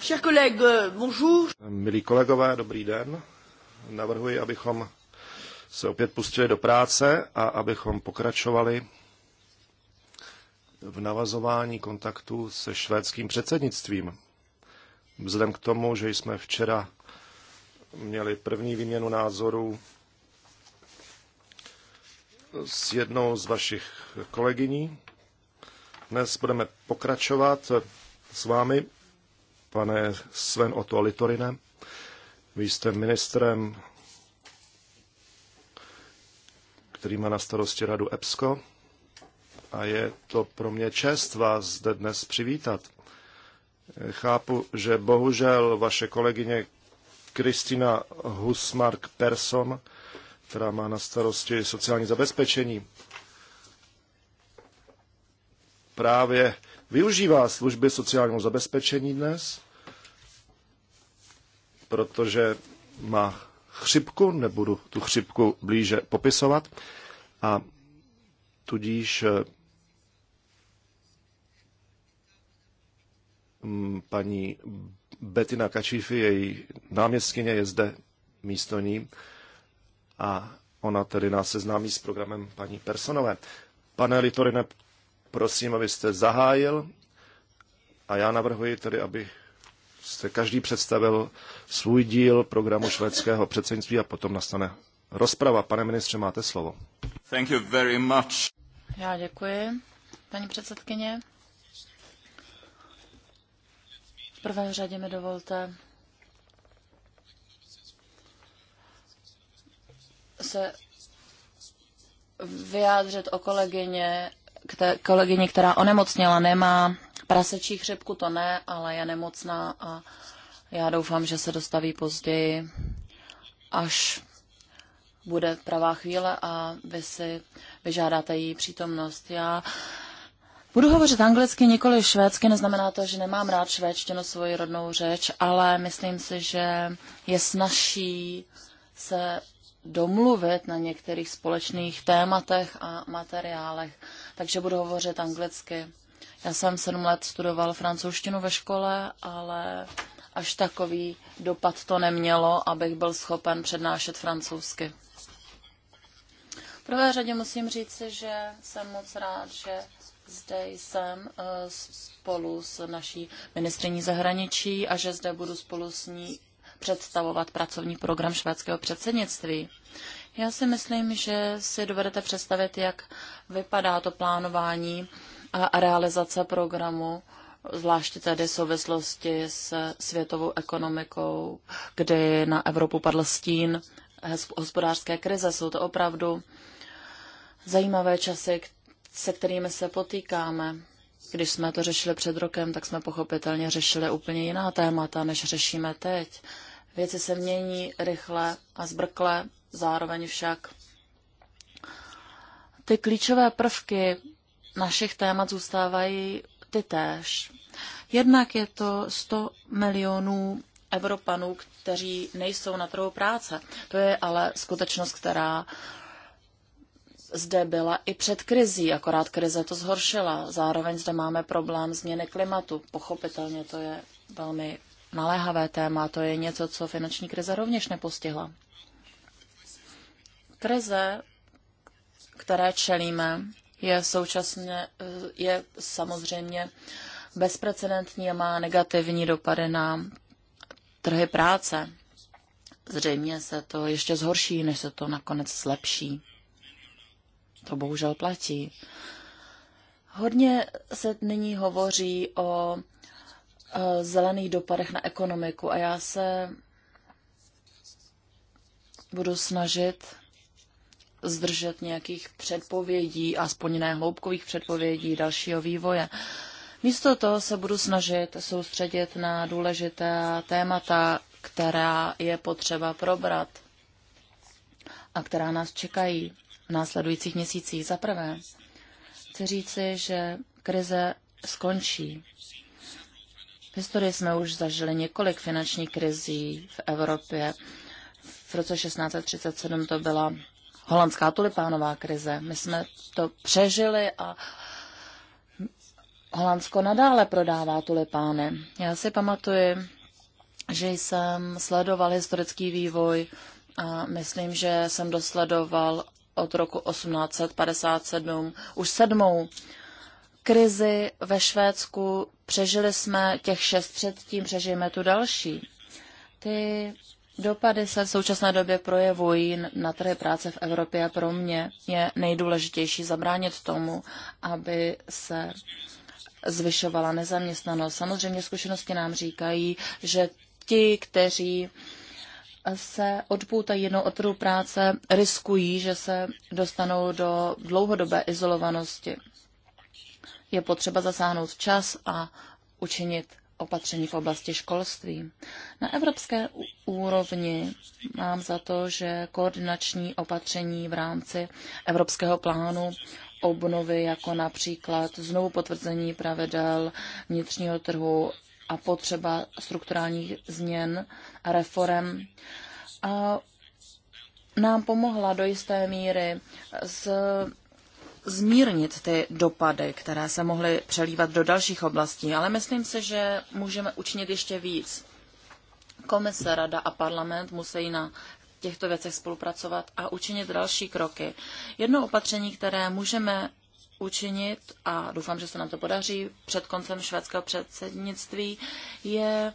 Chers collègues, euh, bonjour. Milí kolegové, dobrý den. Navrhuji, abychom se opět pustili do práce a abychom pokračovali v navazování kontaktu se švédským předsednictvím. Vzhledem k tomu, že jsme včera měli první výměnu názorů s jednou z vašich kolegyní. Dnes budeme pokračovat s vámi pane Sven Otto Litorine. Vy jste ministrem, který má na starosti radu EPSCO a je to pro mě čest vás zde dnes přivítat. Chápu, že bohužel vaše kolegyně Kristina Husmark Persson, která má na starosti sociální zabezpečení, právě využívá služby sociálního zabezpečení dnes, protože má chřipku, nebudu tu chřipku blíže popisovat, a tudíž eh, paní Betina Kačífy, její náměstkyně je zde místo ní a ona tedy nás seznámí s programem paní Personové. Pane Litorine, Prosím, abyste zahájil a já navrhuji tedy, aby jste každý představil svůj díl programu švédského předsednictví a potom nastane rozprava. Pane ministře, máte slovo. Thank you very much. Já děkuji, paní předsedkyně. V prvé řadě mi dovolte se vyjádřit o kolegyně kolegyni, která onemocněla, nemá prasečí chřipku, to ne, ale je nemocná a já doufám, že se dostaví později, až bude pravá chvíle a vy si vyžádáte její přítomnost. Já Budu hovořit anglicky, nikoli švédsky, neznamená to, že nemám rád švédštinu, svoji rodnou řeč, ale myslím si, že je snažší se domluvit na některých společných tématech a materiálech takže budu hovořit anglicky. Já jsem sedm let studoval francouzštinu ve škole, ale až takový dopad to nemělo, abych byl schopen přednášet francouzsky. V prvé řadě musím říct, že jsem moc rád, že zde jsem eh, spolu s naší ministriní zahraničí a že zde budu spolu s ní představovat pracovní program švédského předsednictví. Já si myslím, že si dovedete představit, jak vypadá to plánování a realizace programu, zvláště tedy v souvislosti s světovou ekonomikou, kdy na Evropu padl stín hospodářské krize. Jsou to opravdu zajímavé časy, se kterými se potýkáme. Když jsme to řešili před rokem, tak jsme pochopitelně řešili úplně jiná témata, než řešíme teď. Věci se mění rychle a zbrkle Zároveň však ty klíčové prvky našich témat zůstávají ty též. Jednak je to 100 milionů Evropanů, kteří nejsou na trhu práce. To je ale skutečnost, která zde byla i před krizí, akorát krize to zhoršila. Zároveň zde máme problém změny klimatu. Pochopitelně to je velmi naléhavé téma, to je něco, co finanční krize rovněž nepostihla. Krize, které čelíme, je současně je samozřejmě bezprecedentní a má negativní dopady na trhy práce. Zřejmě se to ještě zhorší, než se to nakonec zlepší. To bohužel platí. Hodně se nyní hovoří o e, zelených dopadech na ekonomiku a já se budu snažit zdržet nějakých předpovědí, aspoň ne hloubkových předpovědí dalšího vývoje. Místo toho se budu snažit soustředit na důležité témata, která je potřeba probrat a která nás čekají v následujících měsících. Za prvé, chci říci, že krize skončí. V historii jsme už zažili několik finančních krizí v Evropě. V roce 1637 to byla holandská tulipánová krize. My jsme to přežili a Holandsko nadále prodává tulipány. Já si pamatuji, že jsem sledoval historický vývoj a myslím, že jsem dosledoval od roku 1857 už sedmou krizi ve Švédsku. Přežili jsme těch šest předtím, přežijeme tu další. Ty Dopady se v současné době projevují na trhy práce v Evropě a pro mě je nejdůležitější zabránit tomu, aby se zvyšovala nezaměstnanost. Samozřejmě zkušenosti nám říkají, že ti, kteří se odpoutají jednou od trhu práce, riskují, že se dostanou do dlouhodobé izolovanosti. Je potřeba zasáhnout včas a učinit opatření v oblasti školství. Na evropské úrovni mám za to, že koordinační opatření v rámci evropského plánu obnovy, jako například znovu potvrzení pravidel vnitřního trhu a potřeba strukturálních změn a reform, a nám pomohla do jisté míry s zmírnit ty dopady, které se mohly přelívat do dalších oblastí, ale myslím si, že můžeme učinit ještě víc. Komise, rada a parlament musí na těchto věcech spolupracovat a učinit další kroky. Jedno opatření, které můžeme učinit, a doufám, že se nám to podaří před koncem švédského předsednictví, je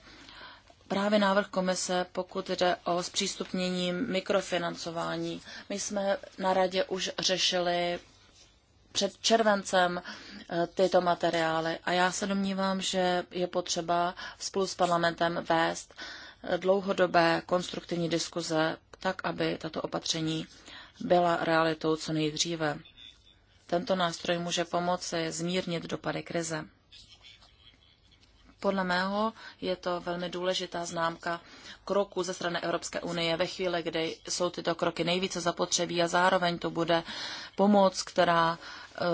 právě návrh komise, pokud jde o zpřístupnění mikrofinancování. My jsme na radě už řešili před červencem eh, tyto materiály. A já se domnívám, že je potřeba spolu s parlamentem vést eh, dlouhodobé konstruktivní diskuze, tak aby tato opatření byla realitou co nejdříve. Tento nástroj může pomoci zmírnit dopady krize. Podle mého je to velmi důležitá známka kroku ze strany Evropské unie ve chvíli, kdy jsou tyto kroky nejvíce zapotřebí a zároveň to bude pomoc, která e,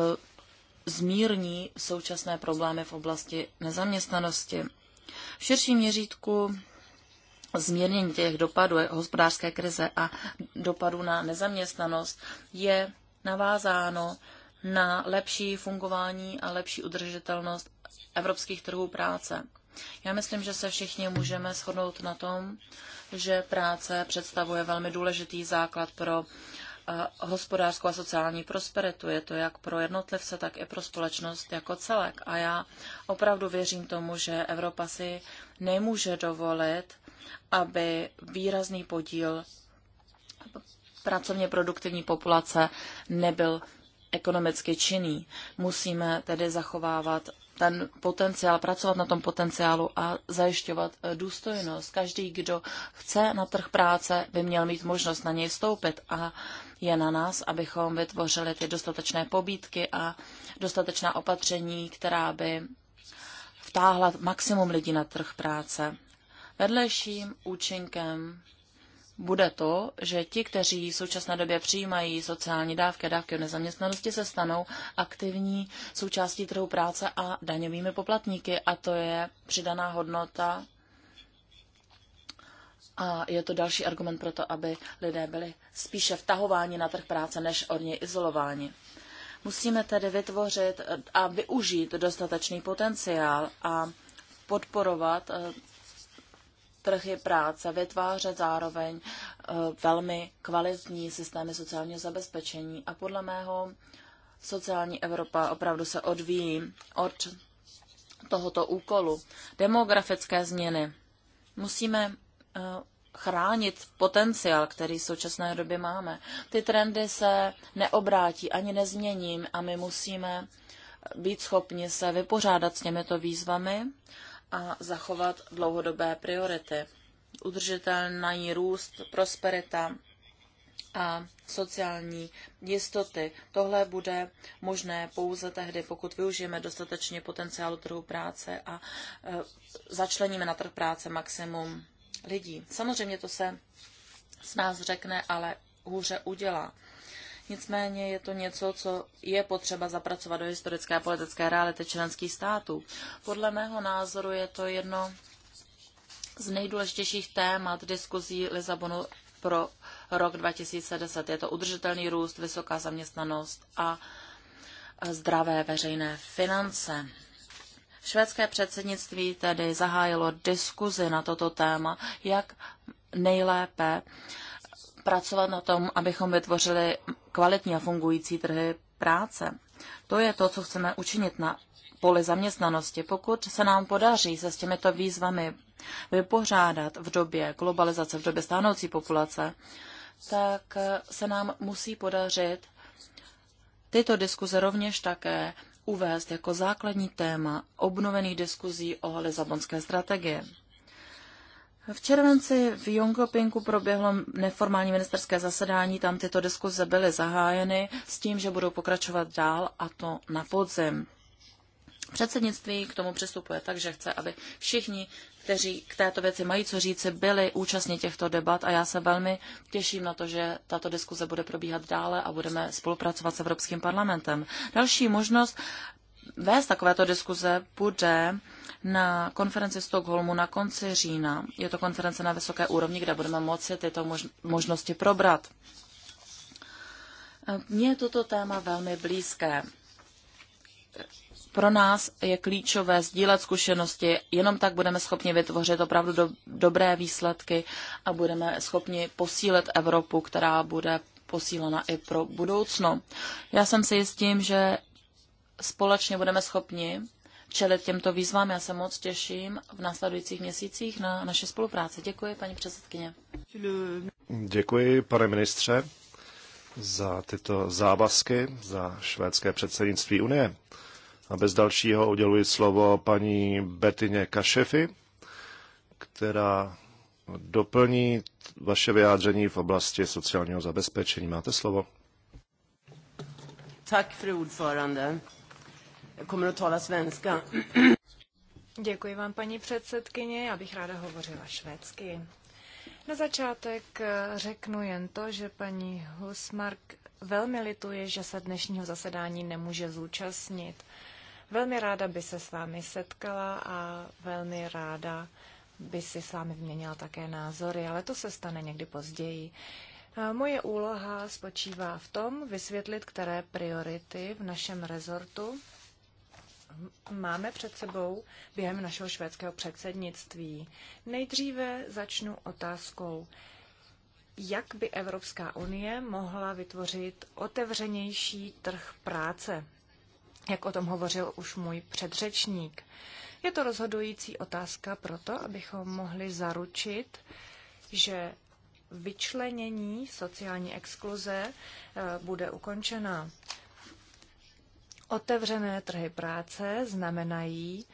zmírní současné problémy v oblasti nezaměstnanosti. V širším měřítku zmírnění těch dopadů hospodářské krize a dopadů na nezaměstnanost je navázáno na lepší fungování a lepší udržitelnost evropských trhů práce. Já myslím, že se všichni můžeme shodnout na tom, že práce představuje velmi důležitý základ pro eh, hospodářskou a sociální prosperitu. Je to jak pro jednotlivce, tak i pro společnost jako celek. A já opravdu věřím tomu, že Evropa si nemůže dovolit, aby výrazný podíl pracovně produktivní populace nebyl ekonomicky činný. Musíme tedy zachovávat ten potenciál, pracovat na tom potenciálu a zajišťovat eh, důstojnost. Každý, kdo chce na trh práce, by měl mít možnost na něj vstoupit a je na nás, abychom vytvořili ty dostatečné pobídky a dostatečná opatření, která by vtáhla maximum lidí na trh práce. Vedlejším účinkem bude to, že ti, kteří v současné době přijímají sociální dávky a dávky o nezaměstnanosti, se stanou aktivní součástí trhu práce a daňovými poplatníky. A to je přidaná hodnota a je to další argument pro to, aby lidé byli spíše vtahováni na trh práce, než od něj izolováni. Musíme tedy vytvořit a využít dostatečný potenciál a podporovat eh, trhy práce, vytvářet zároveň eh, velmi kvalitní systémy sociálního zabezpečení. A podle mého sociální Evropa opravdu se odvíjí od tohoto úkolu. Demografické změny. Musíme eh, chránit potenciál, který v současné době máme. Ty trendy se neobrátí ani nezměním a my musíme být schopni se vypořádat s těmito výzvami a zachovat dlouhodobé priority. Udržitelný růst, prosperita a sociální jistoty. Tohle bude možné pouze tehdy, pokud využijeme dostatečně potenciálu trhu práce a e, začleníme na trh práce maximum lidí. Samozřejmě to se s nás řekne, ale hůře udělá. Nicméně je to něco, co je potřeba zapracovat do historické a politické reality členských států. Podle mého názoru je to jedno z nejdůležitějších témat diskuzí Lisabonu pro rok 2010. Je to udržitelný růst, vysoká zaměstnanost a zdravé veřejné finance. Švédské předsednictví tedy zahájilo diskuzi na toto téma, jak nejlépe uh, pracovat na tom, abychom vytvořili kvalitní a fungující trhy práce. To je to, co chceme učinit na poli zaměstnanosti. Pokud se nám podaří se s těmito výzvami vypořádat v době globalizace, v době stánoucí populace, tak se nám musí podařit tyto diskuze rovněž také uvést jako základní téma obnovených diskuzí o Lisabonské strategii. V červenci v Jongopinku proběhlo neformální ministerské zasedání, tam tyto diskuze byly zahájeny s tím, že budou pokračovat dál a to na podzim. Předsednictví k tomu přistupuje tak, že chce, aby všichni, kteří k této věci mají co říci, byli účastní těchto debat a já se velmi těším na to, že tato diskuze bude probíhat dále a budeme spolupracovat s Evropským parlamentem. Další možnost vést takovéto diskuze bude na konferenci v Stockholmu na konci října. Je to konference na vysoké úrovni, kde budeme moci tyto možnosti probrat. Mně je toto téma velmi blízké. Pro nás je klíčové sdílet zkušenosti, jenom tak budeme schopni vytvořit opravdu do, dobré výsledky a budeme schopni posílit Evropu, která bude posílena i pro budoucno. Já jsem si jistím, že společně budeme schopni čelit těmto výzvám. Já se moc těším v následujících měsících na naše spolupráci. Děkuji, paní předsedkyně. Děkuji, pane ministře, za tyto závazky, za švédské předsednictví Unie. A bez dalšího uděluji slovo paní Betině Kašefy, která doplní vaše vyjádření v oblasti sociálního zabezpečení. Máte slovo. Tak, fru kommer att tala svenska. Děkuji vám, paní předsedkyně. Já bych ráda hovořila švédsky. Na začátek eh, řeknu jen to, že paní Husmark velmi lituje, že se dnešního zasedání nemůže zúčastnit. Velmi ráda by se s vámi setkala a velmi ráda by si s vámi vyměnila také názory, ale to se stane někdy později. Eh, moje úloha spočívá v tom vysvětlit, které priority v našem rezortu máme před sebou během našeho švédského předsednictví. Nejdříve začnu otázkou, jak by Evropská unie mohla vytvořit otevřenější trh práce, jak o tom hovořil už můj předřečník. Je to rozhodující otázka proto, abychom mohli zaručit, že vyčlenění sociální exkluze eh, bude ukončena. Otevřené trhy práce znamenají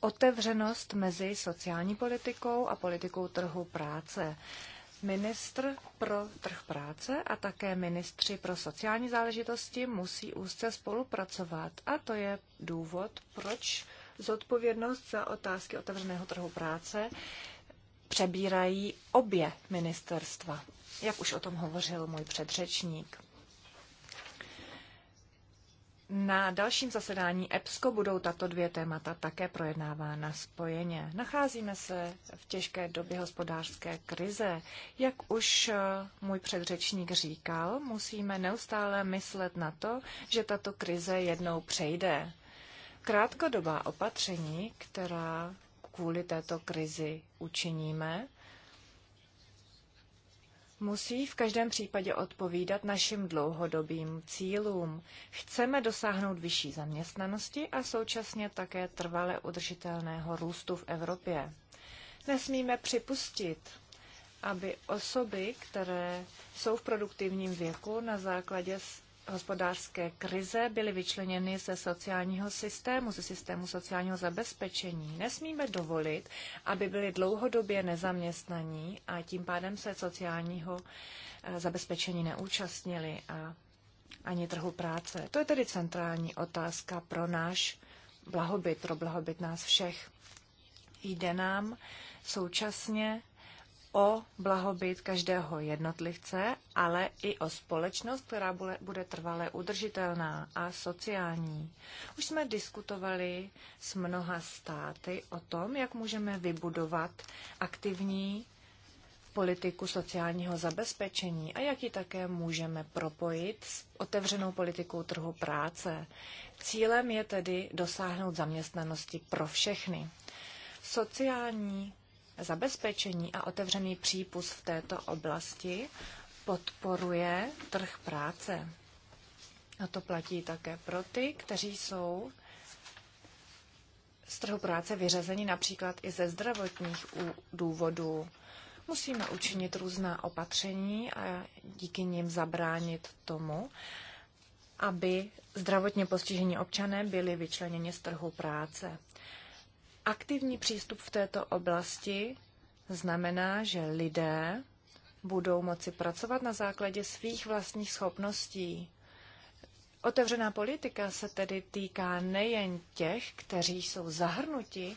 otevřenost mezi sociální politikou a politikou trhu práce. Ministr pro trh práce a také ministři pro sociální záležitosti musí úzce spolupracovat. A to je důvod, proč zodpovědnost za otázky otevřeného trhu práce přebírají obě ministerstva, jak už o tom hovořil můj předřečník. Na dalším zasedání EPSCO budou tato dvě témata také projednávána spojeně. Nacházíme se v těžké době hospodářské krize. Jak už eh, můj předřečník říkal, musíme neustále myslet na to, že tato krize jednou přejde. Krátkodobá opatření, která kvůli této krizi učiníme, musí v každém případě odpovídat našim dlouhodobým cílům. Chceme dosáhnout vyšší zaměstnanosti a současně také trvale udržitelného růstu v Evropě. Nesmíme připustit, aby osoby, které jsou v produktivním věku na základě hospodářské krize byly vyčleněny ze sociálního systému, ze systému sociálního zabezpečení. Nesmíme dovolit, aby byli dlouhodobě nezaměstnaní a tím pádem se sociálního eh, zabezpečení neúčastnili a ani trhu práce. To je tedy centrální otázka pro náš blahobyt, pro blahobyt nás všech. Jde nám současně o blahobyt každého jednotlivce, ale i o společnost, která bude trvale udržitelná a sociální. Už jsme diskutovali s mnoha státy o tom, jak můžeme vybudovat aktivní politiku sociálního zabezpečení a jak ji také můžeme propojit s otevřenou politikou trhu práce. Cílem je tedy dosáhnout zaměstnanosti pro všechny. Sociální zabezpečení a otevřený přípus v této oblasti podporuje trh práce. A to platí také pro ty, kteří jsou z trhu práce vyřazeni například i ze zdravotních důvodů. Musíme učinit různá opatření a díky nim zabránit tomu, aby zdravotně postižení občané byli vyčleněni z trhu práce aktivní přístup v této oblasti znamená, že lidé budou moci pracovat na základě svých vlastních schopností. Otevřená politika se tedy týká nejen těch, kteří jsou zahrnuti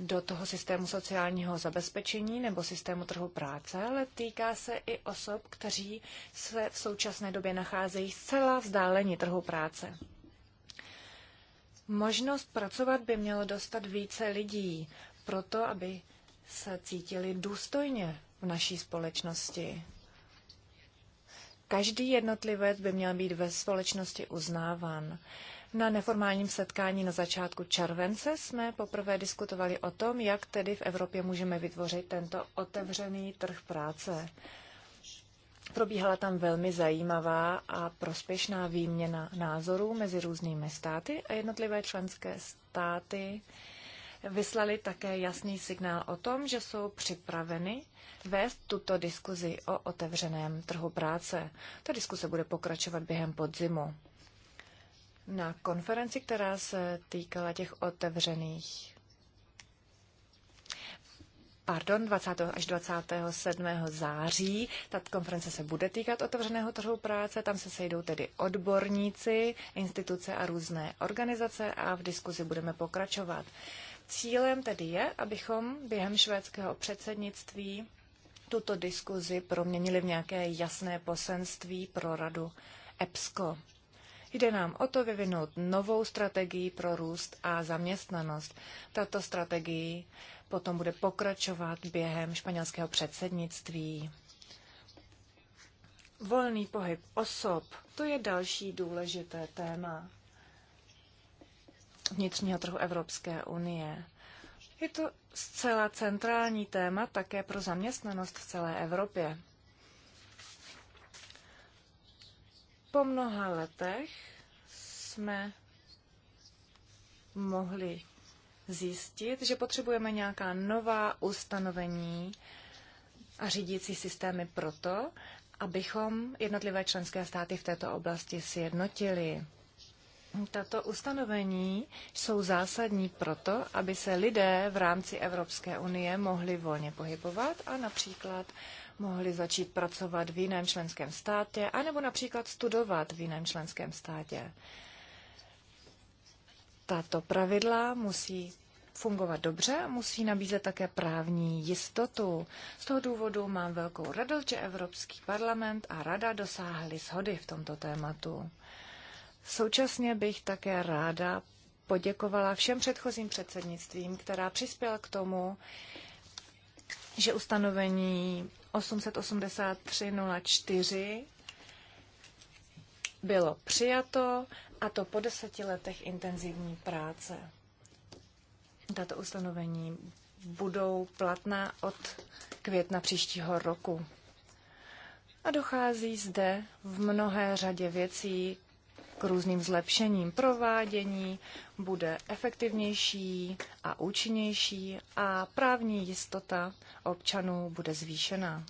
do toho systému sociálního zabezpečení nebo systému trhu práce, ale týká se i osob, kteří se v současné době nacházejí zcela vzdálení trhu práce. Možnost pracovat by mělo dostat více lidí, proto aby se cítili důstojně v naší společnosti. Každý jednotlivec by měl být ve společnosti uznáván. Na neformálním setkání na začátku července jsme poprvé diskutovali o tom, jak tedy v Evropě můžeme vytvořit tento otevřený trh práce. Probíhala tam velmi zajímavá a prospěšná výměna názorů mezi různými státy a jednotlivé členské státy vyslali také jasný signál o tom, že jsou připraveny vést tuto diskuzi o otevřeném trhu práce. Ta diskuse bude pokračovat během podzimu. Na konferenci, která se týkala těch otevřených pardon, 20. až 27. září. Ta konference se bude týkat otevřeného trhu práce, tam se sejdou tedy odborníci, instituce a různé organizace a v diskuzi budeme pokračovat. Cílem tedy je, abychom během švédského předsednictví tuto diskuzi proměnili v nějaké jasné posenství pro radu EPSCO. Jde nám o to vyvinout novou strategii pro růst a zaměstnanost. Tato strategii potom bude pokračovat během španělského předsednictví. Volný pohyb osob, to je další důležité téma vnitřního trhu Evropské unie. Je to zcela centrální téma také pro zaměstnanost v celé Evropě. Po mnoha letech jsme mohli zjistit, že potřebujeme nějaká nová ustanovení a řídící systémy proto, abychom jednotlivé členské státy v této oblasti sjednotili. Tato ustanovení jsou zásadní proto, aby se lidé v rámci Evropské unie mohli volně pohybovat a například mohli začít pracovat v jiném členském státě, anebo například studovat v jiném členském státě. Tato pravidla musí fungovat dobře a musí nabízet také právní jistotu. Z toho důvodu mám velkou radost, že Evropský parlament a Rada dosáhly shody v tomto tématu. Současně bych také ráda poděkovala všem předchozím předsednictvím, která přispěla k tomu, že ustanovení 883.04 bylo přijato a to po deseti letech intenzivní práce. Tato ustanovení budou platná od května příštího roku. A dochází zde v mnohé řadě věcí k různým zlepšením. Provádění bude efektivnější a účinnější a právní jistota občanů bude zvýšená.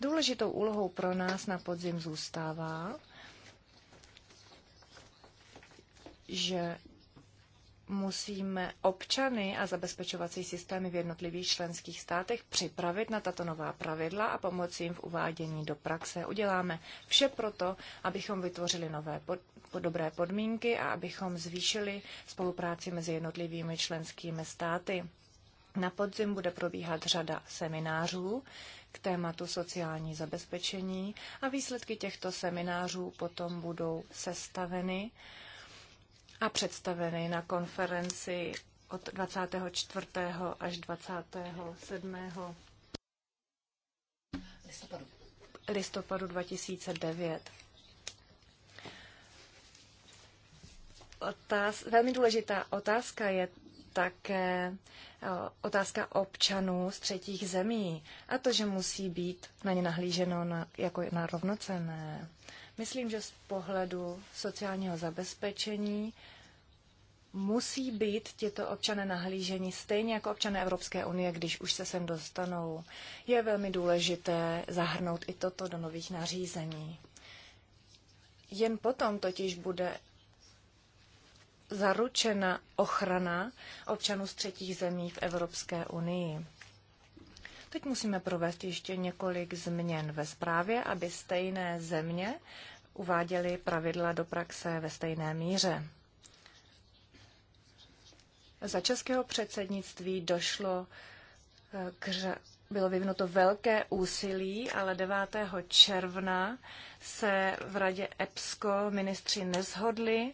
Důležitou úlohou pro nás na podzim zůstává že musíme občany a zabezpečovací systémy v jednotlivých členských státech připravit na tato nová pravidla a pomoci jim v uvádění do praxe. Uděláme vše proto, abychom vytvořili nové pod, pod dobré podmínky a abychom zvýšili spolupráci mezi jednotlivými členskými státy. Na podzim bude probíhat řada seminářů k tématu sociální zabezpečení a výsledky těchto seminářů potom budou sestaveny a představeny na konferenci od 24. až 27. listopadu, listopadu 2009. Otáz, velmi důležitá otázka je také eh, otázka občanů z třetích zemí a to, že musí být na ně nahlíženo na, jako na rovnocenné. Myslím, že z pohledu sociálního zabezpečení musí být tito občané nahlíženi stejně jako občané Evropské unie, když už se sem dostanou. Je velmi důležité zahrnout i toto do nových nařízení. Jen potom totiž bude zaručena ochrana občanů z třetích zemí v Evropské unii. Teď musíme provést ještě několik změn ve zprávě, aby stejné země uváděly pravidla do praxe ve stejné míře. Za českého předsednictví došlo eh, k bylo vyvinuto velké úsilí, ale 9. června se v radě EPSCO ministři nezhodli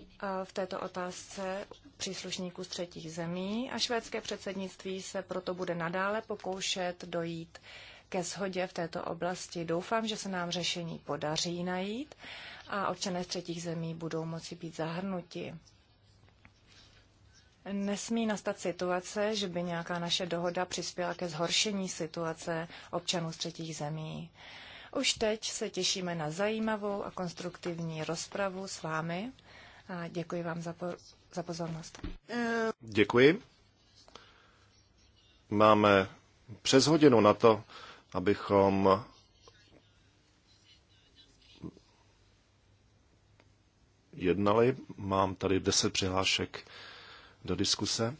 eh, v této otázce příslušníků z třetích zemí a švédské předsednictví se proto bude nadále pokoušet dojít ke shodě v této oblasti. Doufám, že se nám řešení podaří najít a občané z třetích zemí budou moci být zahrnuti. Nesmí nastat situace, že by nějaká naše dohoda přispěla ke zhoršení situace občanů z třetích zemí. Už teď se těšíme na zajímavou a konstruktivní rozpravu s vámi a děkuji vám za za pozornost. Děkuji. Máme přes hodinu na to, abychom jednali. Mám tady deset přihlášek do diskuse.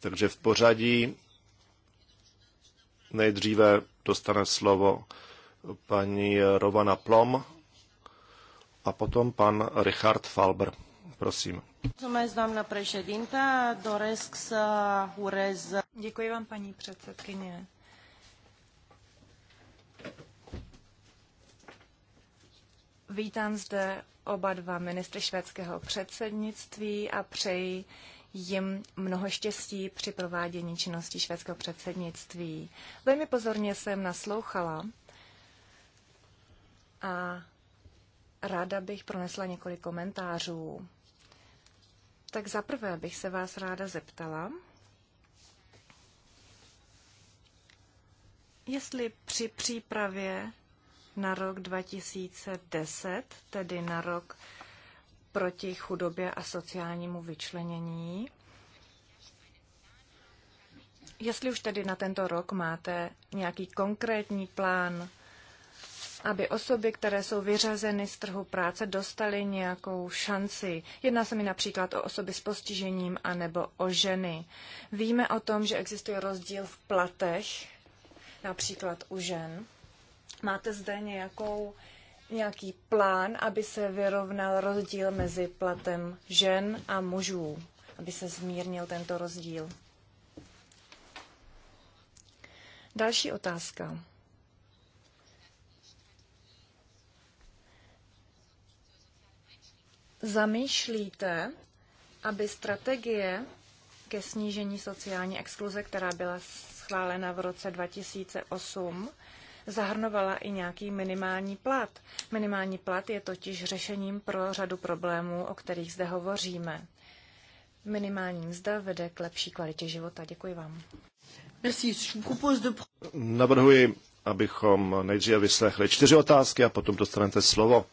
Takže v pořadí nejdříve dostane slovo paní Rovana Plom a potom pan Richard Falber. Prosím. Děkuji vám, paní předsedkyně. Vítám zde oba dva ministry švédského předsednictví a přeji jim mnoho štěstí při provádění činnosti švédského předsednictví. Velmi pozorně jsem naslouchala a Ráda bych pronesla několik komentářů. Tak zaprvé bych se vás ráda zeptala, jestli při přípravě na rok 2010, tedy na rok proti chudobě a sociálnímu vyčlenění, jestli už tedy na tento rok máte nějaký konkrétní plán aby osoby, které jsou vyřazeny z trhu práce, dostaly nějakou šanci. Jedná se mi například o osoby s postižením anebo o ženy. Víme o tom, že existuje rozdíl v platech, například u žen. Máte zde nějakou, nějaký plán, aby se vyrovnal rozdíl mezi platem žen a mužů, aby se zmírnil tento rozdíl? Další otázka. zamýšlíte, aby strategie ke snížení sociální exkluze, která byla schválena v roce 2008, zahrnovala i nějaký minimální plat. Minimální plat je totiž řešením pro řadu problémů, o kterých zde hovoříme. Minimální mzda vede k lepší kvalitě života. Děkuji vám. Navrhuji, abychom nejdříve vyslechli čtyři otázky a potom dostanete slovo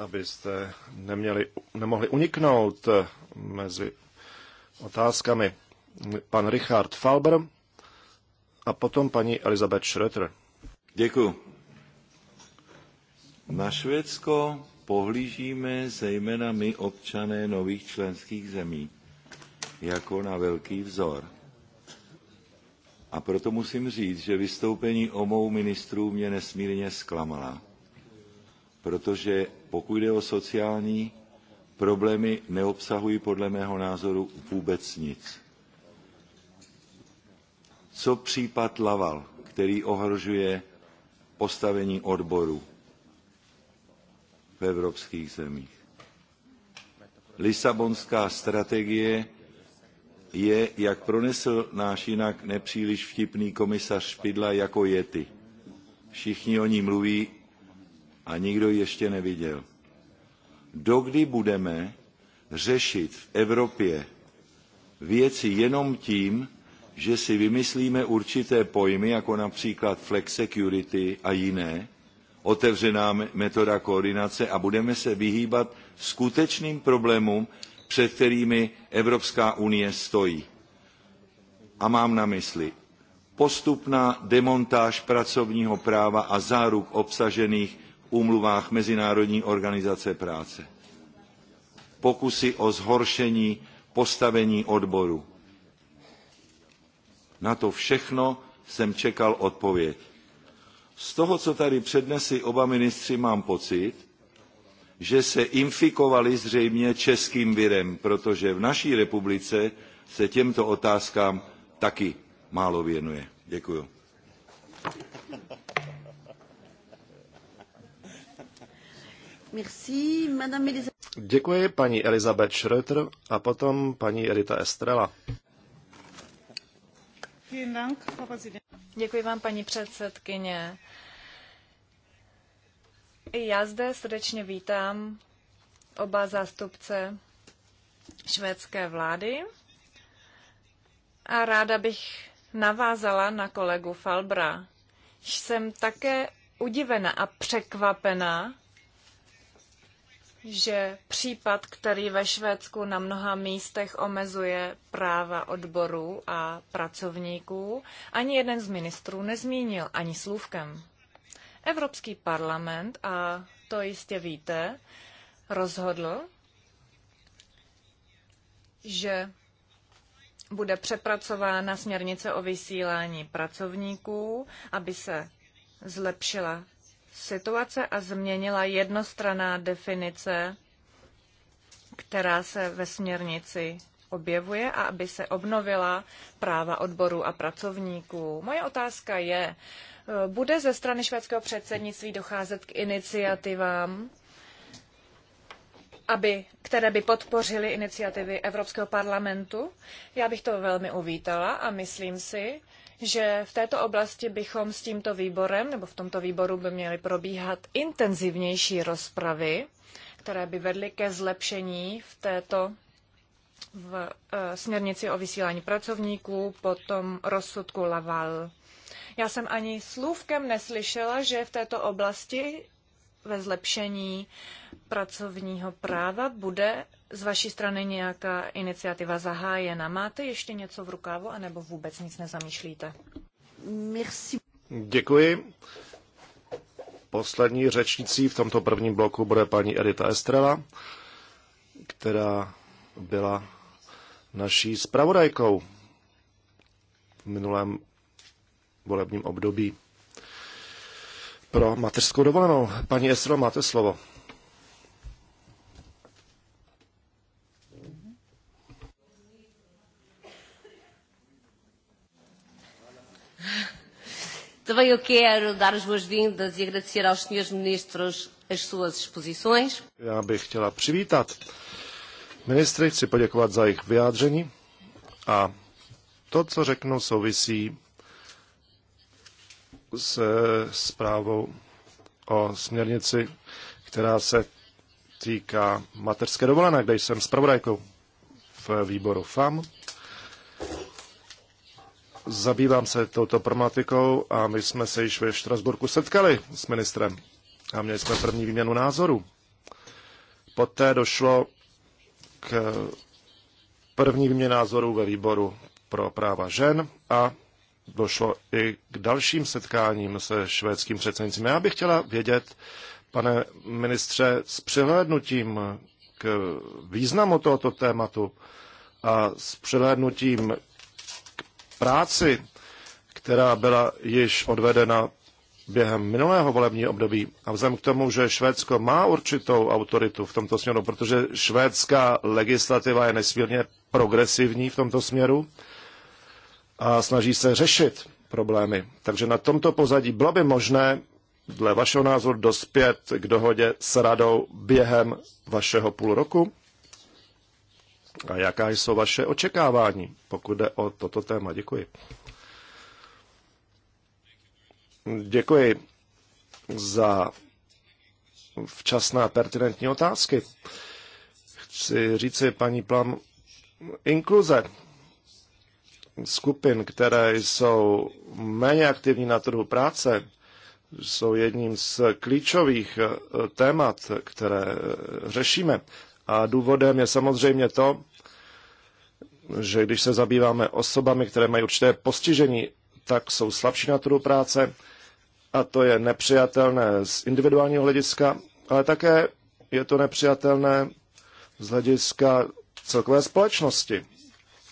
abyste neměli, nemohli uniknout mezi otázkami pan Richard Falber a potom paní Elizabeth Schröter. Děkuji. Na Švédsko pohlížíme zejména my občané nových členských zemí jako na velký vzor. A proto musím říct, že vystoupení omou ministrů mě nesmírně zklamala protože pokud jde o sociální, problémy neobsahují podle mého názoru vůbec nic. Co případ Laval, který ohrožuje postavení odboru v evropských zemích? Lisabonská strategie je, jak pronesl náš jinak nepříliš vtipný komisař Špidla, jako jety. Všichni o ní mluví, a nikdo ji ještě neviděl. Dokdy budeme řešit v Evropě věci jenom tím, že si vymyslíme určité pojmy, jako například flex security a jiné, otevřená metoda koordinace a budeme se vyhýbat skutečným problémům, před kterými Evropská unie stojí. A mám na mysli postupná demontáž pracovního práva a záruk obsažených úmluvách Mezinárodní organizace práce. Pokusy o zhoršení postavení odboru. Na to všechno jsem čekal odpověď. Z toho, co tady přednesli oba ministři, mám pocit, že se infikovali zřejmě českým virem, protože v naší republice se těmto otázkám taky málo věnuje. Děkuju. Merci, Madame Eliza... Děkuji paní Elizabeth Schröter a potom paní Edita Estrela. Děkuji vám, paní předsedkyně. I já zde srdečně vítám oba zástupce švédské vlády a ráda bych navázala na kolegu Falbra. Jsem také udivena a překvapena že případ, který ve Švédsku na mnoha místech omezuje práva odborů a pracovníků, ani jeden z ministrů nezmínil ani slůvkem. Evropský parlament, a to jistě víte, rozhodl, že bude přepracována směrnice o vysílání pracovníků, aby se zlepšila situace a změnila jednostraná definice, která se ve směrnici objevuje a aby se obnovila práva odborů a pracovníků. Moje otázka je, bude ze strany švédského předsednictví docházet k iniciativám, aby, které by podpořily iniciativy Evropského parlamentu? Já bych to velmi uvítala a myslím si, že v této oblasti bychom s tímto výborem nebo v tomto výboru by měly probíhat intenzivnější rozpravy, které by vedly ke zlepšení v této v eh, směrnici o vysílání pracovníků, potom rozsudku Laval. Já jsem ani slůvkem neslyšela, že v této oblasti ve zlepšení pracovního práva. Bude z vaší strany nějaká iniciativa zahájena? Máte ještě něco v rukávu, anebo vůbec nic nezamýšlíte? Merci. Děkuji. Poslední řečnicí v tomto prvním bloku bude paní Edita Estrela, která byla naší zpravodajkou v minulém volebním období pro mateřskou dovolenou. Paní Estro, máte slovo. Também eu quero dar as boas-vindas e agradecer aos senhores ministros as suas exposições. Já bych chtěla přivítat ministry, chci poděkovat za jejich vyjádření a to, co řeknu, souvisí se zprávou o směrnici, která se týká materské dovolené, kde jsem zpravodajkou v výboru FAM. Zabývám se touto problematikou a my jsme se již ve Štrasburku setkali s ministrem a měli jsme první výměnu názoru. Poté došlo k první výměně názorů ve výboru pro práva žen a došlo i k dalším setkáním se švédským předsednictvím. Já bych chtěla vědět, pane ministře, s přihlédnutím k významu tohoto tématu a s přihlédnutím k práci, která byla již odvedena během minulého volebního období a vzhledem k tomu, že Švédsko má určitou autoritu v tomto směru, protože švédská legislativa je nesmírně progresivní v tomto směru, a snaží se řešit problémy. Takže na tomto pozadí bylo by možné, dle vašeho názoru, dospět k dohodě s radou během vašeho půl roku? A jaká jsou vaše očekávání, pokud jde o toto téma? Děkuji. Děkuji za včasné a pertinentní otázky. Chci říci, paní Plam, inkluze skupin, které jsou méně aktivní na trhu práce, jsou jedním z klíčových eh, témat, které eh, řešíme. A důvodem je samozřejmě to, že když se zabýváme osobami, které mají určité postižení, tak jsou slabší na trhu práce a to je nepřijatelné z individuálního hlediska, ale také je to nepřijatelné z hlediska celkové společnosti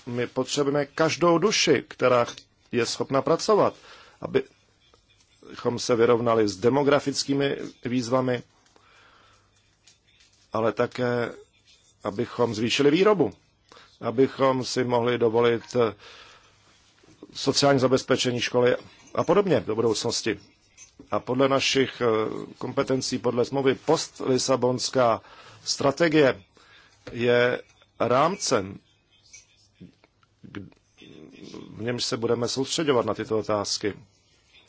my potřebujeme každou duši, která je schopna pracovat, abychom se vyrovnali s demografickými výzvami, ale také, abychom zvýšili výrobu, abychom si mohli dovolit eh, sociální zabezpečení školy a podobně do budoucnosti. A podle našich eh, kompetencí, podle smlouvy post-Lisabonská strategie je rámcem v němž se budeme soustředovat na tyto otázky.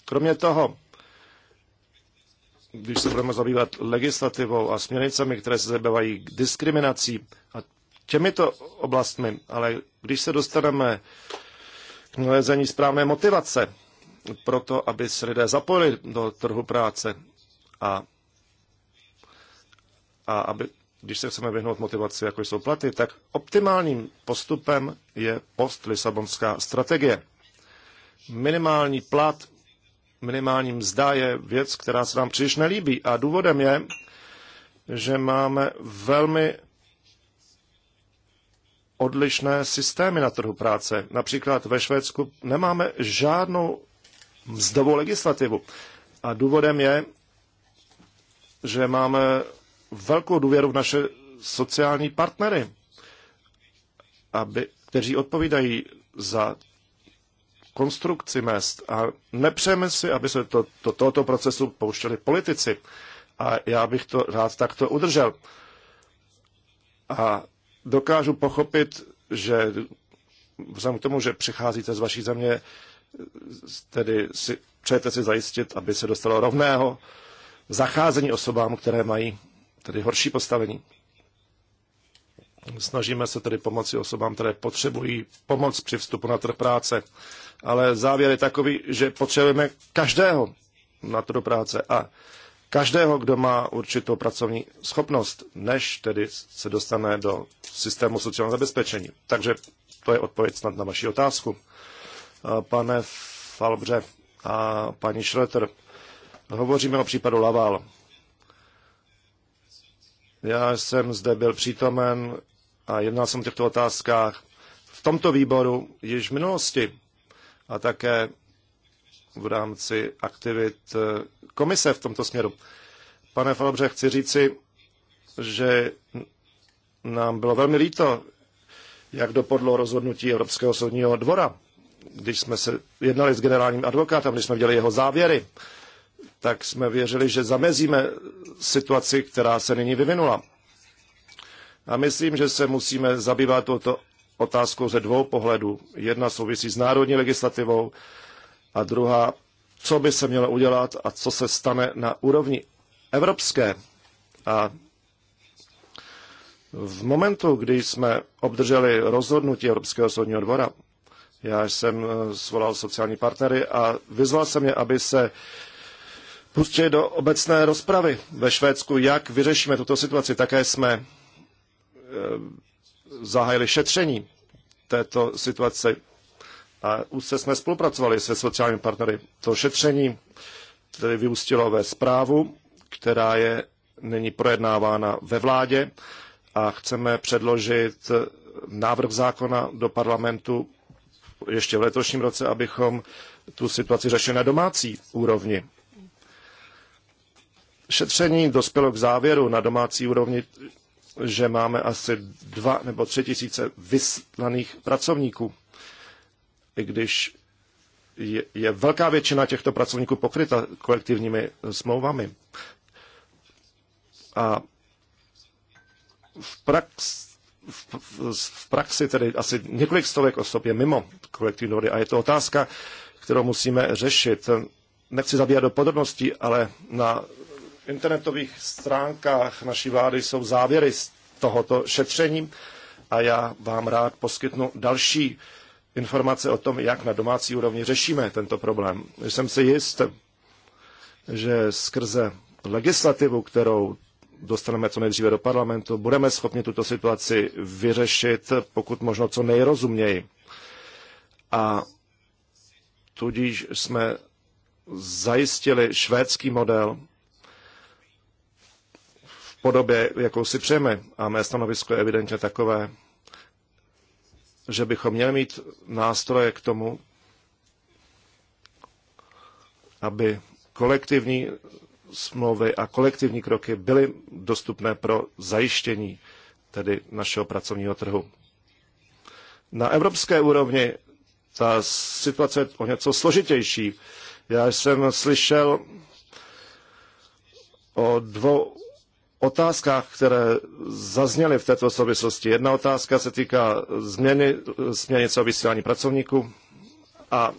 Kromě toho, když se budeme zabývat legislativou a směrnicemi, které se zabývají diskriminací a těmito oblastmi, ale když se dostaneme k nalezení správné motivace pro to, aby se lidé zapojili do trhu práce a, a aby když se chceme vyhnout motivaci, jako jsou platy, tak optimálním postupem je post-Lisabonská strategie. Minimální plat, minimální mzda je věc, která se nám příliš nelíbí. A důvodem je, že máme velmi odlišné systémy na trhu práce. Například ve Švédsku nemáme žádnou mzdovou legislativu. A důvodem je, že máme velkou důvěru v naše sociální partnery, aby, kteří odpovídají za konstrukci mest a nepřejeme si, aby se to, to, tohoto procesu pouštěli politici. A já bych to rád takto udržel. A dokážu pochopit, že vzhledem k tomu, že přicházíte z vaší země, tedy si, přejete si zajistit, aby se dostalo rovného zacházení osobám, které mají tedy horší postavení. Snažíme se tedy pomoci osobám, které potřebují pomoc při vstupu na trh práce. Ale závěr je takový, že potřebujeme každého na trh práce a každého, kdo má určitou pracovní schopnost, než tedy se dostane do systému sociálního zabezpečení. Takže to je odpověď snad na vaši otázku. Pane Falbře a paní Schroeter, hovoříme o případu Laval. Já jsem zde byl přítomen a jednal jsem o těchto otázkách v tomto výboru již v minulosti a také v rámci aktivit eh, komise v tomto směru. Pane Falobře, chci říci, že nám bylo velmi líto, jak dopadlo rozhodnutí Evropského soudního dvora, když jsme se jednali s generálním advokátem, když jsme viděli jeho závěry tak jsme věřili, že zamezíme situaci, která se nyní vyvinula. A myslím, že se musíme zabývat touto otázkou ze dvou pohledů. Jedna souvisí s národní legislativou a druhá, co by se mělo udělat a co se stane na úrovni evropské. A v momentu, kdy jsme obdrželi rozhodnutí Evropského soudního dvora, já jsem eh, svolal sociální partnery a vyzval jsem je, aby se pustili do obecné rozpravy ve Švédsku, jak vyřešíme tuto situaci. Také jsme e, zahájili šetření této situace a úzce jsme spolupracovali se sociálními partnery. To šetření tedy vyústilo ve zprávu, která je nyní projednávána ve vládě a chceme předložit návrh zákona do parlamentu ještě v letošním roce, abychom tu situaci řešili na domácí úrovni. Šetření dospělo k závěru na domácí úrovni, že máme asi dva nebo tři tisíce vyslaných pracovníků. I když je, je velká většina těchto pracovníků pokryta kolektivními smlouvami. A v, prax, v, v, v praxi tedy asi několik stovek osob je mimo kolektivní dohody a je to otázka, kterou musíme řešit. Nechci zabíjat do podrobností, ale na internetových stránkách naší vlády jsou závěry z tohoto šetření a já vám rád poskytnu další informace o tom, jak na domácí úrovni řešíme tento problém. Jsem si jist, že skrze legislativu, kterou dostaneme co nejdříve do parlamentu, budeme schopni tuto situaci vyřešit pokud možno co nejrozuměji. A tudíž jsme zajistili švédský model, podobě, jakou si přejeme. A mé stanovisko je evidentně takové, že bychom měli mít nástroje k tomu, aby kolektivní smlouvy a kolektivní kroky byly dostupné pro zajištění tedy našeho pracovního trhu. Na evropské úrovni ta situace je o něco složitější. Já jsem slyšel o dvou otázkách, které zazněly v této souvislosti. Jedna otázka se týká změny směrnice o vysílání pracovníků a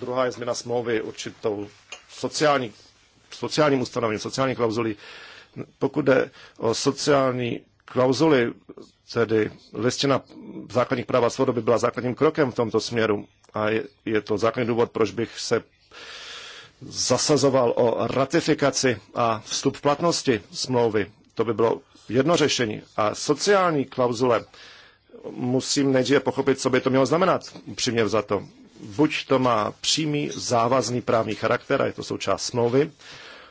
druhá je změna smlouvy určitou sociální, sociálním ustanovením, sociální klauzulí. Pokud jde o sociální klauzuly, tedy listina základních práv a svobod by byla základním krokem v tomto směru a je, je to základní důvod, proč bych se zasazoval o ratifikaci a vstup v platnosti smlouvy. To by bylo jedno řešení. A sociální klauzule musím nejdříve pochopit, co by to mělo znamenat, upřímně za to. Buď to má přímý závazný právní charakter, a je to součást smlouvy,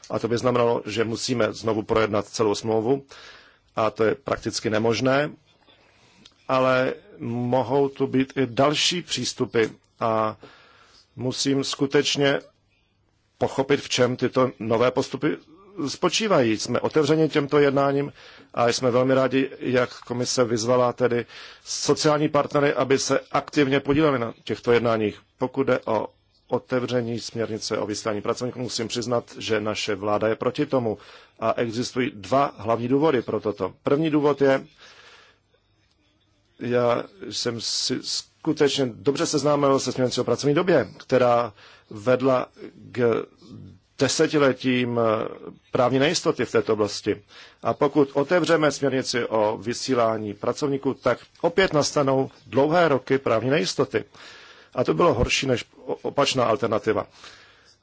a to by znamenalo, že musíme znovu projednat celou smlouvu, a to je prakticky nemožné, ale mohou tu být i další přístupy a musím skutečně pochopit, v čem tyto nové postupy spočívají. Jsme otevřeni těmto jednáním a jsme velmi rádi, jak komise vyzvala tedy sociální partnery, aby se aktivně podíleli na těchto jednáních. Pokud jde o otevření směrnice o vysílání pracovníků, musím přiznat, že naše vláda je proti tomu a existují dva hlavní důvody pro toto. První důvod je, já jsem si skutečně dobře seznámil se směrnicí o pracovní době, která vedla k desetiletím eh, právní nejistoty v této oblasti. A pokud otevřeme směrnici o vysílání pracovníků, tak opět nastanou dlouhé roky právní nejistoty. A to bylo horší než opačná alternativa.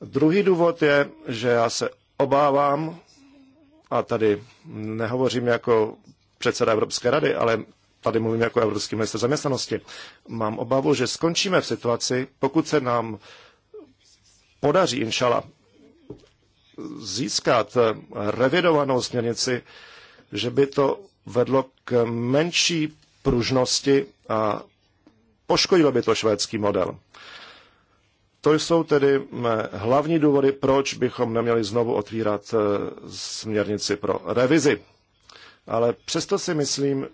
Druhý důvod je, že já se obávám, a tady nehovořím jako předseda Evropské rady, ale tady mluvím jako evropský minister zaměstnanosti, mám obavu, že skončíme v situaci, pokud se nám podaří, inšala, získat eh, revidovanou směrnici, že by to vedlo k menší pružnosti a poškodilo by to švédský model. To jsou tedy mé hlavní důvody, proč bychom neměli znovu otvírat eh, směrnici pro revizi. Ale přesto si myslím,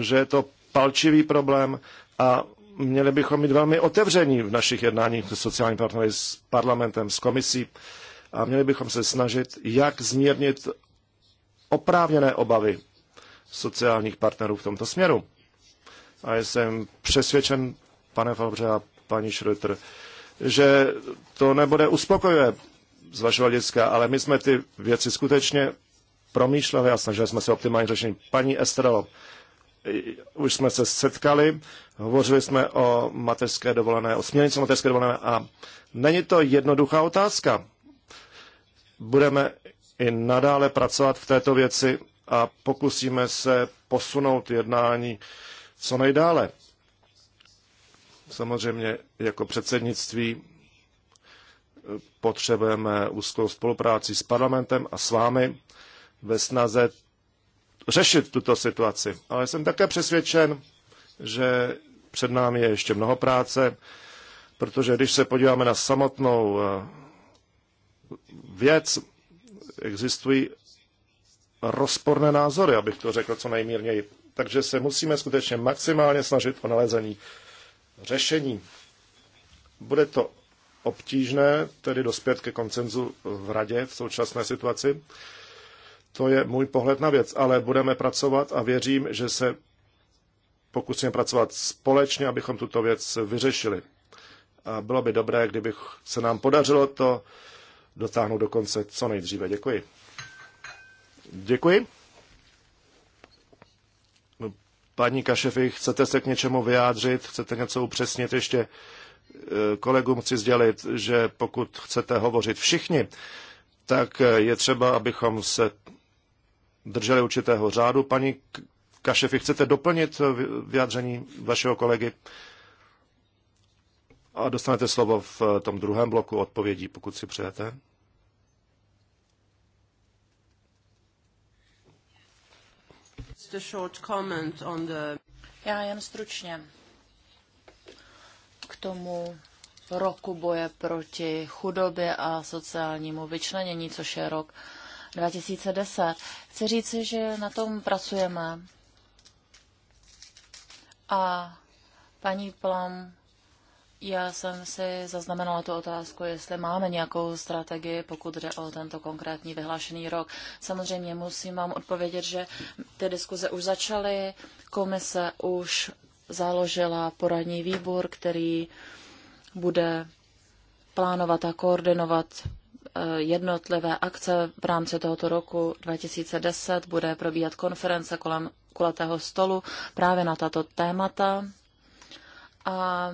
že je to palčivý problém a měli bychom být velmi otevření v našich jednáních s sociálními partnery, s parlamentem, s komisí a měli bychom se snažit, jak zmírnit oprávněné obavy sociálních partnerů v tomto směru. A jsem přesvědčen, pane Falbře a paní Schröter, že to nebude uspokojivé z vašeho hlediska, ale my jsme ty věci skutečně promýšleli a snažili jsme se optimální řešení. Paní Estrelo, Eh, už jsme se setkali, hovořili jsme o mateřské dovolené, o směrnici mateřské dovolené a není to jednoduchá otázka. Budeme i nadále pracovat v této věci a pokusíme se posunout jednání co nejdále. Samozřejmě jako předsednictví eh, potřebujeme úzkou spolupráci s parlamentem a s vámi ve snaze řešit tuto situaci. Ale jsem také přesvědčen, že před námi je ještě mnoho práce, protože když se podíváme na samotnou eh, věc, existují rozporné názory, abych to řekl co nejmírněji. Takže se musíme skutečně maximálně snažit o nalezení řešení. Bude to obtížné tedy dospět ke koncenzu v radě v současné situaci, to je můj pohled na věc, ale budeme pracovat a věřím, že se pokusíme pracovat společně, abychom tuto věc vyřešili. A bylo by dobré, kdyby se nám podařilo to dotáhnout do konce co nejdříve. Děkuji. Děkuji. No, paní Kašefi, chcete se k něčemu vyjádřit? Chcete něco upřesnit ještě? E, kolegům chci sdělit, že pokud chcete hovořit všichni, tak je třeba, abychom se drželi určitého řádu. Paní Kašefi, chcete doplnit eh, vyjádření vašeho kolegy? A dostanete slovo v eh, tom druhém bloku odpovědí, pokud si přejete. Já jen stručně k tomu roku boje proti chudobě a sociálnímu vyčlenění, což je rok, 2010. Chci říci, že na tom pracujeme. A paní Plam, já jsem si zaznamenala tu otázku, jestli máme nějakou strategii, pokud jde o tento konkrétní vyhlášený rok. Samozřejmě musím vám odpovědět, že ty diskuze už začaly, komise už založila poradní výbor, který bude plánovat a koordinovat Eh, jednotlivé akce v rámci tohoto roku 2010. Bude probíhat konference kolem kulatého stolu právě na tato témata. A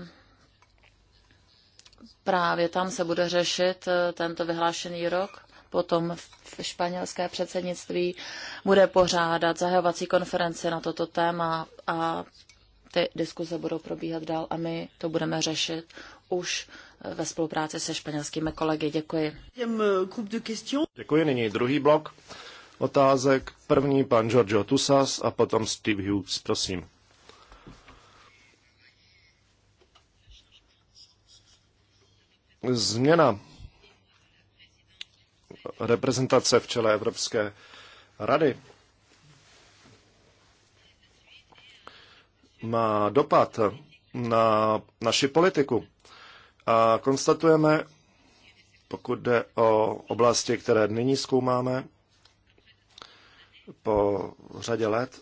právě tam se bude řešit eh, tento vyhlášený rok. Potom v španělské předsednictví bude pořádat zahajovací konferenci na toto téma a ty diskuze budou probíhat dál a my to budeme řešit už eh, ve spolupráci se španělskými kolegy. Děkuji. Děkuji. Nyní druhý blok otázek. První pan Giorgio Tusas a potom Steve Hughes. Prosím. Změna reprezentace v čele Evropské rady má dopad na naši politiku. A konstatujeme, pokud jde o oblasti, které nyní zkoumáme po řadě let,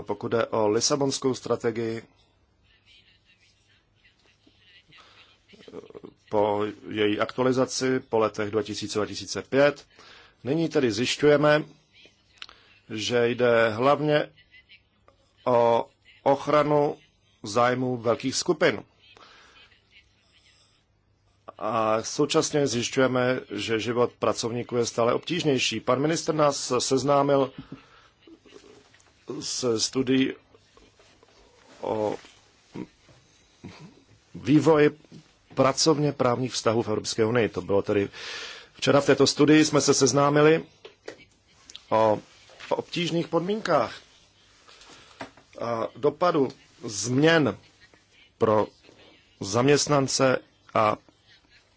pokud jde o Lisabonskou strategii, po její aktualizaci po letech 2000-2005. Nyní tedy zjišťujeme, že jde hlavně o ochranu zájmu velkých skupin. A současně zjišťujeme, že život pracovníků je stále obtížnější. Pan minister nás seznámil se studií o vývoji pracovně právních vztahů v Evropské unii. To bylo tedy včera v této studii jsme se seznámili o obtížných podmínkách a dopadu změn pro zaměstnance a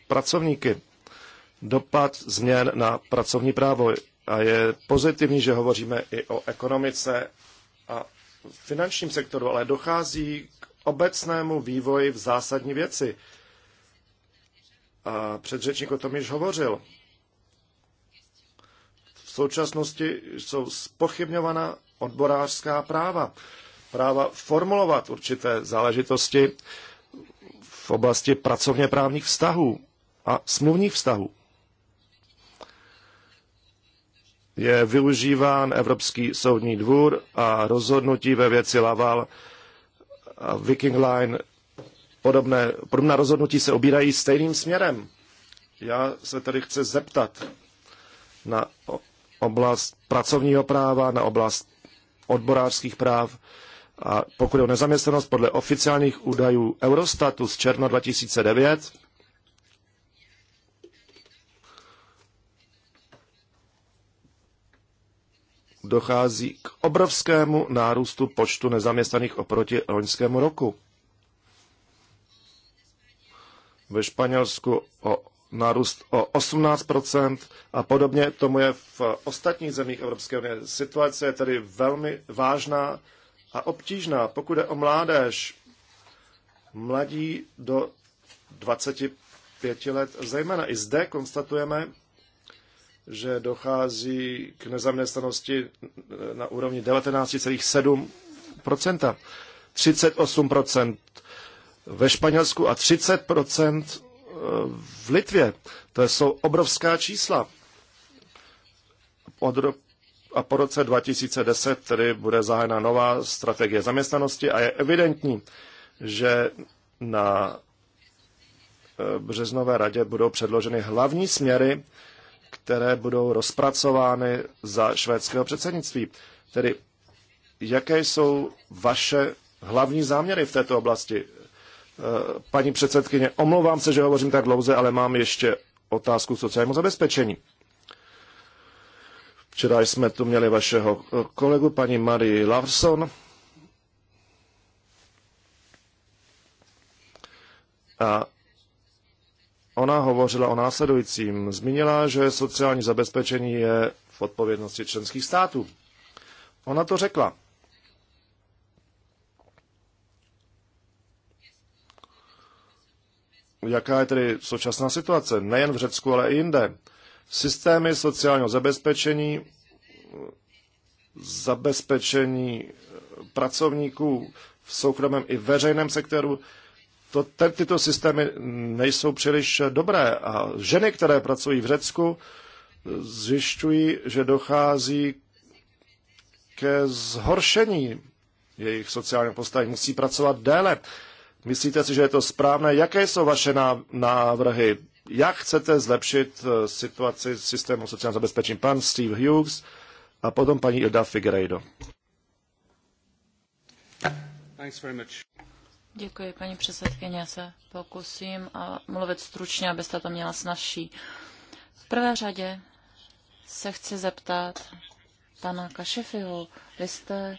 pracovníky. Dopad změn na pracovní právo. A je pozitivní, že hovoříme i o ekonomice a finančním sektoru, ale dochází k obecnému vývoji v zásadní věci. A předřečník o tom již hovořil současnosti jsou spochybňována odborářská práva. Práva formulovat určité záležitosti v oblasti pracovně právních vztahů a smluvních vztahů. Je využíván Evropský soudní dvůr a rozhodnutí ve věci Laval a Viking Line. Podobné, podobná rozhodnutí se obírají stejným směrem. Já se tedy chci zeptat na oblast pracovního práva, na oblast odborářských práv. A pokud je o nezaměstnanost podle oficiálních údajů Eurostatu z června 2009, dochází k obrovskému nárůstu počtu nezaměstnaných oproti loňskému roku. Ve Španělsku o nárůst o 18 a podobně tomu je v ostatních zemích Evropské unie. Situace je tedy velmi vážná a obtížná. Pokud je o mládež, mladí do 25 let, zejména i zde konstatujeme, že dochází k nezaměstnanosti na úrovni 19,7 38 ve Španělsku a 30 Eh, v Litvě. To jsou obrovská čísla. Od a po roce 2010 tedy bude zahájena nová strategie zaměstnanosti a je evidentní, že na eh, březnové radě budou předloženy hlavní směry, které budou rozpracovány za švédského předsednictví. Tedy jaké jsou vaše hlavní záměry v této oblasti? Eh, paní předsedkyně, omlouvám se, že hovořím tak dlouze, ale mám ještě otázku k sociálnímu zabezpečení. Včera jsme tu měli vašeho eh, kolegu, paní Marie Larson. A ona hovořila o následujícím. Zmínila, že sociální zabezpečení je v odpovědnosti členských států. Ona to řekla. jaká je tedy současná situace, nejen v Řecku, ale i jinde. Systémy sociálního zabezpečení, zabezpečení pracovníků v soukromém i veřejném sektoru, to, te, tyto systémy nejsou příliš dobré a ženy, které pracují v Řecku, zjišťují, že dochází ke zhoršení jejich sociálního postavení. Musí pracovat déle Myslíte si, že je to správné? Jaké jsou vaše návrhy? Jak chcete zlepšit eh, situaci systému sociálního zabezpečení? Pan Steve Hughes a potom paní Ilda Figueiredo. Děkuji, paní předsedkyně. Já se pokusím a mluvit stručně, abyste to měla snažší. V prvé řadě se chci zeptat pana Kašefiho. Vy jste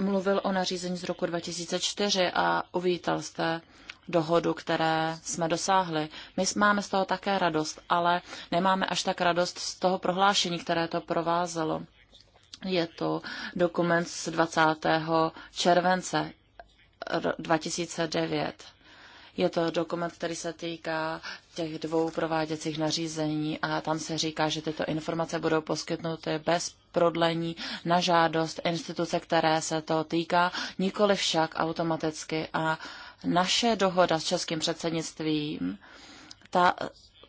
mluvil o nařízení z roku 2004 a uvítal jste dohodu, které jsme dosáhli. My máme z toho také radost, ale nemáme až tak radost z toho prohlášení, které to provázelo. Je to dokument z 20. července 2009. Je to dokument, který se týká těch dvou prováděcích nařízení a tam se říká, že tyto informace budou poskytnuty bez prodlení na žádost instituce, které se to týká, nikoli však automaticky. A naše dohoda s českým předsednictvím, ta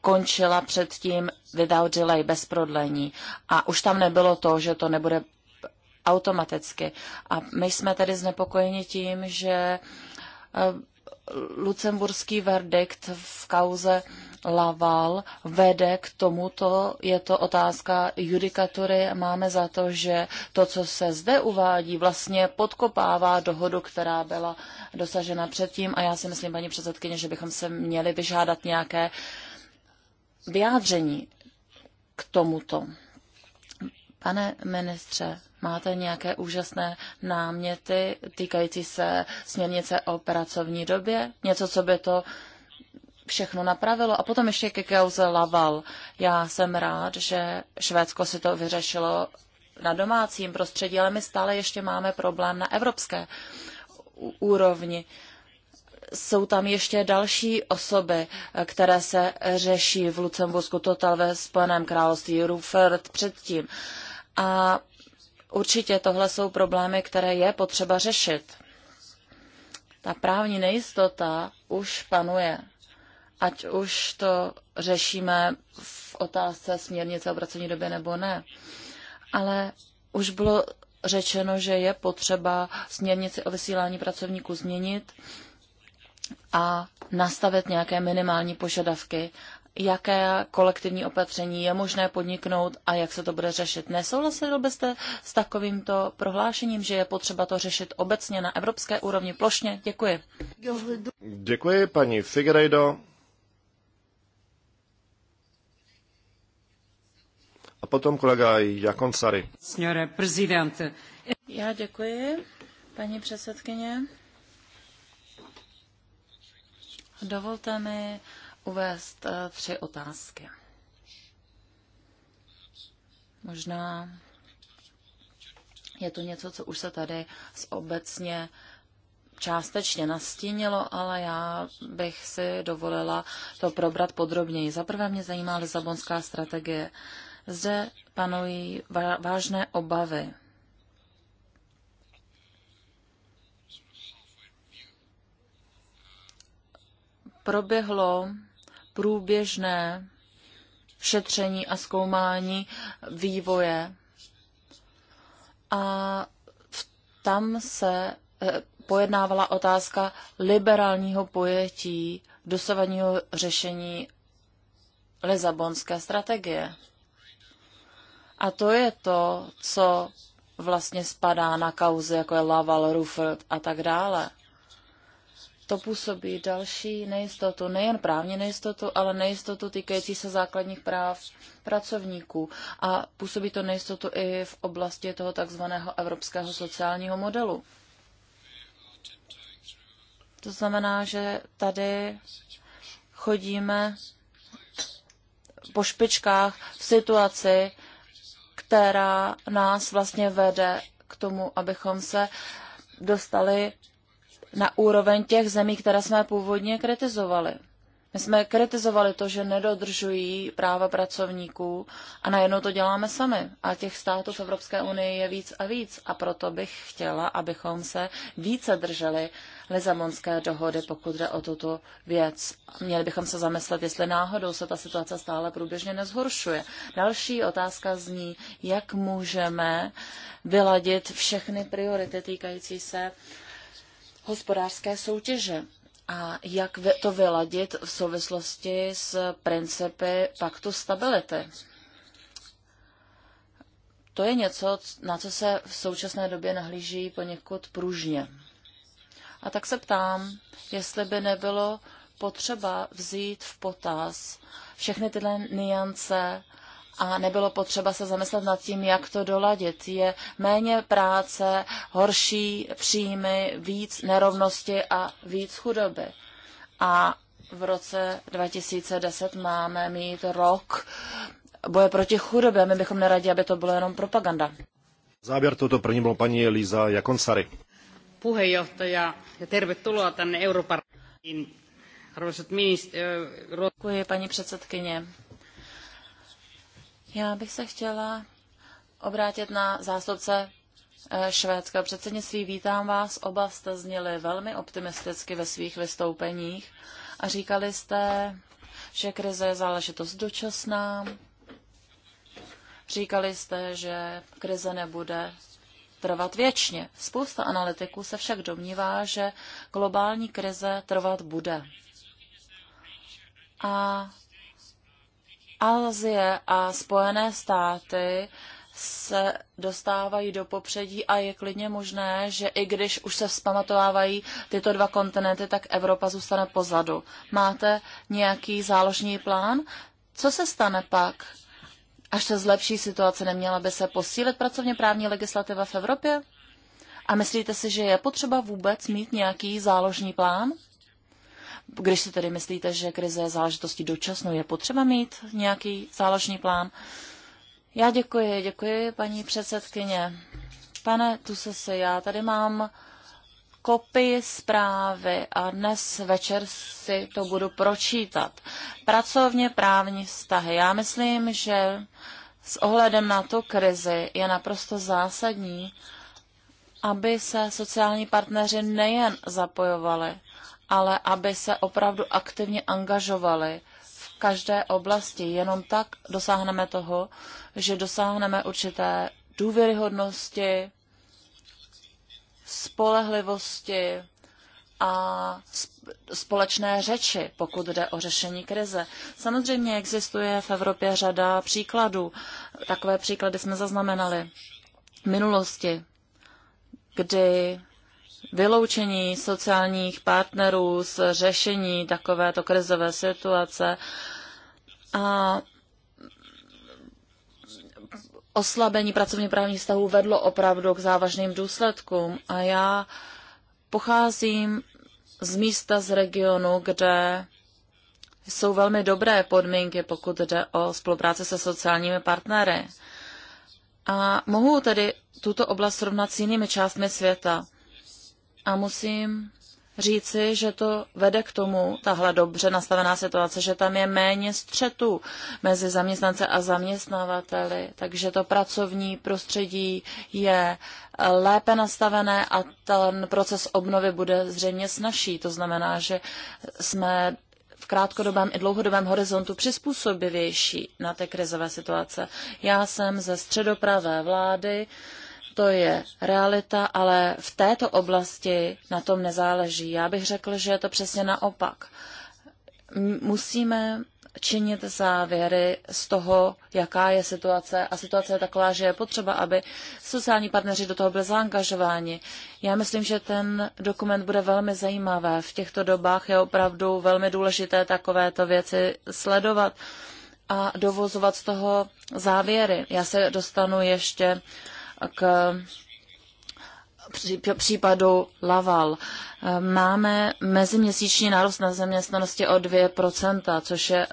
končila předtím without delay, bez prodlení. A už tam nebylo to, že to nebude automaticky. A my jsme tedy znepokojeni tím, že eh, lucemburský verdikt v kauze Laval vede k tomuto, je to otázka judikatury. Máme za to, že to, co se zde uvádí, vlastně podkopává dohodu, která byla dosažena předtím a já si myslím, paní předsedkyně, že bychom se měli vyžádat nějaké vyjádření k tomuto. Pane ministře, máte nějaké úžasné náměty týkající se směrnice o pracovní době? Něco, co by to všechno napravilo. A potom ještě ke kauze Laval. Já jsem rád, že Švédsko si to vyřešilo na domácím prostředí, ale my stále ještě máme problém na evropské úrovni. Jsou tam ještě další osoby, které se řeší v Lucembursku, Total ve Spojeném království, Rufert předtím. Uh, a určitě tohle jsou problémy, které je potřeba řešit. Ta právní nejistota už panuje, ať už to řešíme v otázce směrnice o pracovní době nebo ne. Ale už bylo řečeno, že je potřeba směrnici o vysílání pracovníků změnit a nastavit nějaké minimální požadavky jaké kolektivní opatření je možné podniknout a jak se to bude řešit. Nesouhlasil byste s takovýmto prohlášením, že je potřeba to řešit obecně na evropské úrovni plošně? Děkuji. Děkuji, paní Figueiredo. A potom kolega Jakonsary. Signore prezidente. Já děkuji, paní předsedkyně. Dovolte mi uvést eh, tři otázky. Možná je to něco, co už se tady obecně částečně nastínilo, ale já bych si dovolila to probrat podrobněji. Za prvé mě zajímá Lisabonská strategie. Zde panují vážné obavy. Proběhlo průběžné šetření a zkoumání vývoje. A tam se eh, pojednávala otázka liberálního pojetí dosavadního řešení Lisabonské strategie. A to je to, co vlastně spadá na kauzy, jako je Laval, Rufford a tak dále to působí další nejistotu, nejen právně nejistotu, ale nejistotu týkající se základních práv pracovníků. A působí to nejistotu i v oblasti toho takzvaného evropského sociálního modelu. To znamená, že tady chodíme po špičkách v situaci, která nás vlastně vede k tomu, abychom se dostali na úroveň těch zemí, které jsme původně kritizovali. My jsme kritizovali to, že nedodržují práva pracovníků a najednou to děláme sami. A těch států v Evropské unii je víc a víc. A proto bych chtěla, abychom se více drželi Lizamonské dohody, pokud jde o tuto věc. Měli bychom se zamyslet, jestli náhodou se ta situace stále průběžně nezhoršuje. Další otázka zní, jak můžeme vyladit všechny priority týkající se uh, hospodářské soutěže a jak to vyladit v souvislosti s principy paktu stability. To je něco, na co se v současné době nahlíží poněkud pružně. A tak se ptám, jestli by nebylo potřeba vzít v potaz všechny tyhle niance a nebylo potřeba se zamyslet nad tím, jak to doladit. Je méně práce, horší příjmy, víc nerovnosti a víc chudoby. A v roce 2010 máme mít rok boje proti chudobě. My bychom neradi, aby to bylo jenom propaganda. Záběr toto první byl paní Eliza Jakonsary. Puheenjohtaja ja tervetuloa tänne Euroopan Arvoisat ministeri... Děkuji, paní předsedkyně. Já bych se chtěla obrátit na zástupce eh, švédského předsednictví. Vítám vás. Oba jste zněli velmi optimisticky ve svých vystoupeních a říkali jste, že krize je záležitost dočasná. Říkali jste, že krize nebude trvat věčně. Spousta analytiků se však domnívá, že globální krize trvat bude. A Asie a Spojené státy se dostávají do popředí a je klidně možné, že i když už se vzpamatovávají tyto dva kontinenty, tak Evropa zůstane pozadu. Máte nějaký záložní plán? Co se stane pak? Až se zlepší situace, neměla by se posílit pracovně právní legislativa v Evropě? A myslíte si, že je potřeba vůbec mít nějaký záložní plán? když si tedy myslíte, že krize záležitosti dočasnou, je potřeba mít nějaký záložní plán. Já děkuji, děkuji paní předsedkyně. Pane Tusese, já tady mám kopii zprávy a dnes večer si to budu pročítat. Pracovně právní vztahy. Já myslím, že s ohledem na tu krizi je naprosto zásadní, aby se sociální partneři nejen zapojovali ale aby se opravdu aktivně angažovali v každé oblasti. Jenom tak dosáhneme toho, že dosáhneme určité důvěryhodnosti, spolehlivosti a společné řeči, pokud jde o řešení krize. Samozřejmě existuje v Evropě řada příkladů. Takové příklady jsme zaznamenali v minulosti, kdy vyloučení sociálních partnerů z řešení takovéto krizové situace a oslabení pracovně právních vztahů vedlo opravdu k závažným důsledkům. A já pocházím z místa z regionu, kde jsou velmi dobré podmínky, pokud jde o spolupráci se sociálními partnery. A mohu tedy tuto oblast srovnat s jinými částmi světa. A musím říci, že to vede k tomu, tahle dobře nastavená situace, že tam je méně střetu mezi zaměstnance a zaměstnavateli, takže to pracovní prostředí je lépe nastavené a ten proces obnovy bude zřejmě snažší. To znamená, že jsme v krátkodobém i dlouhodobém horizontu přizpůsobivější na ty krizové situace. Já jsem ze středopravé vlády, to je realita, ale v této oblasti na tom nezáleží. Já bych řekl, že je to přesně naopak. Musíme činit závěry z toho, jaká je situace. A situace je taková, že je potřeba, aby sociální partneři do toho byli zaangažováni. Já myslím, že ten dokument bude velmi zajímavý. V těchto dobách je opravdu velmi důležité takovéto věci sledovat a dovozovat z toho závěry. Já se dostanu ještě uh, k případu Laval. Máme meziměsíční nárost na zaměstnanosti o 2%, což je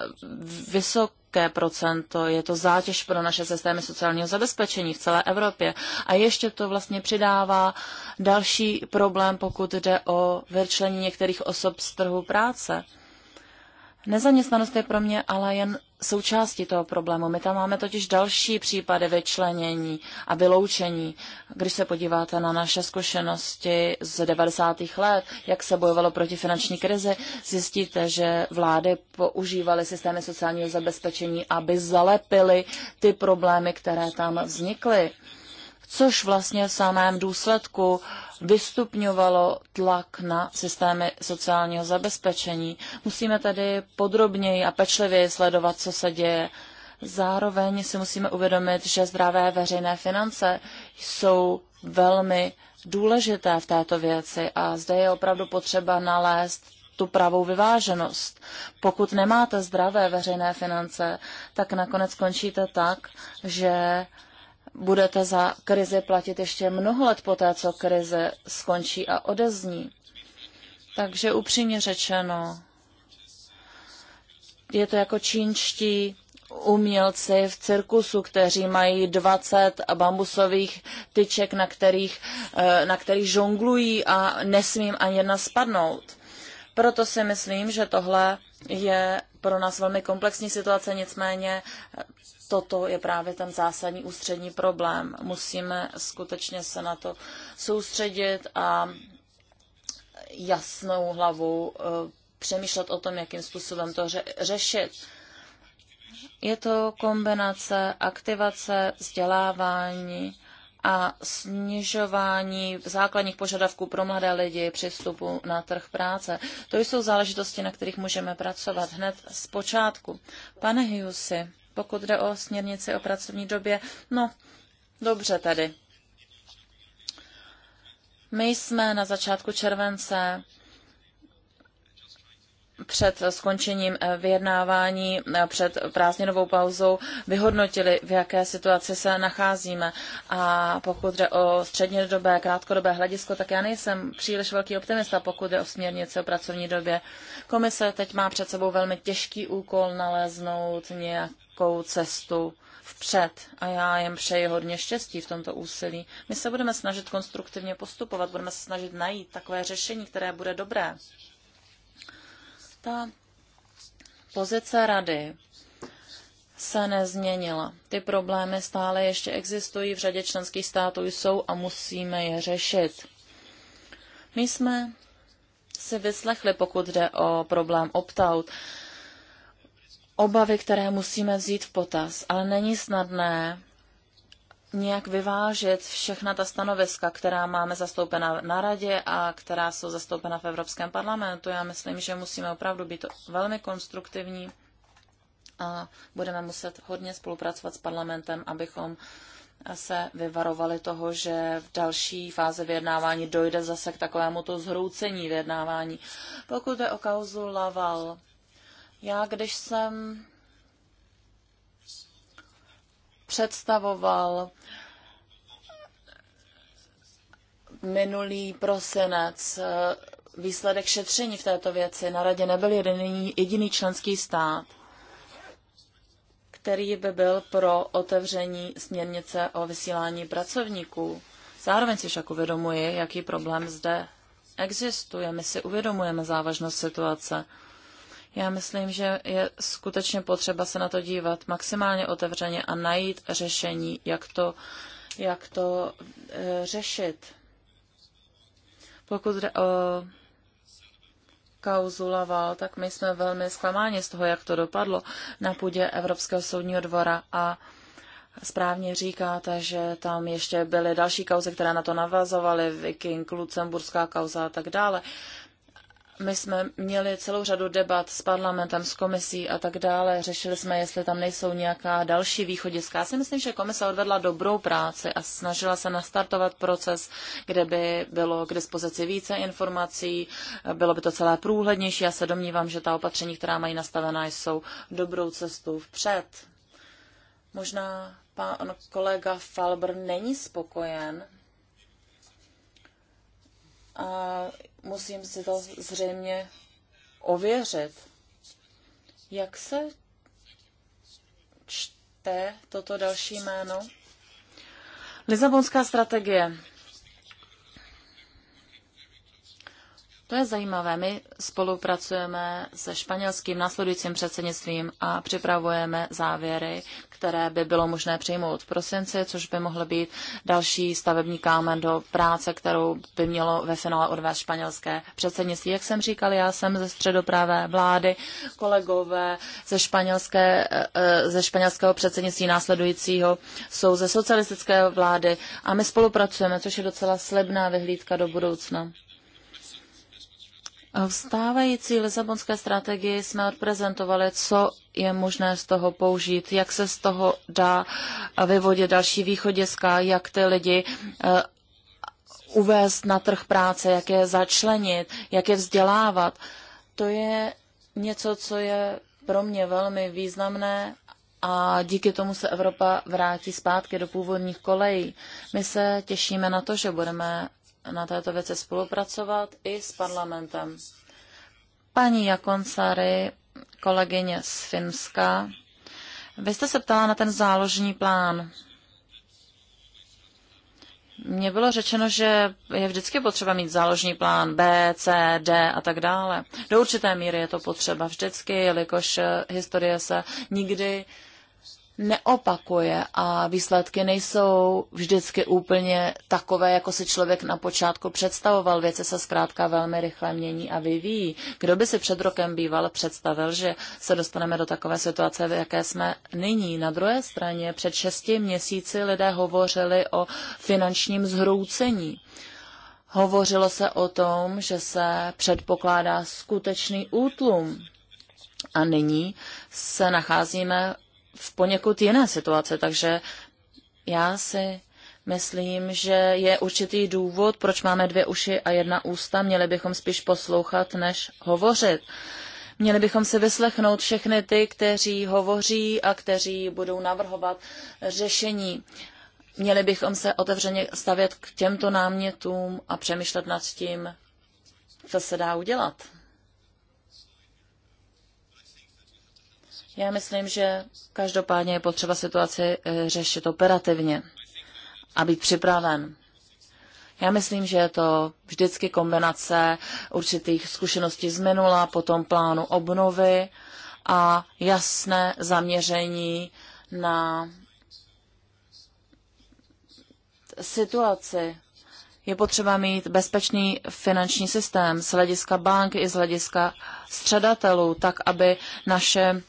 vysok, vysoké procento, je to zátěž pro naše systémy sociálního zabezpečení v celé Evropě. A ještě to vlastně přidává další problém, pokud jde o vyčlení některých osob z trhu práce. Nezaměstnanost je pro mě ale jen součástí toho problému. My tam máme totiž další případy vyčlenění a vyloučení. Když se podíváte na naše zkušenosti z 90. let, jak se bojovalo proti finanční krizi, zjistíte, že vlády používaly systémy sociálního zabezpečení, aby zalepily ty problémy, které tam vznikly. Což vlastně v samém důsledku uh, vystupňovalo tlak na systémy sociálního zabezpečení. Musíme tedy podrobněji a pečlivěji sledovat, co se děje. Zároveň si musíme uvědomit, že zdravé veřejné finance jsou velmi důležité v této věci a zde je opravdu potřeba nalézt tu pravou vyváženost. Pokud nemáte zdravé veřejné finance, tak nakonec končíte tak, že budete za krizi platit ještě mnoho let poté, co krize skončí a odezní. Takže upřímně řečeno, je to jako čínští umělci v cirkusu, kteří mají 20 bambusových tyček, na kterých, eh, na kterých žonglují a nesmím ani jedna spadnout. Proto si myslím, že tohle je pro nás velmi komplexní situace, nicméně toto je právě ten zásadní ústřední problém. Musíme skutečně se na to soustředit a jasnou hlavou eh, přemýšlet o tom, jakým způsobem to ře- řešit. Je to kombinace aktivace, vzdělávání a snižování základních požadavků pro mladé lidi při vstupu na trh práce. To jsou záležitosti, na kterých můžeme pracovat hned z počátku. Pane Hughesy, pokud jde o směrnici o pracovní době. No, dobře tady. My jsme na začátku července před skončením eh, vyjednávání, eh, před prázdninovou pauzou vyhodnotili, v jaké situaci se nacházíme. A pokud jde o střednědobé, krátkodobé hledisko, tak já nejsem příliš velký optimista, pokud jde o směrnice o pracovní době. Komise teď má před sebou velmi těžký úkol naleznout nějak krátkou cestu vpřed a já jim přeji hodně štěstí v tomto úsilí. My se budeme snažit konstruktivně postupovat, budeme se snažit najít takové řešení, které bude dobré. Ta pozice rady se nezměnila. Ty problémy stále ještě existují, v řadě členských států jsou a musíme je řešit. My jsme si vyslechli, pokud jde o problém opt-out, obavy, které musíme vzít v potaz, ale není snadné nějak vyvážet všechna ta stanoviska, která máme zastoupena na radě a která jsou zastoupena v Evropském parlamentu. Já myslím, že musíme opravdu být velmi konstruktivní a budeme muset hodně spolupracovat s parlamentem, abychom se vyvarovali toho, že v další fázi vyjednávání dojde zase k takovému to zhroucení vyjednávání. Pokud je o kauzu Laval, já, když jsem představoval minulý prosinec eh, výsledek šetření v této věci, na radě nebyl jediný, jediný členský stát, který by byl pro otevření směrnice o vysílání pracovníků. Zároveň si však uvědomuji, jaký problém zde existuje. My si uvědomujeme závažnost situace. Já myslím, že je skutečně potřeba se na to dívat maximálně otevřeně a najít řešení, jak to, jak to e, řešit. Pokud jde o kauzu Laval, tak my jsme velmi zklamáni z toho, jak to dopadlo na půdě Evropského soudního dvora a správně říkáte, že tam ještě byly další kauzy, které na to navazovaly, Viking, Lucemburská kauza a tak dále my jsme měli celou řadu debat s parlamentem, s komisí a tak dále. Řešili jsme, jestli tam nejsou nějaká další východiska. Já si myslím, že komise odvedla dobrou práci a snažila se nastartovat proces, kde by bylo k dispozici více informací, bylo by to celé průhlednější. Já se domnívám, že ta opatření, která mají nastavená, jsou dobrou cestou vpřed. Možná pan kolega Falbr není spokojen a musím si to zřejmě ověřit. Jak se čte toto další jméno? Lizabonská strategie. To je zajímavé. My spolupracujeme se španělským následujícím předsednictvím a připravujeme závěry, které by bylo možné přijmout v prosinci, což by mohl být další stavební kámen do práce, kterou by mělo ve finále odvést španělské předsednictví. Jak jsem říkal, já jsem ze středopravé vlády, kolegové ze, španělské, eh, eh, ze španělského předsednictví následujícího jsou ze socialistické vlády a my spolupracujeme, což je docela slibná vyhlídka do budoucna. V stávající Lisabonské strategii jsme odprezentovali, co je možné z toho použít, jak se z toho dá vyvodit další východiska, jak ty lidi eh, uvést na trh práce, jak je začlenit, jak je vzdělávat. To je něco, co je pro mě velmi významné a díky tomu se Evropa vrátí zpátky do původních kolejí. My se těšíme na to, že budeme na této věci spolupracovat i s parlamentem. Paní Jakonsary, kolegyně z Finska, vy jste se ptala na ten záložní plán. Mně bylo řečeno, že je vždycky potřeba mít záložní plán B, C, D a tak dále. Do určité míry je to potřeba vždycky, jelikož historie se nikdy uh, neopakuje a výsledky nejsou vždycky úplně takové, jako si člověk na počátku představoval. Věci se zkrátka velmi rychle mění a vyvíjí. Kdo by si před rokem býval představil, že se dostaneme do takové situace, v jaké jsme nyní? Na druhé straně před šesti měsíci lidé hovořili o finančním zhroucení. Hovořilo se o tom, že se předpokládá skutečný útlum. A nyní se nacházíme v poněkud jiné situace, takže já si myslím, že je určitý důvod, proč máme dvě uši a jedna ústa. Měli bychom spíš poslouchat, než hovořit. Měli bychom si vyslechnout všechny ty, kteří hovoří a kteří budou navrhovat řešení. Měli bychom se otevřeně stavět k těmto námětům a přemýšlet nad tím, co se dá udělat. Já myslím, že každopádně je potřeba situaci eh, řešit operativně a být připraven. Já myslím, že je to vždycky kombinace určitých zkušeností z minula, potom plánu obnovy a jasné zaměření na situaci. Je potřeba mít bezpečný finanční systém z hlediska bank i z hlediska středatelů, tak aby naše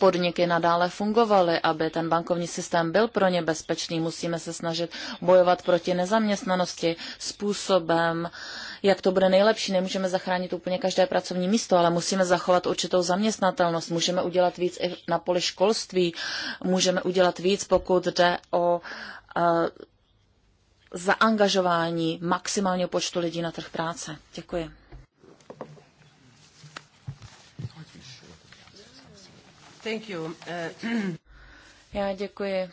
podniky nadále fungovaly, aby ten bankovní systém byl pro ně bezpečný. Musíme se snažit bojovat proti nezaměstnanosti způsobem, jak to bude nejlepší. Nemůžeme zachránit úplně každé pracovní místo, ale musíme zachovat určitou zaměstnatelnost. Můžeme udělat víc i na poli školství, můžeme udělat víc, pokud jde o eh, zaangažování maximálního počtu lidí na trh práce. Děkuji. Thank you. Uh... Já děkuji.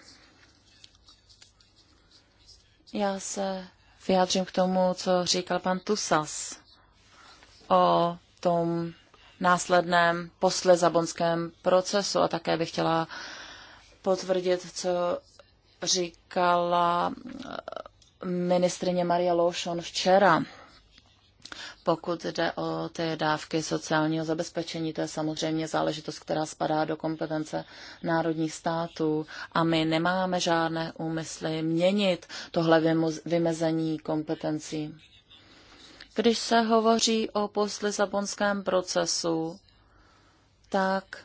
Já se vyjádřím k tomu, co říkal pan Tusas o tom následném poslezabonském procesu a také bych chtěla potvrdit, co říkala eh, ministrině Maria Lošon včera pokud jde o ty dávky sociálního zabezpečení, to je samozřejmě záležitost, která spadá do kompetence národních států a my nemáme žádné úmysly měnit tohle vymezení kompetencí. Když se hovoří o postlisabonském procesu, tak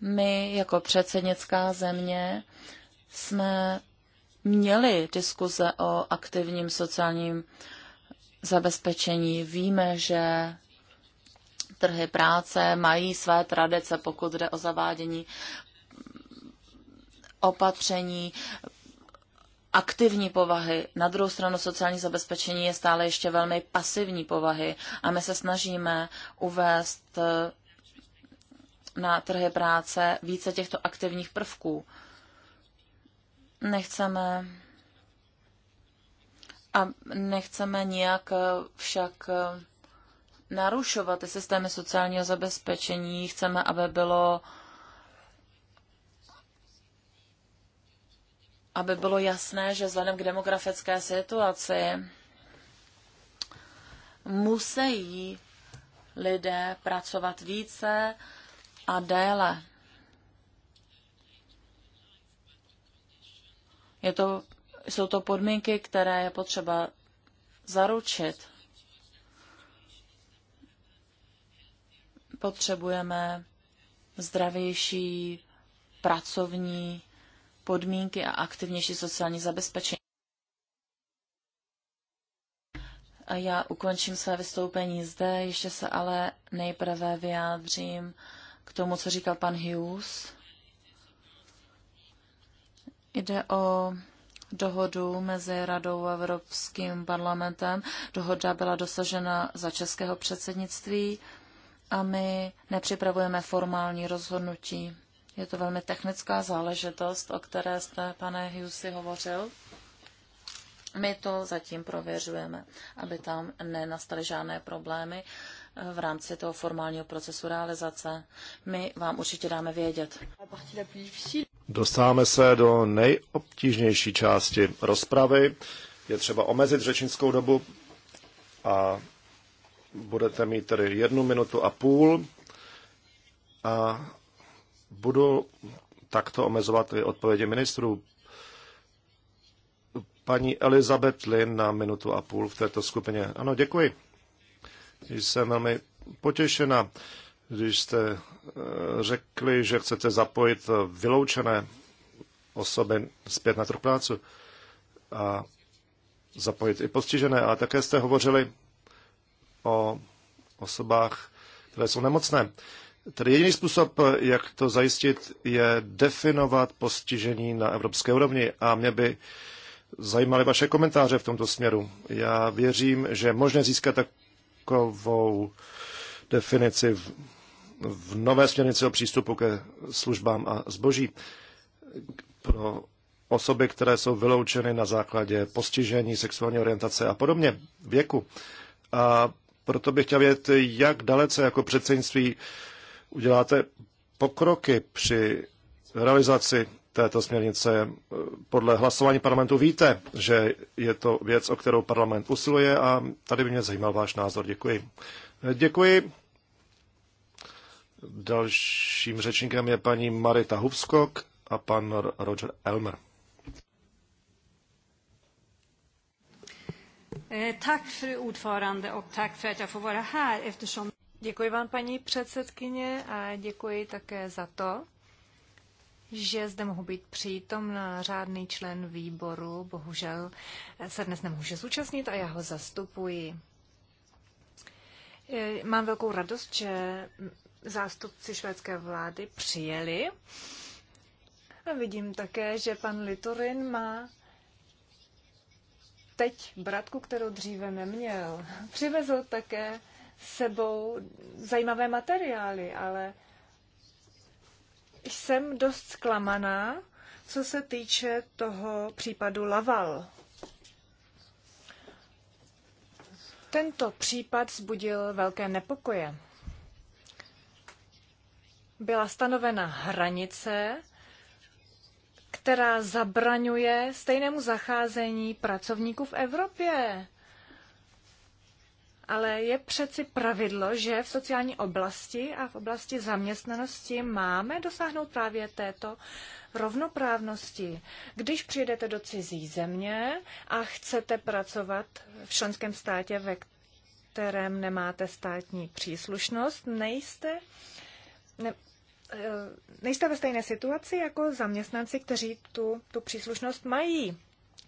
my jako předsednická země jsme měli diskuze o aktivním sociálním zabezpečení. Víme, že trhy práce mají své tradice, pokud jde o zavádění opatření aktivní povahy. Na druhou stranu sociální zabezpečení je stále ještě velmi pasivní povahy a my se snažíme uvést eh, na trhy práce více těchto aktivních prvků. Nechceme a nechceme nijak eh, však eh, narušovat ty systémy sociálního zabezpečení. Chceme, aby bylo aby bylo jasné, že vzhledem k demografické situaci musí lidé pracovat více a déle. Je to jsou to podmínky, které je potřeba zaručit. Potřebujeme zdravější pracovní podmínky a aktivnější sociální zabezpečení. A já ukončím své vystoupení zde, ještě se ale nejprve vyjádřím k tomu, co říkal pan Hughes. Jde o dohodu mezi Radou a Evropským parlamentem. Dohoda byla dosažena za českého předsednictví a my nepřipravujeme formální rozhodnutí. Je to velmi technická záležitost, o které jste, pane Hughesy, hovořil. My to zatím prověřujeme, aby tam nenastaly žádné problémy v rámci toho formálního procesu realizace. My vám určitě dáme vědět. Dostáváme se do nejobtížnější části rozpravy. Je třeba omezit řečnickou dobu a budete mít tedy jednu minutu a půl a budu takto omezovat i odpovědi ministrů. Paní Elizabeth Lin na minutu a půl v této skupině. Ano, děkuji. Jsem velmi potěšena když jste eh, řekli, že chcete zapojit eh, vyloučené osoby zpět na trh práce a zapojit i postižené, ale také jste hovořili o osobách, které jsou nemocné. Tedy jediný způsob, jak to zajistit, je definovat postižení na evropské úrovni a mě by zajímaly vaše komentáře v tomto směru. Já věřím, že je možné získat takovou definici v v nové směrnici o přístupu ke službám a zboží pro osoby, které jsou vyloučeny na základě postižení, sexuální orientace a podobně, věku. A proto bych chtěl vědět, jak dalece jako předsednictví uděláte pokroky při realizaci této směrnice. Podle hlasování parlamentu víte, že je to věc, o kterou parlament usiluje a tady by mě zajímal váš názor. Děkuji. Děkuji. Dalším řečníkem je paní Marita Hubskok a pan Roger Elmer. Eh, tak, Děkuji vám, paní předsedkyně, a děkuji také za to, že zde mohu být přítomna řádný člen výboru. Bohužel se dnes nemůže zúčastnit a já ho zastupuji. Eh, mám velkou radost, že zástupci švédské vlády přijeli. A vidím také, že pan Litorin má teď bratku, kterou dříve neměl. Přivezl také sebou zajímavé materiály, ale jsem dost zklamaná, co se týče toho případu Laval. Tento případ zbudil velké nepokoje byla stanovena hranice, která zabraňuje stejnému zacházení pracovníků v Evropě. Ale je přeci pravidlo, že v sociální oblasti a v oblasti zaměstnanosti máme dosáhnout právě této rovnoprávnosti. Když přijedete do cizí země a chcete pracovat v členském státě, ve kterém nemáte státní příslušnost, nejste ne, eh, nejste ve stejné situaci jako zaměstnanci, kteří tu, tu příslušnost mají.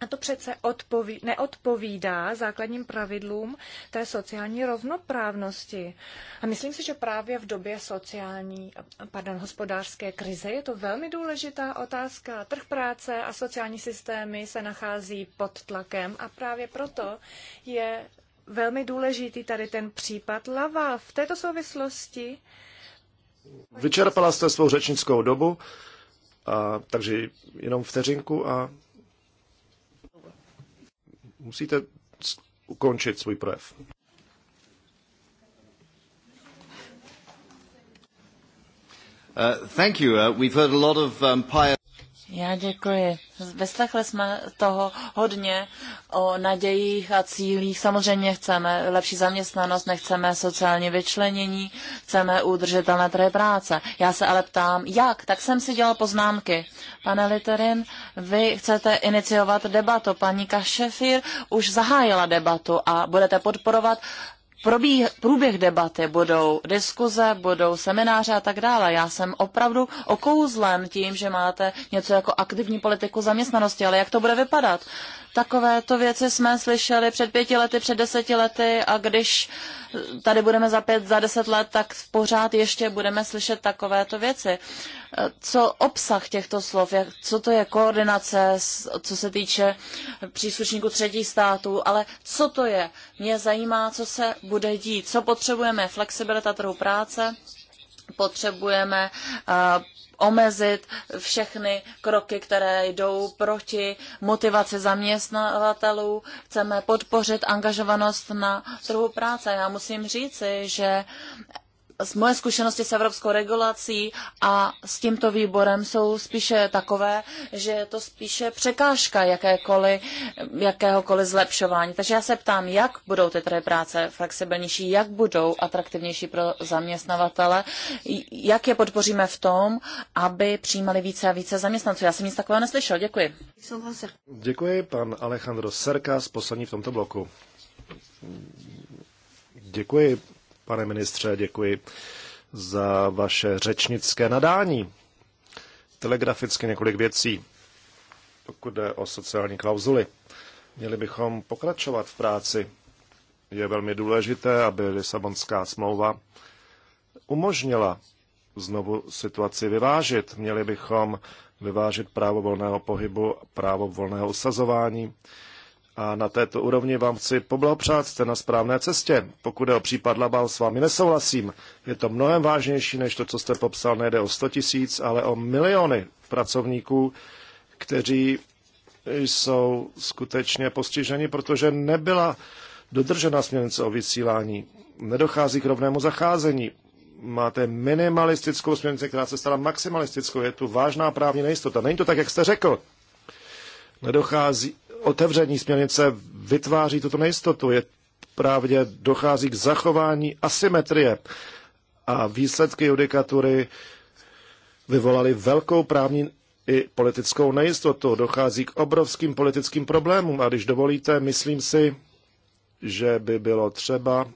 A to přece odpoví, neodpovídá základním pravidlům té sociální rovnoprávnosti. A myslím si, že právě v době sociální, pardon, hospodářské krize je to velmi důležitá otázka. Trh práce a sociální systémy se nachází pod tlakem a právě proto je velmi důležitý tady ten případ Lava. V této souvislosti Vyčerpala jste svou řečnickou dobu, a, takže jenom vteřinku a musíte ukončit svůj projev. Uh, thank you. Uh, we've heard a lot of um, pious... Já děkuji. Vyslechli jsme toho hodně o nadějích a cílích. Samozřejmě chceme lepší zaměstnanost, nechceme sociální vyčlenění, chceme udržitelné trhy práce. Já se ale ptám, jak? Tak jsem si dělal poznámky. Pane Literin, vy chcete iniciovat debatu. Paní Kašefír už zahájila debatu a budete podporovat probíh, průběh debaty, budou diskuze, budou semináře a tak dále. Já jsem opravdu okouzlen tím, že máte něco jako aktivní politiku zaměstnanosti, ale jak to bude vypadat? Takovéto věci jsme slyšeli před pěti lety, před deseti lety a když tady budeme za pět, za deset let, tak pořád ještě budeme slyšet takovéto věci. Co obsah těchto slov, jak, co to je koordinace, co se týče příslušníků třetích států, ale co to je? Mě zajímá, co se bude dít, co potřebujeme, flexibilita trhu práce, potřebujeme eh, omezit všechny kroky, které jdou proti motivaci zaměstnavatelů. Chceme podpořit angažovanost na trhu práce. Já musím říci, že z moje zkušenosti s evropskou regulací a s tímto výborem jsou spíše takové, že je to spíše překážka jakékoliv, jakéhokoliv zlepšování. Takže já se ptám, jak budou ty trhy práce flexibilnější, jak budou atraktivnější pro zaměstnavatele, jak je podpoříme v tom, aby přijímali více a více zaměstnanců. Já jsem nic takového neslyšel. Děkuji. Děkuji, pan Alejandro Serkas, poslední v tomto bloku. Děkuji, Pane ministře, děkuji za vaše řečnické nadání. Telegraficky několik věcí, pokud jde o sociální klauzuly. Měli bychom pokračovat v práci. Je velmi důležité, aby Lisabonská smlouva umožnila znovu situaci vyvážit. Měli bychom vyvážit právo volného pohybu, právo volného usazování, a na této úrovni vám chci poblahopřát, jste na správné cestě. Pokud je o případ Labal, s vámi nesouhlasím. Je to mnohem vážnější než to, co jste popsal. Nejde o 100 tisíc, ale o miliony pracovníků, kteří jsou skutečně postiženi, protože nebyla dodržena směrnice o vysílání. Nedochází k rovnému zacházení. Máte minimalistickou směrnici, která se stala maximalistickou. Je tu vážná právní nejistota. Není to tak, jak jste řekl. Nedochází, otevření směrnice vytváří tuto nejistotu. Je právě dochází k zachování asymetrie a výsledky judikatury vyvolaly velkou právní i politickou nejistotu. Dochází k obrovským politickým problémům a když dovolíte, myslím si, že by bylo třeba,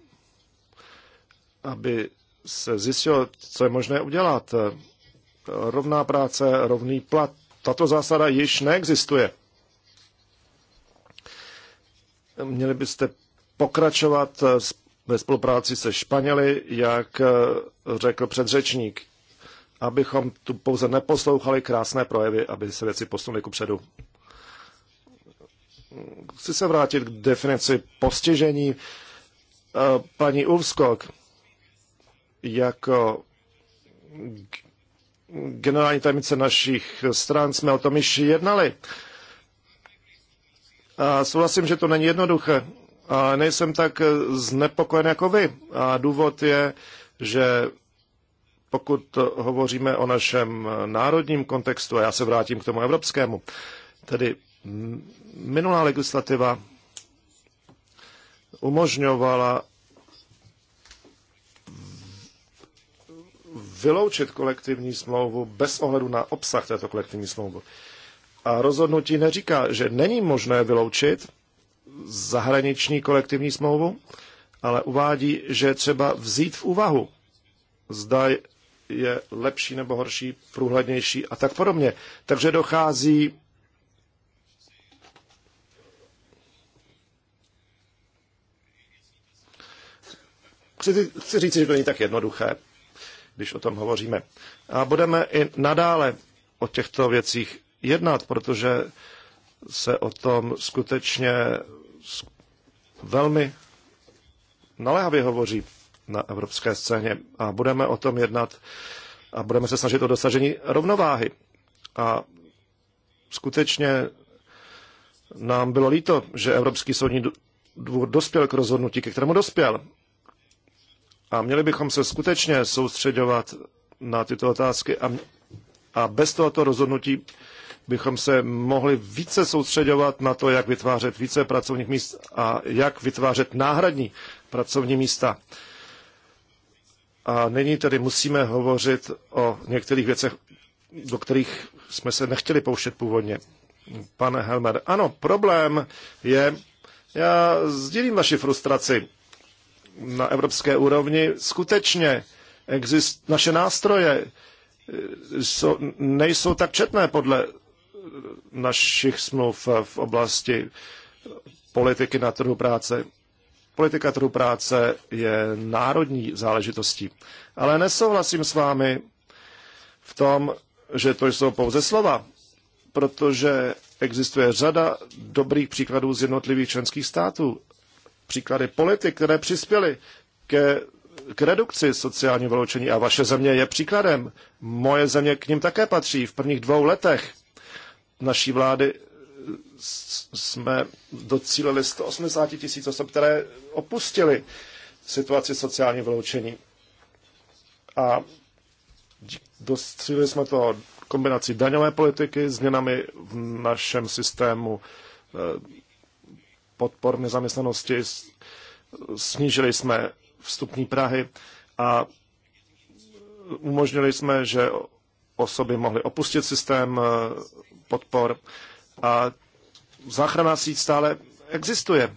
aby se zjistilo, co je možné udělat. Rovná práce, rovný plat. Tato zásada již neexistuje. Měli byste pokračovat eh, ve spolupráci se Španěli, jak eh, řekl předřečník, abychom tu pouze neposlouchali krásné projevy, aby se věci posunuly ku předu. Chci se vrátit k definici postižení. Eh, paní Uvskok, jako generální tajemnice našich stran jsme o tom již jednali souhlasím, že to není jednoduché, A nejsem tak eh, znepokojen jako vy. A důvod je, že pokud hovoříme o našem národním kontextu, a já se vrátím k tomu evropskému, tedy minulá legislativa umožňovala vyloučit kolektivní smlouvu bez ohledu na obsah této kolektivní smlouvy. A rozhodnutí neříká, že není možné vyloučit zahraniční kolektivní smlouvu, ale uvádí, že třeba vzít v úvahu, zda je lepší nebo horší, průhlednější a tak podobně. Takže dochází Chci, chci říct, že to není tak jednoduché, když o tom hovoříme. A budeme i nadále o těchto věcích jednat, protože se o tom skutečně velmi naléhavě hovoří na evropské scéně a budeme o tom jednat a budeme se snažit o dosažení rovnováhy. A skutečně nám bylo líto, že Evropský soudní dvůr dospěl k rozhodnutí, ke kterému dospěl. A měli bychom se skutečně soustředovat na tyto otázky a, a bez tohoto rozhodnutí bychom se mohli více soustředovat na to, jak vytvářet více pracovních míst a jak vytvářet náhradní pracovní místa. A nyní tedy musíme hovořit o některých věcech, do kterých jsme se nechtěli pouštět původně. Pane Helmer, ano, problém je, já sdílím vaši frustraci na evropské úrovni. Skutečně exist, naše nástroje eh, jsou, nejsou tak četné podle našich smluv v oblasti politiky na trhu práce. Politika trhu práce je národní záležitostí. Ale nesouhlasím s vámi v tom, že to jsou pouze slova, protože existuje řada dobrých příkladů z jednotlivých členských států. Příklady politik, které přispěly ke, k redukci sociálního vyloučení a vaše země je příkladem. Moje země k ním také patří. V prvních dvou letech naší vlády eh, jsme docílili 180 tisíc osob, které opustili situaci sociální vyloučení. A docílili jsme to kombinací daňové politiky, změnami v našem systému eh, podpor nezaměstnanosti, snížili jsme vstupní Prahy a umožnili jsme, že osoby mohly opustit systém eh, podpor a záchranná síť stále existuje.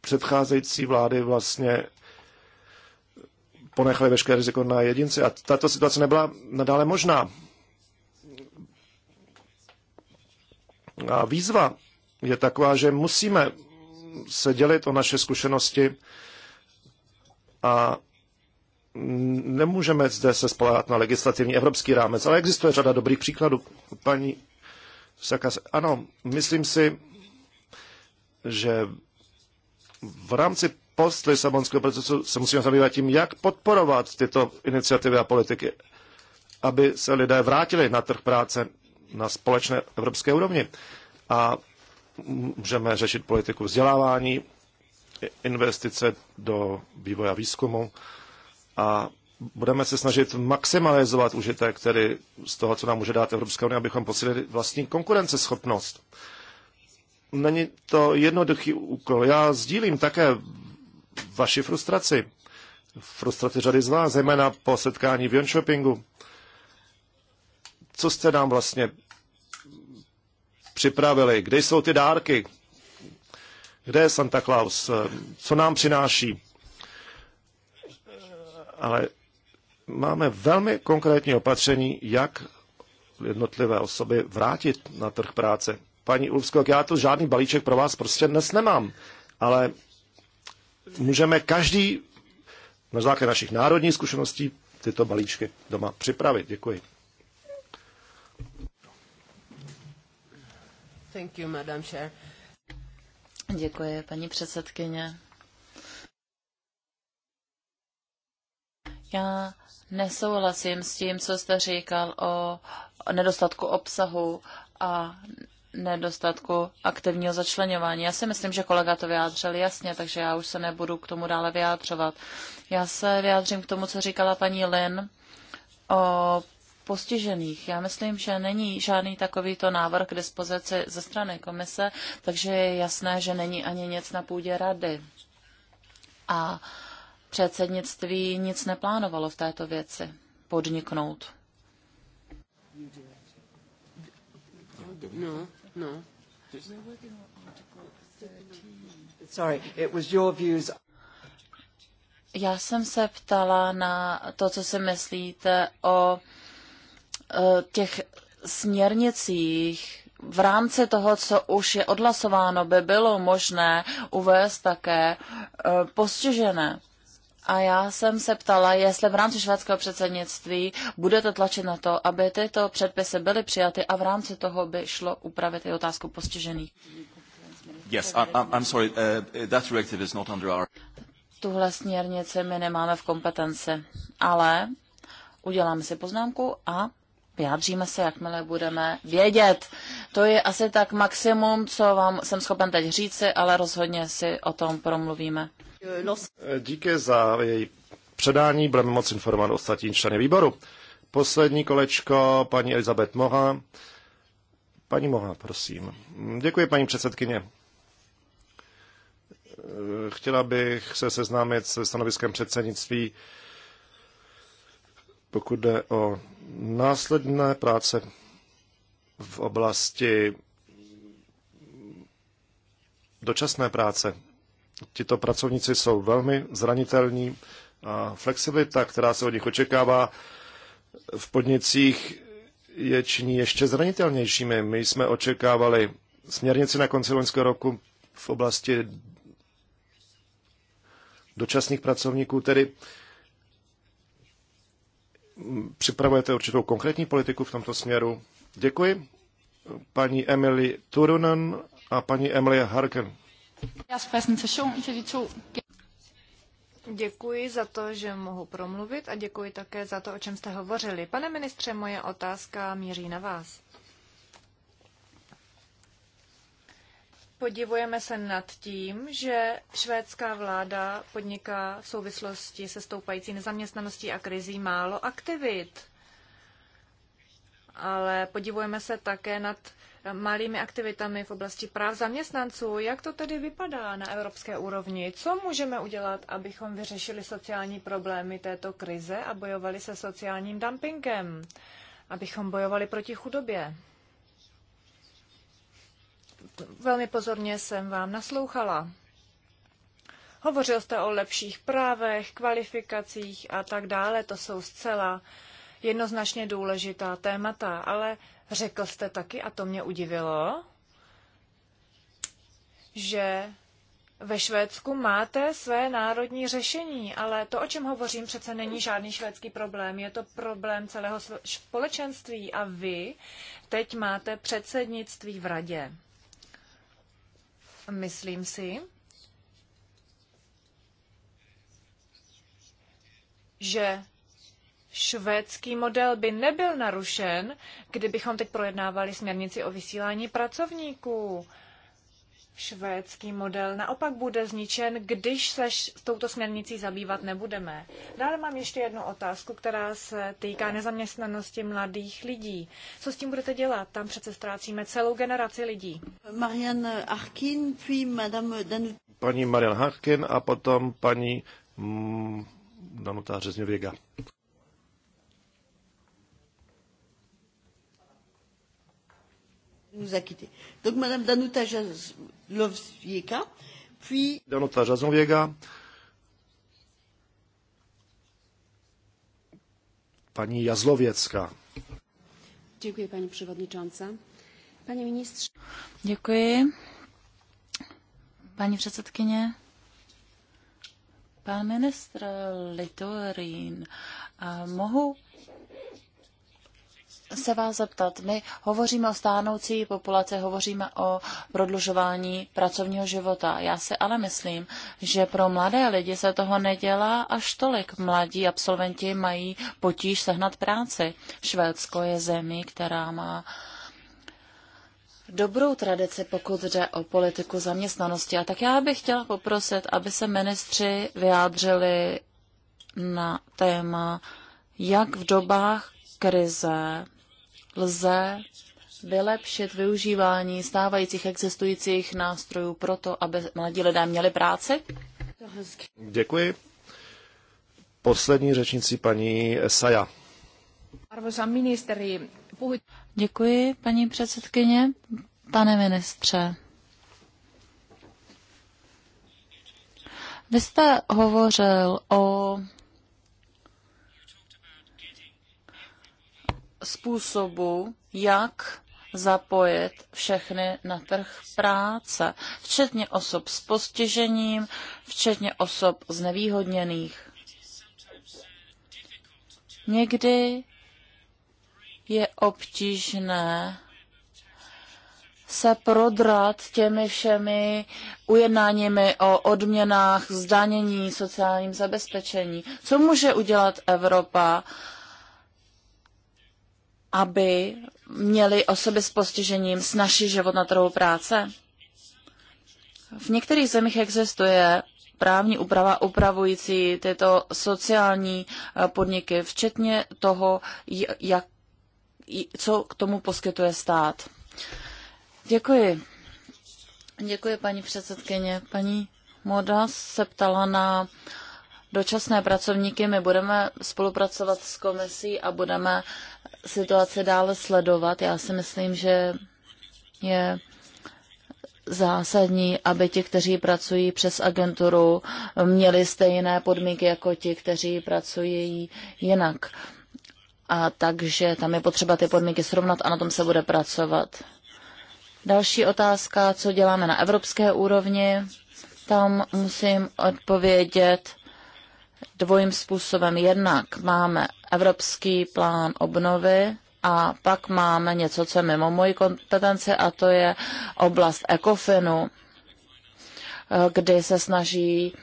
Předcházející vlády vlastně ponechali veškeré riziko na jedinci a tato situace nebyla nadále možná. A výzva je taková, že musíme se dělit o naše zkušenosti a nemůžeme zde se spolehat na legislativní evropský rámec, ale existuje řada dobrých příkladů. Paní Sakas, ano, myslím si, že v rámci post-Lisabonského procesu se musíme zabývat tím, jak podporovat tyto iniciativy a politiky, aby se lidé vrátili na trh práce na společné evropské úrovni. A můžeme řešit politiku vzdělávání, investice do vývoja výzkumu, a budeme se snažit maximalizovat užitek tedy z toho, co nám může dát Evropská unie, abychom posílili vlastní konkurenceschopnost. Není to jednoduchý úkol. Já sdílím také vaši frustraci. Frustraci řady z vás, zejména po setkání v Jönšopingu. Co jste nám vlastně připravili? Kde jsou ty dárky? Kde je Santa Claus? Co nám přináší? ale máme velmi konkrétní opatření, jak jednotlivé osoby vrátit na trh práce. Paní Ulfskog, já tu žádný balíček pro vás prostě dnes nemám, ale můžeme každý na základě našich národních zkušeností tyto balíčky doma připravit. Děkuji. Thank you, Madam Chair. Děkuji, paní předsedkyně. Já nesouhlasím s tím, co jste říkal o nedostatku obsahu a nedostatku aktivního začlenování. Já si myslím, že kolega to vyjádřil jasně, takže já už se nebudu k tomu dále vyjádřovat. Já se vyjádřím k tomu, co říkala paní Lin o postižených. Já myslím, že není žádný takovýto návrh k dispozici ze strany komise, takže je jasné, že není ani nic na půdě rady. A předsednictví nic neplánovalo v této věci podniknout. No, no. Sorry, it was your views. Já jsem se ptala na to, co si myslíte o e, těch směrnicích v rámci toho, co už je odhlasováno, by bylo možné uvést také e, postižené. A já jsem se ptala, jestli v rámci švédského předsednictví budete tlačit na to, aby tyto předpisy byly přijaty a v rámci toho by šlo upravit i otázku postižených. Yes, I, I'm sorry, uh, that directive is not under our... Tuhle směrnici my nemáme v kompetenci, ale uděláme si poznámku a vyjádříme se, jakmile budeme vědět. To je asi tak maximum, co vám jsem schopen teď říci, ale rozhodně si o tom promluvíme. Díky za její předání, budeme moc informovat ostatní členy výboru. Poslední kolečko, paní Elizabeth Moha. Paní Moha, prosím. Děkuji, paní předsedkyně. Chtěla bych se seznámit se stanoviskem předsednictví, pokud jde o následné práce v oblasti dočasné práce Tito pracovníci jsou velmi zranitelní a flexibilita, která se od nich očekává v podnicích, je činí ještě zranitelnějšími. My jsme očekávali směrnici na konci loňského roku v oblasti dočasných pracovníků, tedy připravujete určitou konkrétní politiku v tomto směru. Děkuji. Paní Emily Turunen a paní Emily Harken. Děkuji za to, že mohu promluvit a děkuji také za to, o čem jste hovořili. Pane ministře, moje otázka míří na vás. Podivujeme se nad tím, že švédská vláda podniká v souvislosti se stoupající nezaměstnaností a krizí málo aktivit. Ale podivujeme se také nad malými aktivitami v oblasti práv zaměstnanců. Jak to tedy vypadá na evropské úrovni? Co můžeme udělat, abychom vyřešili sociální problémy této krize a bojovali se sociálním dumpingem? Abychom bojovali proti chudobě? Velmi pozorně jsem vám naslouchala. Hovořil jste o lepších právech, kvalifikacích a tak dále. To jsou zcela uh, jednoznačně důležitá témata, ale řekl jste taky, a to mě udivilo, že ve Švédsku máte své národní řešení, ale to, o čem hovořím, přece není žádný švédský problém. Je to problém celého společenství a vy teď máte předsednictví v radě. Myslím si, že švédský model by nebyl narušen, kdybychom teď projednávali směrnici o vysílání pracovníků. Švédský model naopak bude zničen, když se s touto směrnicí zabývat nebudeme. Dále mám ještě jednu otázku, která se týká nezaměstnanosti mladých lidí. Co s tím budete dělat? Tam přece ztrácíme celou generaci lidí. Marianne Harkin, Madame den. Paní Marianne Harkin a potom paní mm, Danuta Řezňověga. nous a quittés. Donc Madame Danuta Jazlovieka, puis... Danuta Jazlovieka, pani Jazlowiecka. Dziękuję Pani Przewodnicząca. Panie Ministrze... Dziękuję. Pani předsedkyně, pan ministr Litorin. mohu se vás zeptat. My hovoříme o stánoucí populaci, hovoříme o prodlužování pracovního života. Já si ale myslím, že pro mladé lidi se toho nedělá až tolik. Mladí absolventi mají potíž sehnat práci. Švédsko je zemi, která má dobrou tradici, pokud jde o politiku zaměstnanosti. A tak já bych chtěla poprosit, aby se ministři vyjádřili na téma, jak v dobách krize lze vylepšit využívání stávajících existujících nástrojů pro to, aby mladí lidé měli práci? Děkuji. Poslední řečnici paní Saja. ministeri, Děkuji, paní předsedkyně. Pane ministře, vy jste hovořil o způsobu, jak zapojit všechny na trh práce, včetně osob s postižením, včetně osob znevýhodněných. Někdy je obtížné se prodrat těmi všemi ujednáními o odměnách, zdanění, sociálním zabezpečení. Co může udělat Evropa aby měly osoby s postižením snažší život na trhu práce? V některých zemích existuje právní úprava upravující tyto sociální eh, podniky, včetně toho, jak, co k tomu poskytuje stát. Děkuji. Děkuji, paní předsedkyně. Paní Moda se ptala na uh, dočasné pracovníky. My budeme spolupracovat s komisí a budeme situaci dále sledovat. Já si myslím, že je zásadní, aby ti, kteří pracují přes agenturu, měli stejné podmínky jako ti, kteří pracují jinak. A takže tam je potřeba ty podmínky srovnat a na tom se bude pracovat. Další otázka, co děláme na evropské úrovni, tam musím odpovědět dvojím způsobem. Jednak máme Evropský plán obnovy a pak máme něco, co je mimo moji kompetence a to je oblast ECOFINu, kdy se snaží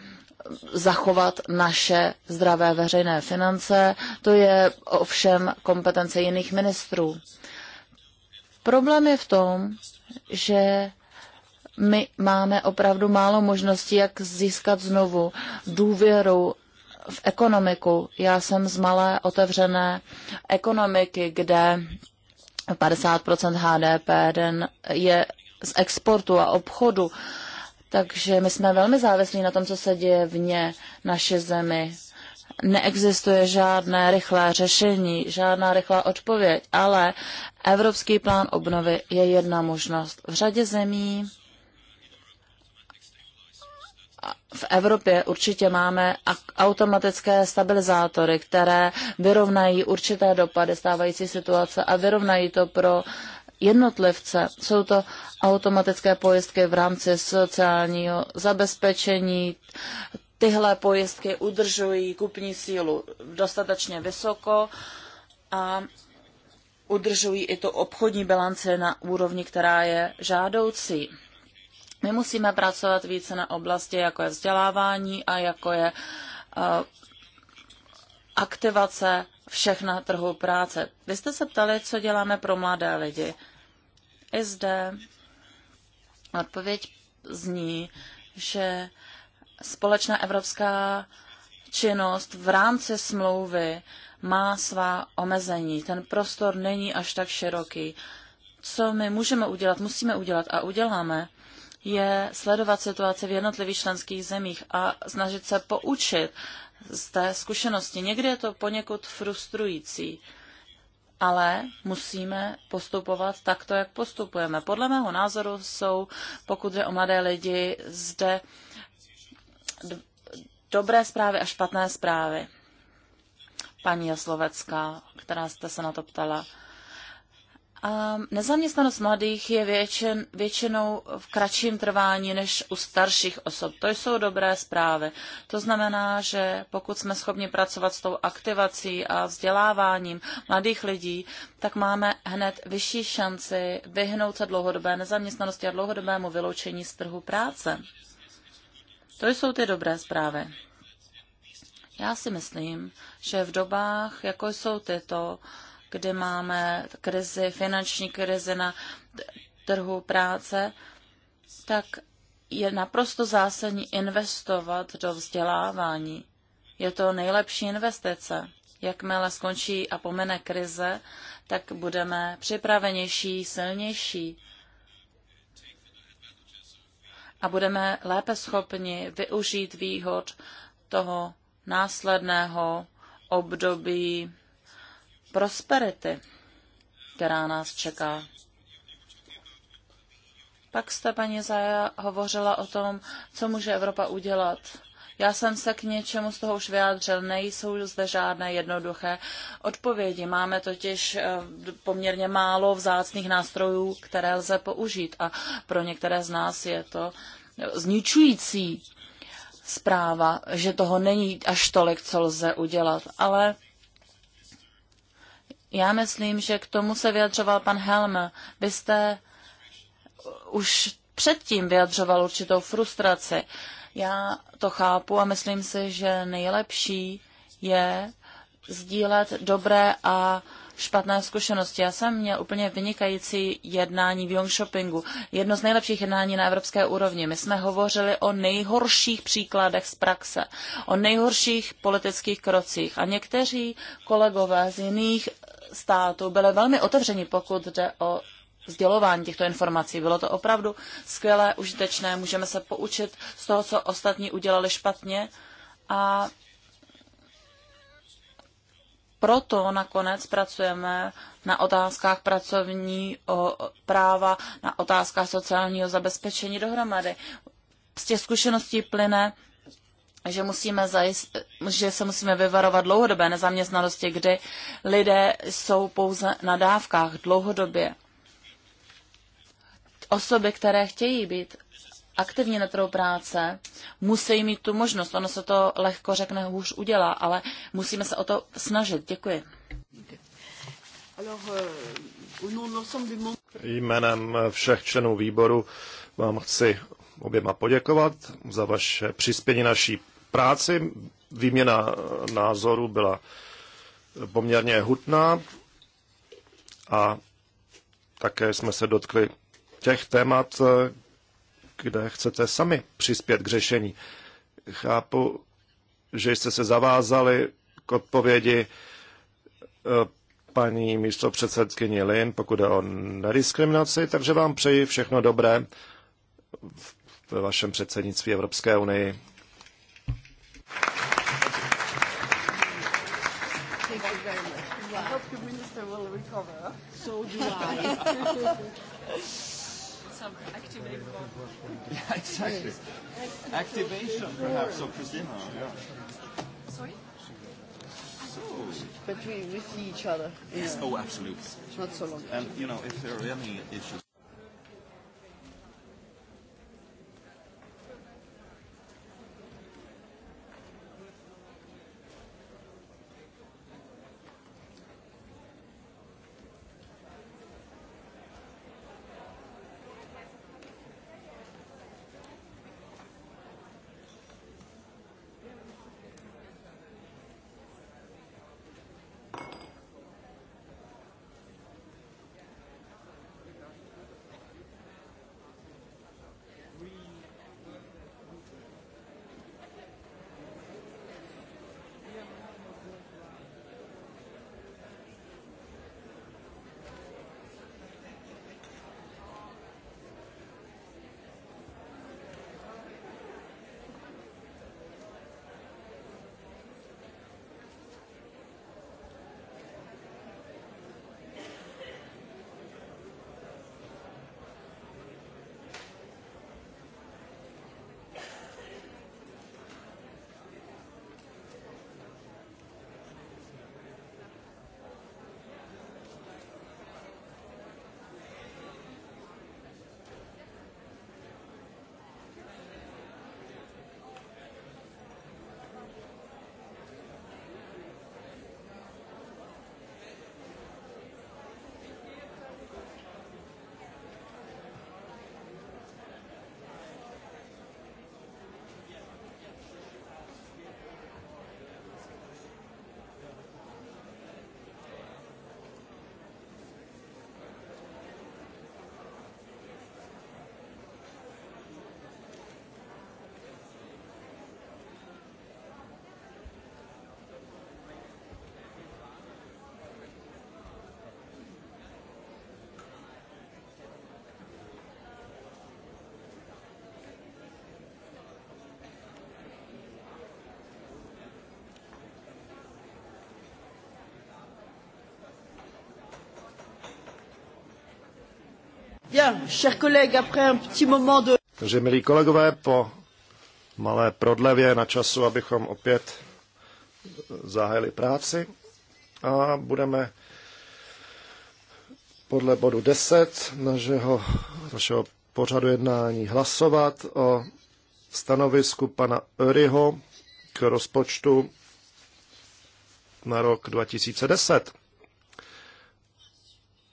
zachovat naše zdravé veřejné finance. To je ovšem kompetence jiných ministrů. Problém je v tom, že my máme opravdu málo možností, jak získat znovu důvěru v ekonomiku. Já jsem z malé otevřené ekonomiky, kde 50 HDP den je z exportu a obchodu. Takže my jsme velmi závislí na tom, co se děje vně naše zemi. Neexistuje žádné rychlé řešení, žádná rychlá odpověď, ale Evropský plán obnovy je jedna možnost. V řadě zemí v Evropě určitě máme automatické stabilizátory, které vyrovnají určité dopady stávající situace a vyrovnají to pro jednotlivce. Jsou to automatické pojistky v rámci sociálního zabezpečení. Tyhle pojistky udržují kupní sílu dostatečně vysoko a udržují i tu obchodní bilanci na úrovni, která je žádoucí. My musíme pracovat více na oblasti, jako je vzdělávání a jako je aktivace všech na trhu práce. Vy jste se ptali, co děláme pro mladé lidi. I zde odpověď zní, že společná evropská činnost v rámci smlouvy má svá omezení. Ten prostor není až tak široký. Co my můžeme udělat, musíme udělat a uděláme, je sledovat situaci v jednotlivých členských zemích a snažit se poučit z té zkušenosti. Někdy je to poněkud frustrující, ale musíme postupovat takto, jak postupujeme. Podle mého názoru jsou, pokud jde o mladé lidi, zde dobré zprávy a špatné zprávy. Paní Jaslovecká, která jste se na to ptala, a nezaměstnanost mladých je většin, většinou v kratším trvání než u starších osob. To jsou dobré zprávy. To znamená, že pokud jsme schopni pracovat s tou aktivací a vzděláváním mladých lidí, tak máme hned vyšší šanci vyhnout se dlouhodobé nezaměstnanosti a dlouhodobému vyloučení z trhu práce. To jsou ty dobré zprávy. Já si myslím, že v dobách, jako jsou tyto, kdy máme krizi, finanční krizi na trhu práce, tak je naprosto zásadní investovat do vzdělávání. Je to nejlepší investice. Jakmile skončí a pomene krize, tak budeme připravenější, silnější a budeme lépe schopni využít výhod toho následného období prosperity, která nás čeká. Pak jste, paní Zaja, hovořila o tom, co může Evropa udělat. Já jsem se k něčemu z toho už vyjádřil. Nejsou zde žádné jednoduché odpovědi. Máme totiž eh, poměrně málo vzácných nástrojů, které lze použít a pro některé z nás je to zničující zpráva, že toho není až tolik, co lze udělat. Ale já myslím, že k tomu se vyjadřoval pan Helm. Vy jste už předtím vyjadřoval určitou frustraci. Já to chápu a myslím si, že nejlepší je sdílet dobré a špatné zkušenosti. Já jsem měl úplně vynikající jednání v Young Shoppingu. Jedno z nejlepších jednání na evropské úrovni. My jsme hovořili o nejhorších příkladech z praxe, o nejhorších politických krocích. A někteří kolegové z jiných států byli velmi otevřeni, pokud jde o sdělování těchto informací. Bylo to opravdu skvělé, užitečné, můžeme se poučit z toho, co ostatní udělali špatně a proto nakonec pracujeme na otázkách o práva, na otázkách sociálního zabezpečení dohromady. Z těch zkušeností plyne, že, musíme zajist, že se musíme vyvarovat dlouhodobé nezaměstnanosti, kdy lidé jsou pouze na dávkách dlouhodobě. Osoby, které chtějí být aktivní na trhu práce, musí mít tu možnost. Ono se to lehko řekne, hůř udělá, ale musíme se o to snažit. Děkuji. Euh, Jménem všech členů výboru vám chci oběma poděkovat za vaše přispění naší práci. Výměna názorů byla poměrně hutná a také jsme se dotkli těch témat, kde chcete sami přispět k řešení. Chápu, že jste se zavázali k odpovědi eh, paní místo předsedkyni Lin, pokud je o nediskriminaci, takže vám přeji všechno dobré v ve vašem předsednictví Evropské unii. But we, we see each other. Yes, yeah. oh, absolutely. Not so long. And, you know, if there are any issues. Takže, milí kolegové, po malé prodlevě na času, abychom opět zahájili práci a budeme podle bodu 10 našeho, našeho pořadu jednání hlasovat o stanovisku pana Öryho k rozpočtu na rok 2010.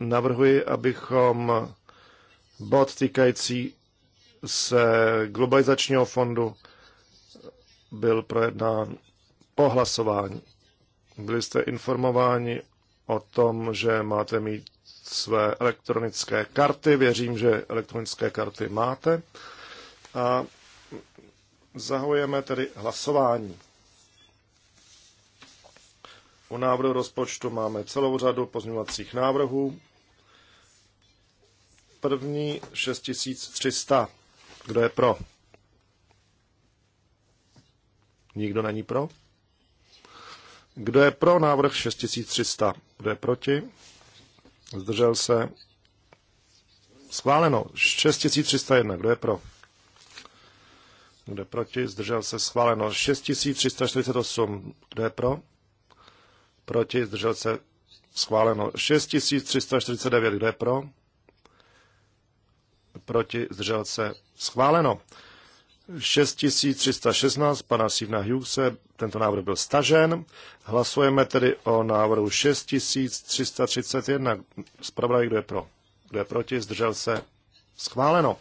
Navrhuji, abychom bod týkající se globalizačního fondu byl projednán po hlasování. Byli jste informováni o tom, že máte mít své elektronické karty. Věřím, že elektronické karty máte. A zahojeme tedy hlasování. U návrhu rozpočtu máme celou řadu pozměňovacích návrhů. První 6300. Kdo je pro? Nikdo není pro? Kdo je pro návrh 6300? Kdo je proti? Zdržel se? Schváleno. 6301. Kdo je pro? Kdo je proti? Zdržel se? Schváleno. 6348. Kdo je pro? Proti? Zdržel se? Schváleno. 6349. Kdo je pro? proti, zdržel se, schváleno. 6316 pana Sivna Hughese, tento návrh byl stažen. Hlasujeme tedy o návrhu 6331. Zpravodaj, kdo je pro? Kdo je proti? Zdržel se? Schváleno.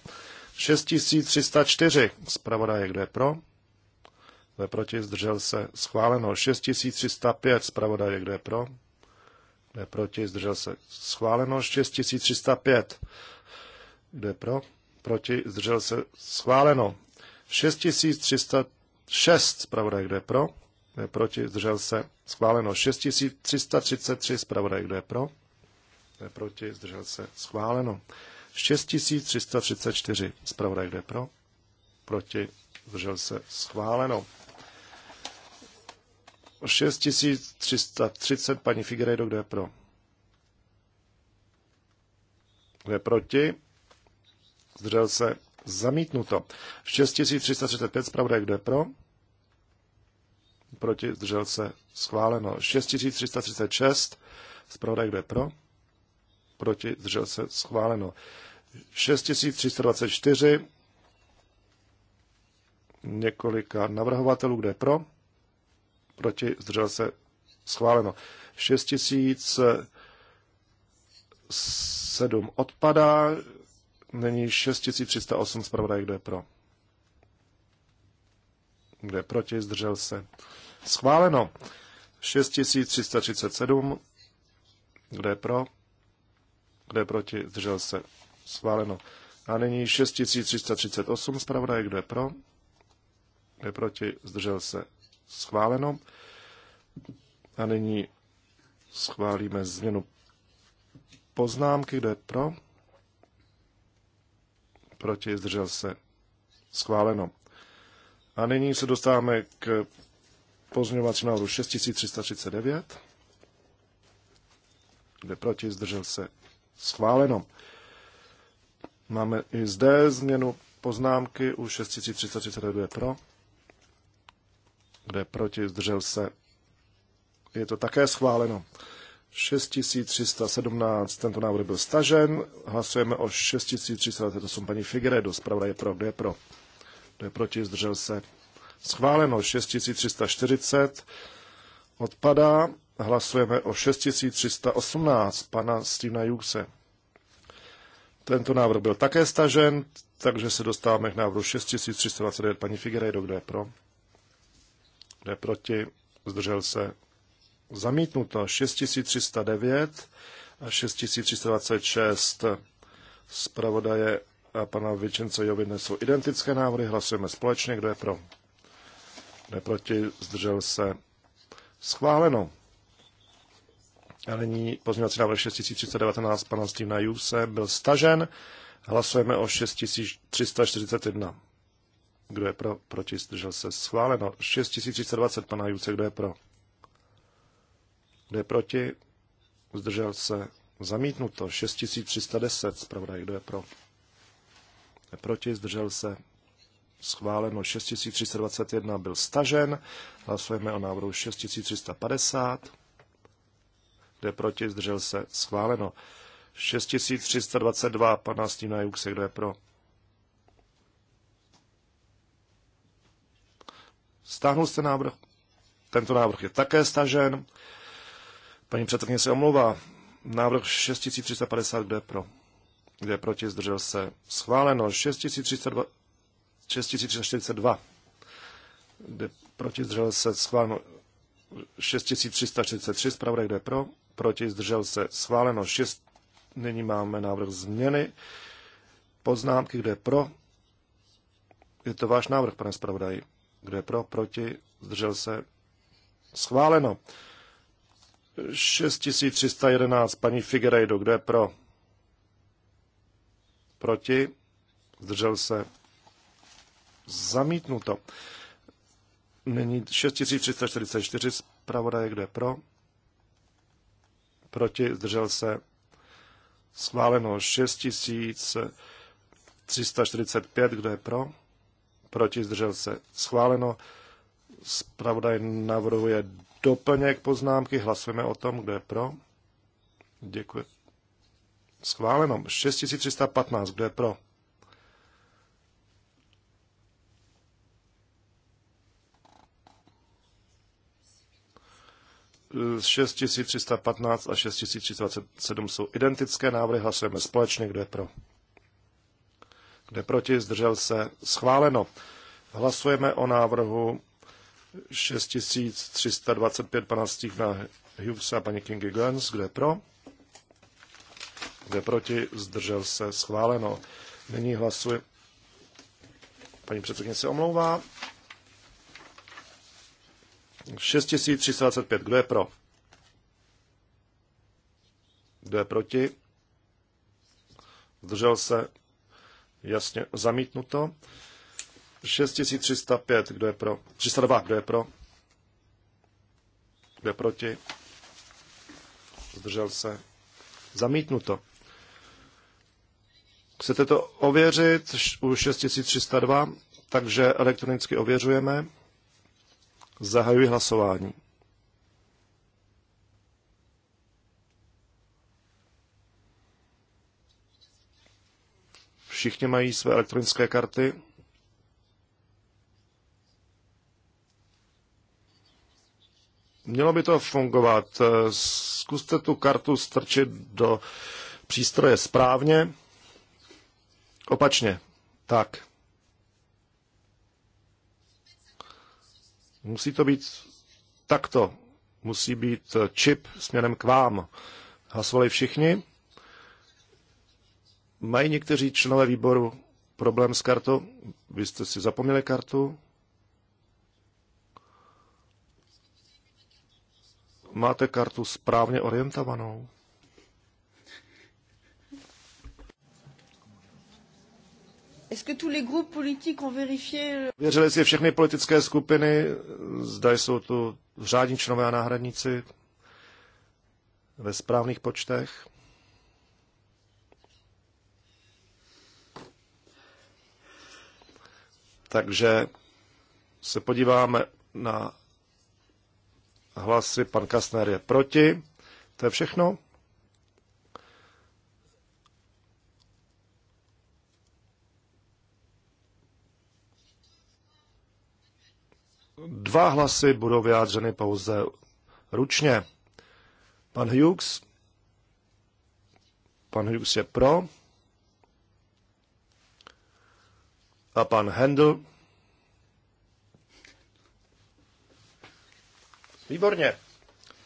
6304. Zpravodaj, kdo je pro? Kdo je proti? Zdržel se? Schváleno. 6305. Zpravodaj, kdo je pro? Kdo je proti? Zdržel se? Schváleno. 6305. Kdo je pro? Proti? Zdržel se? Schváleno. 6306 zpravodaj, kdo je pro? Kdo je proti? Zdržel se? Schváleno. 6333 zpravodaj, kdo je pro? Kdo je proti? Zdržel se? Schváleno. 6334 zpravodaj, kdo je pro? Proti? Zdržel se? Schváleno. 6330 paní Figueiredo, kdo je pro? Kdo je proti? zdržel se, zamítnuto. 6335, zpravodaj, kdo je pro? Proti, zdržel se, schváleno. 6336, zpravodaj, kdo je pro? Proti, zdržel se, schváleno. 6324, několika navrhovatelů, kde pro, proti, zdržel se, schváleno. 6007 odpadá, Není 6308 zpravodaj, kdo je pro. Kdo je proti, zdržel se. Schváleno. 6337. Kdo je pro? Kdo je proti, zdržel se. Schváleno. A nyní 6338 zpravodaj, kdo je pro? Kdo je proti, zdržel se. Schváleno. A nyní schválíme změnu poznámky, kdo je pro, proti, zdržel se, schváleno. A nyní se dostáváme k pozměňovacímu návrhu 6339, kde proti, zdržel se, schváleno. Máme i zde změnu poznámky u 6339 pro, kde proti, zdržel se, je to také schváleno. 6317, tento návrh byl stažen. Hlasujeme o 6328 paní Figueredo, zpravodaj je pro, kdo je pro, kdo je proti, zdržel se. Schváleno 6340, odpadá. Hlasujeme o 6318 pana Stevena Jukse. Tento návrh byl také stažen, takže se dostáváme k návrhu 6329 paní Figueredo, kdo je pro, kdo je proti, zdržel se zamítnuto 6309 a 6326 zpravodaje a pana Vyčence Jovi jsou identické návrhy. Hlasujeme společně. Kdo je pro? Kdo je proti? Zdržel se? Schváleno. A nyní pozměňovací návrh 6319 pana Stevena Juse byl stažen. Hlasujeme o 6341. Kdo je pro? Proti? Zdržel se? Schváleno. 6320 pana Juse. Kdo je pro? Kdo je proti? Zdržel se. Zamítnuto. 6310. Zpravodaj. Kdo je pro? Kdo je proti? Zdržel se. Schváleno. 6321 byl stažen. Hlasujeme o návrhu 6350. Kdo je proti? Zdržel se. Schváleno. 6322 pana Stína Jukse. Kdo je pro? Stáhnul jste návrh? Tento návrh je také stažen. Paní předsedkyně se omlouvá. Návrh 6350, kde pro? Kde proti? Zdržel se. Schváleno. 6342. 6342. Kde proti? Zdržel se. Schváleno. 6333. Zpravodaj, kde pro? Proti? Zdržel se. Schváleno. 6. Nyní máme návrh změny. Poznámky, kde pro? Je to váš návrh, pane zpravodaj. Kde pro? Proti? Zdržel se. Schváleno. 6311, paní Figueiredo, kdo je pro? Proti? Zdržel se? Zamítnuto. Nyní 6344, zpravodaje, kdo je pro? Proti? Zdržel se? Schváleno 6345, kdo je pro? Proti? Zdržel se? Schváleno. Zpravodaj navrhuje doplněk poznámky. Hlasujeme o tom, kdo je pro. Děkuji. Schváleno. 6315. Kdo je pro? Z 6315 a 6327 jsou identické návrhy. Hlasujeme společně. Kdo je pro? Kdo je proti? Zdržel se. Schváleno. Hlasujeme o návrhu 6325 pana Stevena Hughes a paní Kingy Gans, kde pro, kde proti, zdržel se, schváleno. Nyní hlasuje, paní předsedkyně se omlouvá, 6325, kdo je pro? Kdo je proti? Zdržel se, jasně zamítnuto. 6305, kdo je pro? 302, kdo je pro? Kdo je proti? Zdržel se. Zamítnuto. Chcete to ověřit u 6302, takže elektronicky ověřujeme. Zahajuji hlasování. Všichni mají své elektronické karty. Mělo by to fungovat. Eh, zkuste tu kartu strčit do přístroje správně. Opačně. Tak. Musí to být takto. Musí být eh, čip směrem k vám. Hlasovali všichni. Mají někteří členové výboru problém s kartou? Vy jste si zapomněli kartu? máte kartu správně orientovanou. Věřili si všechny politické skupiny, zda jsou tu řádní členové a náhradníci ve správných počtech. Takže se podíváme na hlasy, pan Kastner je proti. To je všechno. Dva hlasy budou vyjádřeny pouze ručně. Pan Hughes. Pan Hughes je pro. A pan Handel Výborně.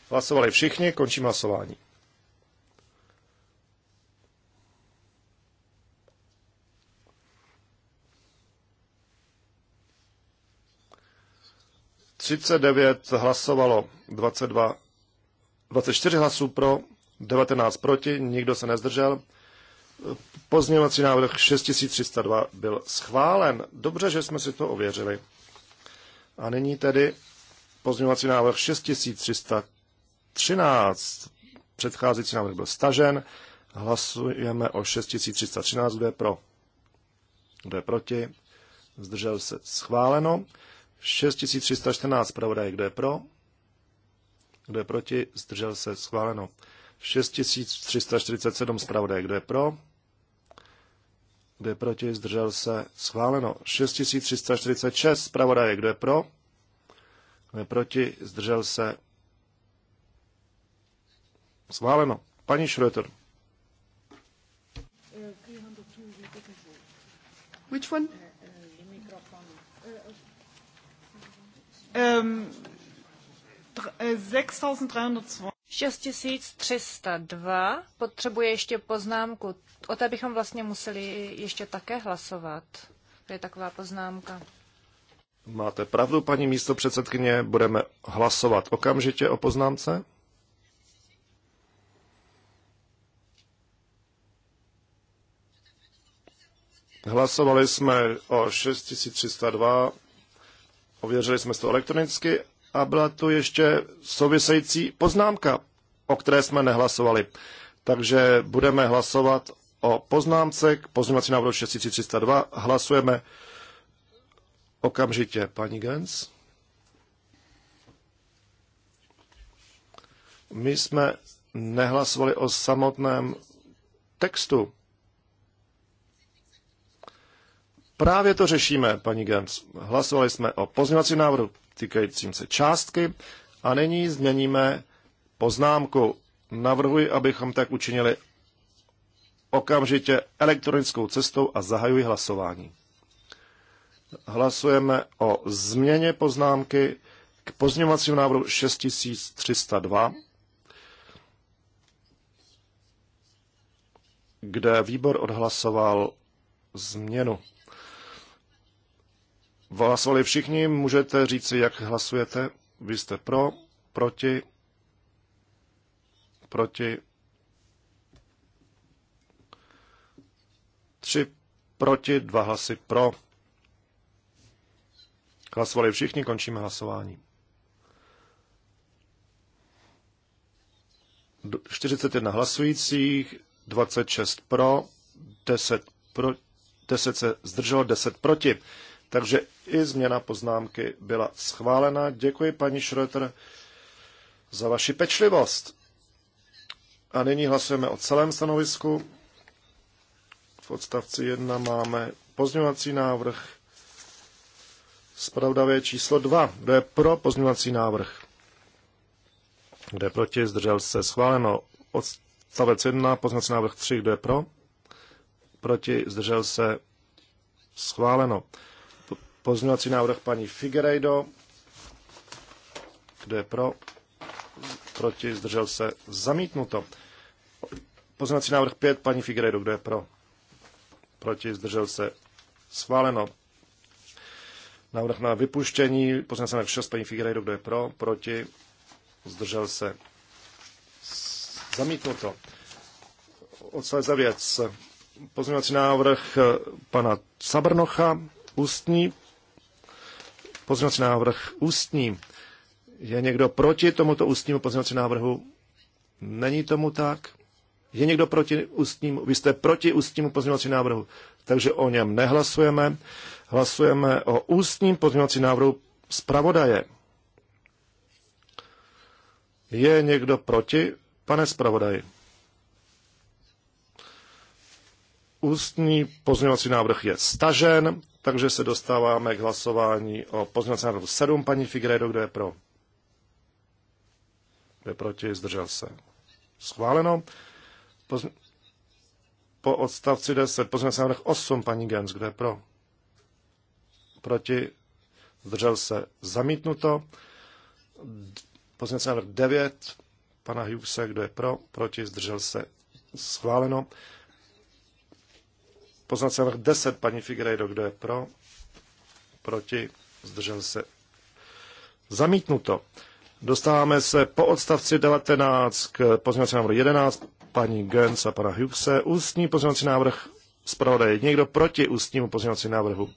Hlasovali všichni, končím hlasování. Třicet devět hlasovalo, 22, 24 hlasů pro, 19 proti, nikdo se nezdržel. Pozměňovací návrh 6302 byl schválen. Dobře, že jsme si to ověřili. A nyní tedy pozměňovací návrh 6313, předcházející návrh byl stažen, hlasujeme o 6313, kdo je pro, kdo je proti, zdržel se schváleno, 6314 pravodaj, kdo je pro, kdo je proti, zdržel se schváleno, 6347 zpravodaj, kdo je pro, kdo je proti, zdržel se schváleno, 6346 zpravodaje, kdo je pro, kdo je proti? Zdržel se? Schváleno. Paní Schröter. Which one? Um, 6302. 6302 potřebuje ještě poznámku. O té bychom vlastně museli ještě také hlasovat. To je taková poznámka. Máte pravdu, paní místo předsedkyně, budeme hlasovat okamžitě o poznámce. Hlasovali jsme o 6302, ověřili jsme to elektronicky a byla tu ještě související poznámka, o které jsme nehlasovali. Takže budeme hlasovat o poznámce k pozměňovací návrhu 6302. Hlasujeme Okamžitě, paní Gens. My jsme nehlasovali o samotném textu. Právě to řešíme, paní Gens. Hlasovali jsme o pozměňovacím návrhu týkajícím se částky a nyní změníme poznámku. Navrhuji, abychom tak učinili okamžitě elektronickou cestou a zahajuji hlasování. Hlasujeme o změně poznámky k pozměňovacímu návrhu 6302, kde výbor odhlasoval změnu. Hlasovali všichni, můžete říci, jak hlasujete. Vy jste pro, proti, proti. Tři proti, dva hlasy pro. Hlasovali všichni, končíme hlasování. 41 hlasujících, 26 pro, 10, pro, 10 se zdrželo, 10 proti. Takže i změna poznámky byla schválena. Děkuji, paní Schröter, za vaši pečlivost. A nyní hlasujeme o celém stanovisku. V odstavci 1 máme pozměňovací návrh Spravodavě číslo 2. Kdo je pro pozměňovací návrh? Kdo je proti? Zdržel se. Schváleno. Odstavec 1. Pozměňovací návrh 3. Kdo je pro? Proti? Zdržel se. Schváleno. Pozměňovací návrh paní Figueiredo. Kdo je pro? Proti? Zdržel se. Zamítnuto. Pozměňovací návrh 5. Paní Figueiredo. Kdo je pro? Proti? Zdržel se. Schváleno. Návrh na vypuštění, pořád na 6, paní Figueiredo, kdo je pro, proti, zdržel se. Zamítnuto. Odstavec věc. Pozměňovací návrh eh, pana Sabrnocha ústní. Pozměňovací návrh ústní. Je někdo proti tomuto ústnímu pozměňovacímu návrhu? Není tomu tak. Je někdo proti ústnímu? Vy jste proti ústnímu pozměňovacímu návrhu, takže o něm nehlasujeme. Hlasujeme o ústním pozměňovacím návrhu zpravodaje. Je někdo proti, pane zpravodaji? Ústní pozměňovací návrh je stažen, takže se dostáváme k hlasování o pozměňovacím návrhu 7. Paní Figredo, kdo je pro? Kdo je proti? Zdržel se. Schváleno. Poz... Po odstavci 10 pozměňovací návrh 8, paní Gens, kdo je pro? Proti? Zdržel se zamítnuto. Pozměňovací návrh 9, pana Hughese, kdo je pro? Proti? Zdržel se schváleno. Pozměňovací návrh 10, paní Figueiredo, kdo je pro? Proti? Zdržel se zamítnuto. Dostáváme se po odstavci 19 k pozměňovacímu návrhu 11 paní Gens a pana Hughese. Ústní pozměňovací návrh zpravodaje. Někdo proti ústnímu pozměňovací návrhu?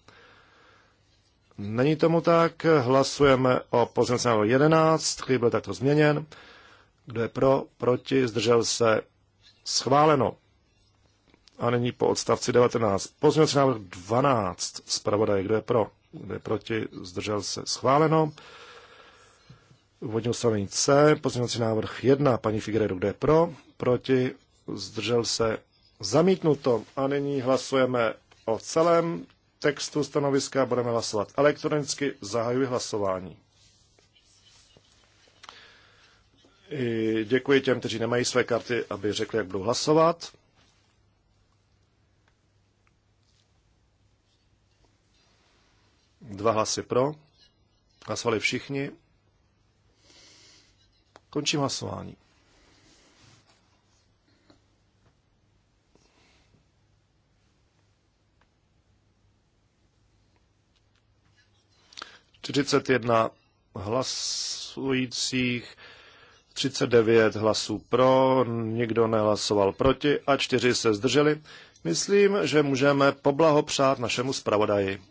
Není tomu tak. Hlasujeme o pozměňovací návrhu 11, který byl takto změněn. Kdo je pro, proti, zdržel se, schváleno. A nyní po odstavci 19. Pozměňovací návrh 12, zpravodaje. Kdo je pro, kdo je proti, zdržel se, schváleno. Úvodní ustanovení C, pozměňovací návrh 1, paní Figueredo, kdo je pro, proti, zdržel se zamítnuto. A nyní hlasujeme o celém textu stanoviska, budeme hlasovat elektronicky, zahajuji hlasování. I děkuji těm, kteří nemají své karty, aby řekli, jak budou hlasovat. Dva hlasy pro. Hlasovali všichni. Končím hlasování. 41 hlasujících, 39 hlasů pro, nikdo nehlasoval proti a čtyři se zdrželi. Myslím, že můžeme poblahopřát našemu zpravodaji.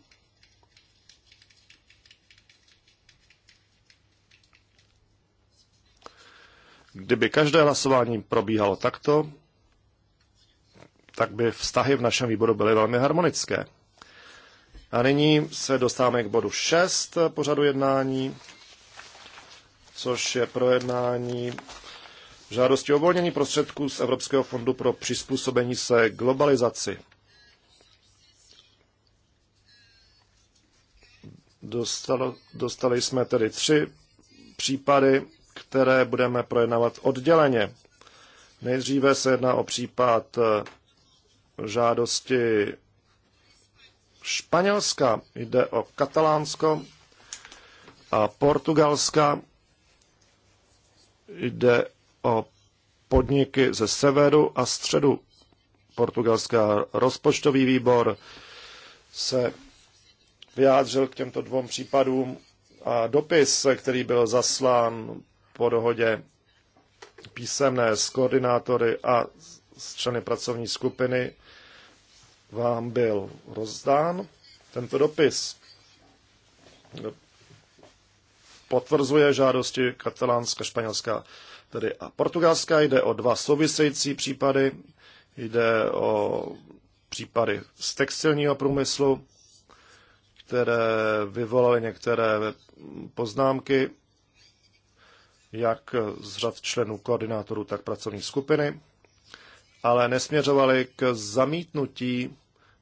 Kdyby každé hlasování probíhalo takto, tak by vztahy v našem výboru byly velmi harmonické. A nyní se dostáváme k bodu 6 pořadu jednání, což je projednání žádosti o uvolnění prostředků z Evropského fondu pro přizpůsobení se globalizaci. Dostalo, dostali jsme tedy tři případy, které budeme projednávat odděleně. Nejdříve se jedná o případ žádosti Španělska, jde o Katalánsko a Portugalska, jde o podniky ze severu a středu Portugalska. Rozpočtový výbor se vyjádřil k těmto dvou případům a dopis, který byl zaslán po dohodě písemné s koordinátory a s členy pracovní skupiny, vám byl rozdán. Tento dopis potvrzuje žádosti katalánska, španělská tedy a portugalská. Jde o dva související případy. Jde o případy z textilního průmyslu, které vyvolaly některé poznámky jak z řad členů koordinátorů, tak pracovní skupiny ale nesměřovaly k zamítnutí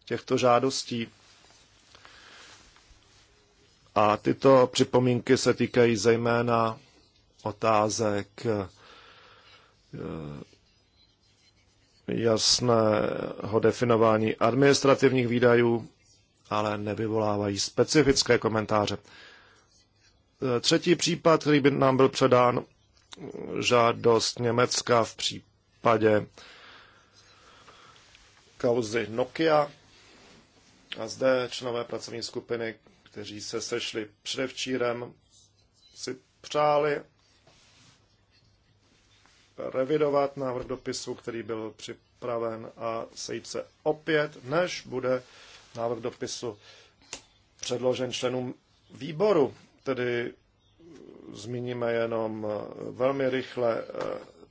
těchto žádostí. A tyto připomínky se týkají zejména otázek eh, jasného definování administrativních výdajů, ale nevyvolávají specifické komentáře. Eh, třetí případ, který by nám byl předán, žádost Německa v případě kauzy Nokia. A zde členové pracovní skupiny, kteří se sešli předevčírem, si přáli revidovat návrh dopisu, který byl připraven a sejít se opět, než bude návrh dopisu předložen členům výboru. Tedy zmíníme jenom velmi rychle,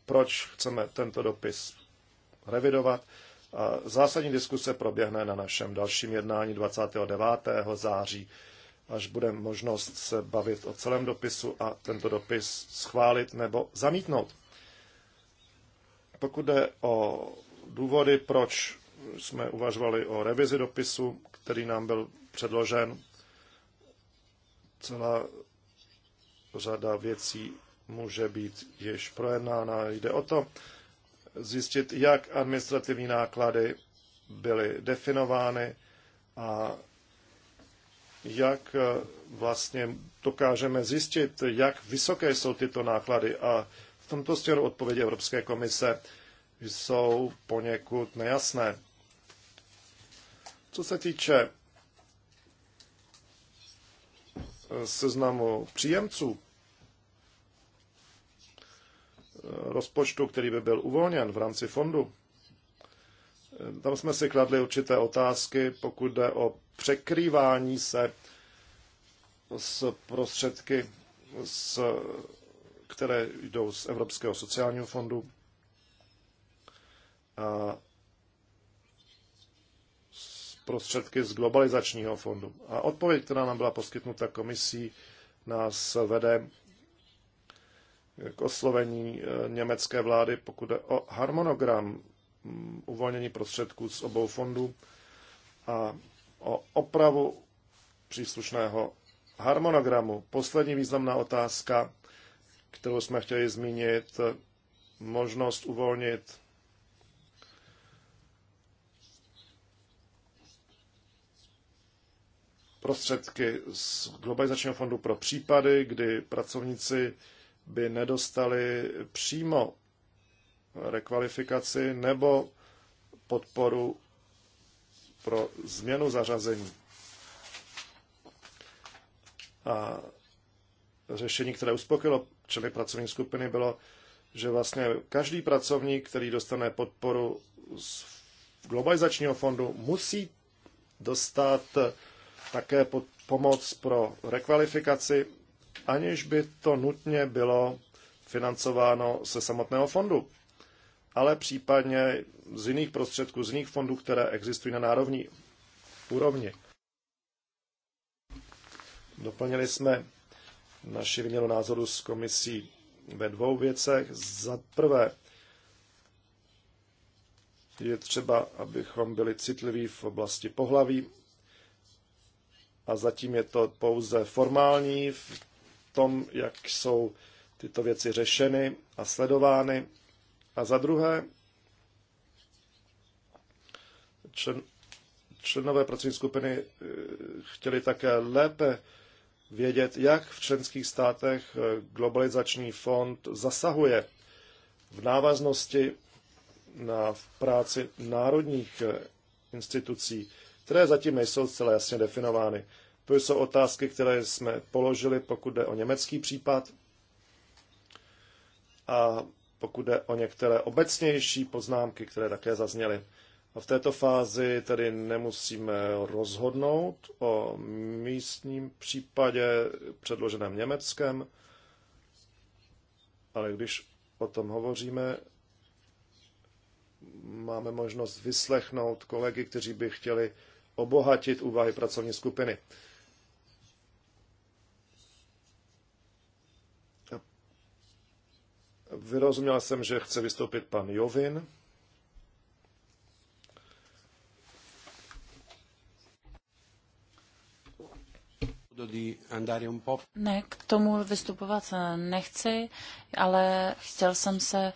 proč chceme tento dopis revidovat zásadní diskuse proběhne na našem dalším jednání 29. září, až bude možnost se bavit o celém dopisu a tento dopis schválit nebo zamítnout. Pokud jde o důvody, proč jsme uvažovali o revizi dopisu, který nám byl předložen, celá řada věcí může být již projednána. Jde o to, zjistit, jak administrativní náklady byly definovány a jak eh, vlastně dokážeme zjistit, jak vysoké jsou tyto náklady. A v tomto směru odpovědi Evropské komise jsou poněkud nejasné. Co se týče eh, seznamu příjemců, rozpočtu, který by byl uvolněn v rámci fondu, tam jsme si kladli určité otázky, pokud jde o překrývání se s prostředky, s, které jdou z Evropského sociálního fondu. A prostředky z globalizačního fondu. A odpověď, která nám byla poskytnuta komisí, nás vede k oslovení eh, německé vlády, pokud je o harmonogram mm, uvolnění prostředků z obou fondů a o opravu příslušného harmonogramu. Poslední významná otázka, kterou jsme chtěli zmínit, možnost uvolnit prostředky z Globalizačního fondu pro případy, kdy pracovníci by nedostali přímo rekvalifikaci nebo podporu pro změnu zařazení. A řešení, které uspokojilo členy pracovní skupiny, bylo, že vlastně každý pracovník, který dostane podporu z globalizačního fondu, musí dostat také pod pomoc pro rekvalifikaci aniž by to nutně bylo financováno se samotného fondu, ale případně z jiných prostředků, z jiných fondů, které existují na národní úrovni. Doplnili jsme naši výměnu názoru s komisí ve dvou věcech. Za prvé, je třeba, abychom byli citliví v oblasti pohlaví a zatím je to pouze formální v tom, jak jsou tyto věci řešeny a sledovány. A za druhé, člen, členové pracovní skupiny eh, chtěli také lépe vědět, jak v členských státech eh, globalizační fond zasahuje v návaznosti na práci národních eh, institucí, které zatím nejsou zcela jasně definovány. To jsou otázky, které jsme položili, pokud jde o německý případ. A pokud jde o některé obecnější poznámky, které také zazněly. A v této fázi tedy nemusíme rozhodnout o místním případě předloženém Německem, ale když o tom hovoříme, máme možnost vyslechnout kolegy, kteří by chtěli obohatit úvahy pracovní skupiny. Vyrozuměl jsem, že chce vystoupit pan Jovin. Ne, k tomu vystupovat nechci, ale chtěl jsem se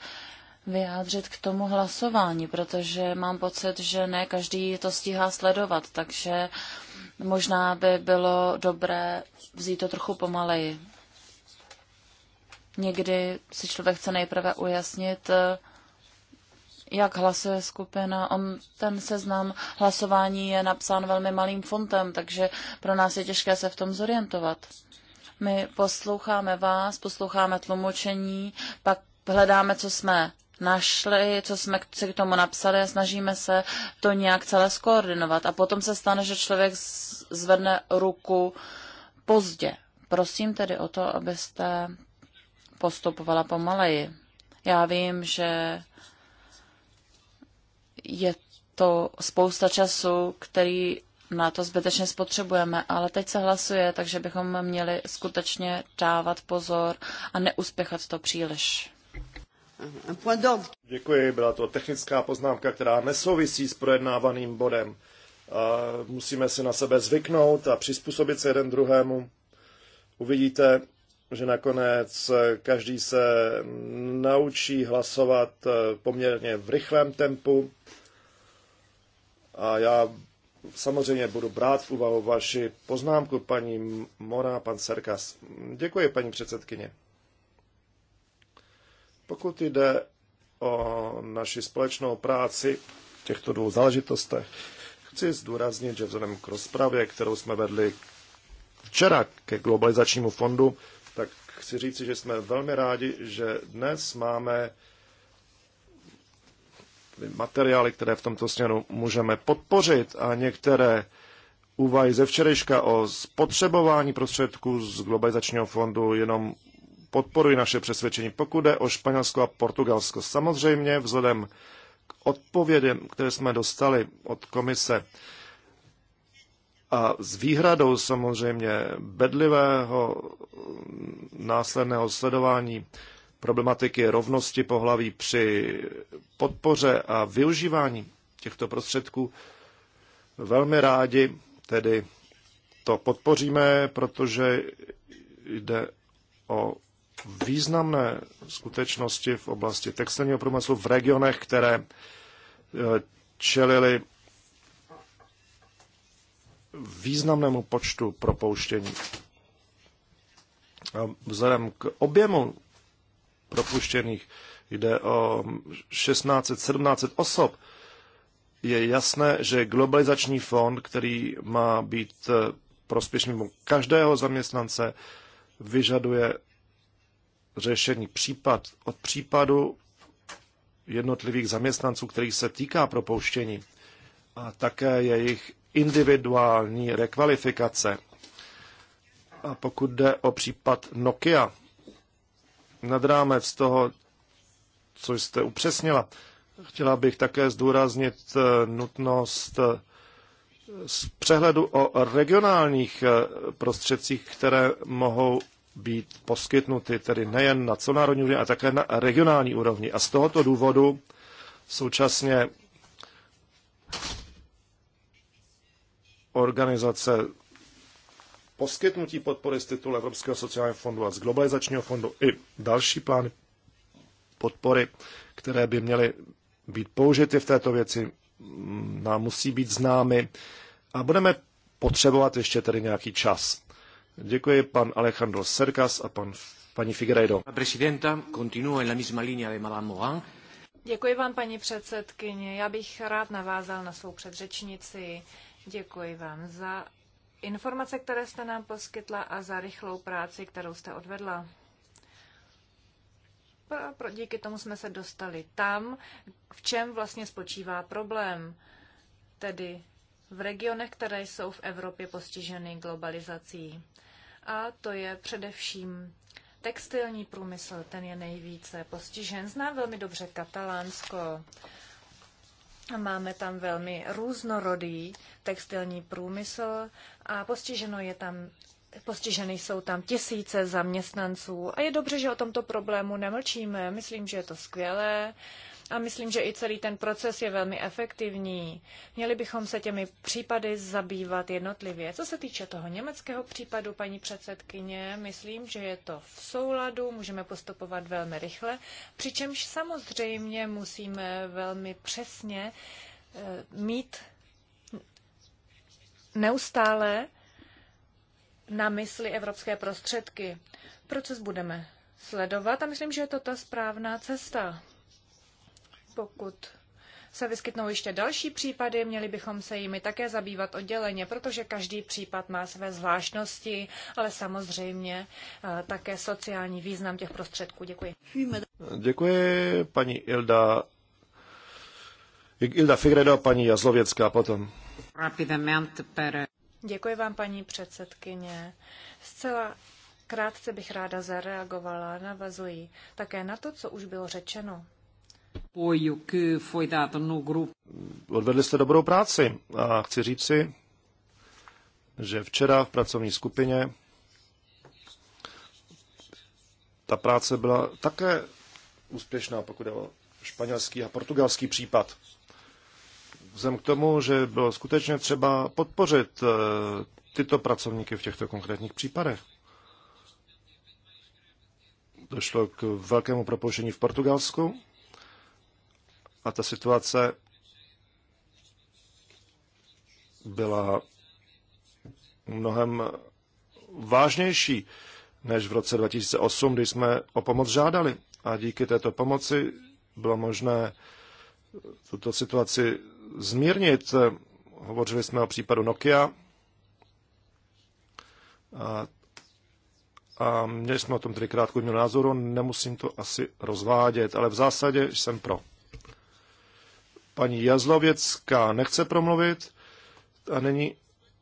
vyjádřit k tomu hlasování, protože mám pocit, že ne každý to stíhá sledovat, takže možná by bylo dobré vzít to trochu pomaleji. Někdy si člověk chce nejprve ujasnit, eh, jak hlasuje skupina. On, ten seznam hlasování je napsán velmi malým fontem, takže pro nás je těžké se v tom zorientovat. My posloucháme vás, posloucháme tlumočení, pak hledáme, co jsme našli, co jsme si k tomu napsali a snažíme se to nějak celé skoordinovat. A potom se stane, že člověk zvedne ruku pozdě. Prosím tedy o to, abyste postupovala pomaleji. Já vím, že je to spousta času, který na to zbytečně spotřebujeme, ale teď se hlasuje, takže bychom měli skutečně dávat pozor a neuspěchat to příliš. Děkuji, byla to technická poznámka, která nesouvisí s projednávaným bodem. A musíme si na sebe zvyknout a přizpůsobit se jeden druhému. Uvidíte, že nakonec eh, každý se naučí hlasovat eh, poměrně v rychlém tempu. A já samozřejmě budu brát v úvahu vaši poznámku, paní Mora, pan Serkas. Děkuji, paní předsedkyně. Pokud jde o naši společnou práci v těchto dvou záležitostech, chci zdůraznit, že vzhledem k rozpravě, kterou jsme vedli včera ke globalizačnímu fondu, chci říci, že jsme velmi rádi, že dnes máme materiály, které v tomto směru můžeme podpořit a některé úvahy ze včerejška o spotřebování prostředků z globalizačního fondu jenom podporují naše přesvědčení. Pokud jde o Španělsko a Portugalsko, samozřejmě vzhledem k odpovědem, které jsme dostali od komise, a s výhradou samozřejmě bedlivého mm, následného sledování problematiky rovnosti pohlaví při podpoře a využívání těchto prostředků velmi rádi tedy to podpoříme, protože jde o významné skutečnosti v oblasti textilního průmyslu v regionech, které eh, čelili významnému počtu propouštění. vzhledem k objemu propuštěných jde o 16-17 osob, je jasné, že globalizační fond, který má být eh, prospěšným každého zaměstnance, vyžaduje řešení případ od případu jednotlivých zaměstnanců, kterých se týká propouštění a také jejich individuální rekvalifikace. A pokud jde o případ Nokia, nad rámec toho, co jste upřesnila, chtěla bych také zdůraznit eh, nutnost eh, z přehledu o regionálních eh, prostředcích, které mohou být poskytnuty, tedy nejen na celonárodní úrovni, ale také na regionální úrovni. A z tohoto důvodu současně organizace poskytnutí podpory z titulu Evropského sociálního fondu a z globalizačního fondu i další plány podpory, které by měly být použity v této věci, mm, nám musí být známy a budeme potřebovat ještě tedy nějaký čas. Děkuji pan Alejandro Serkas a pan, paní Figueiredo. Děkuji vám, paní předsedkyně. Já bych rád navázal na svou předřečnici. Děkuji vám za informace, které jste nám poskytla a za rychlou práci, kterou jste odvedla. Pro, díky tomu jsme se dostali tam, v čem vlastně spočívá problém, tedy v regionech, které jsou v Evropě postiženy globalizací. A to je především textilní průmysl, ten je nejvíce postižen. Znám velmi dobře Katalánsko. Máme tam velmi různorodý textilní průmysl a postiženo je tam Postiženy jsou tam tisíce zaměstnanců a je dobře, že o tomto problému nemlčíme. Myslím, že je to skvělé a myslím, že i celý ten proces je velmi efektivní. Měli bychom se těmi případy zabývat jednotlivě. Co se týče toho německého případu, paní předsedkyně, myslím, že je to v souladu, můžeme postupovat velmi rychle, přičemž samozřejmě musíme velmi přesně eh, mít neustále na mysli evropské prostředky. Proces budeme sledovat a myslím, že je to ta správná cesta. Pokud se vyskytnou ještě další případy, měli bychom se jimi také zabývat odděleně, protože každý případ má své zvláštnosti, ale samozřejmě eh, také sociální význam těch prostředků. Děkuji. Děkuji paní Ilda. Ilda Figredo, paní Jazlověcká potom. Děkuji vám, paní předsedkyně. Zcela krátce bych ráda zareagovala, navazuji také na to, co už bylo řečeno. No Odvedli jste dobrou práci a chci si, že včera v pracovní skupině ta práce byla také úspěšná, pokud je o španělský a portugalský případ. Vzhledem k tomu, že bylo skutečně třeba podpořit eh, tyto pracovníky v těchto konkrétních případech. Došlo k velkému propouštění v Portugalsku, a ta situace byla mnohem vážnější než v roce 2008, kdy jsme o pomoc žádali. A díky této pomoci bylo možné tuto situaci zmírnit. Hovořili jsme o případu Nokia a, a měli jsme o tom tedy krátkou názoru, nemusím to asi rozvádět, ale v zásadě jsem pro. Paní Jazlověcká nechce promluvit a nyní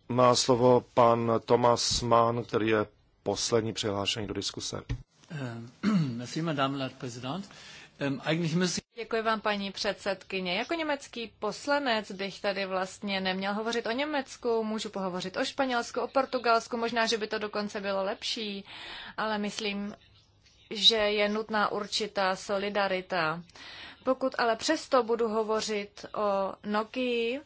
má slovo pan Tomas Mann, který je poslední přihlášený do diskuse. Eh, Děkuji vám, paní předsedkyně. Jako německý poslanec bych tady vlastně neměl hovořit o Německu, můžu pohovořit o Španělsku, o Portugalsku, možná, že by to dokonce bylo lepší, ale myslím, že je nutná určitá solidarita. Pokud ale přesto budu hovořit o Nokii,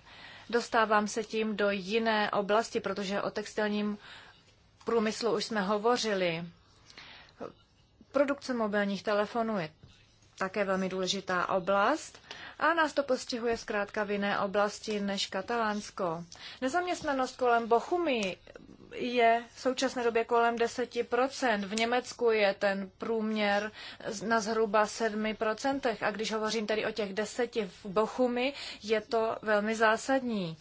dostávám se tím do jiné oblasti, protože o textilním průmyslu už jsme hovořili. Produkce mobilních telefonů je také velmi důležitá oblast a nás to postihuje zkrátka v jiné oblasti než Katalánsko. Nezaměstnanost kolem Bochumy je v současné době kolem 10%. V Německu je ten průměr na zhruba 7%. A když hovořím tedy o těch deseti v Bochumi, je to velmi zásadní.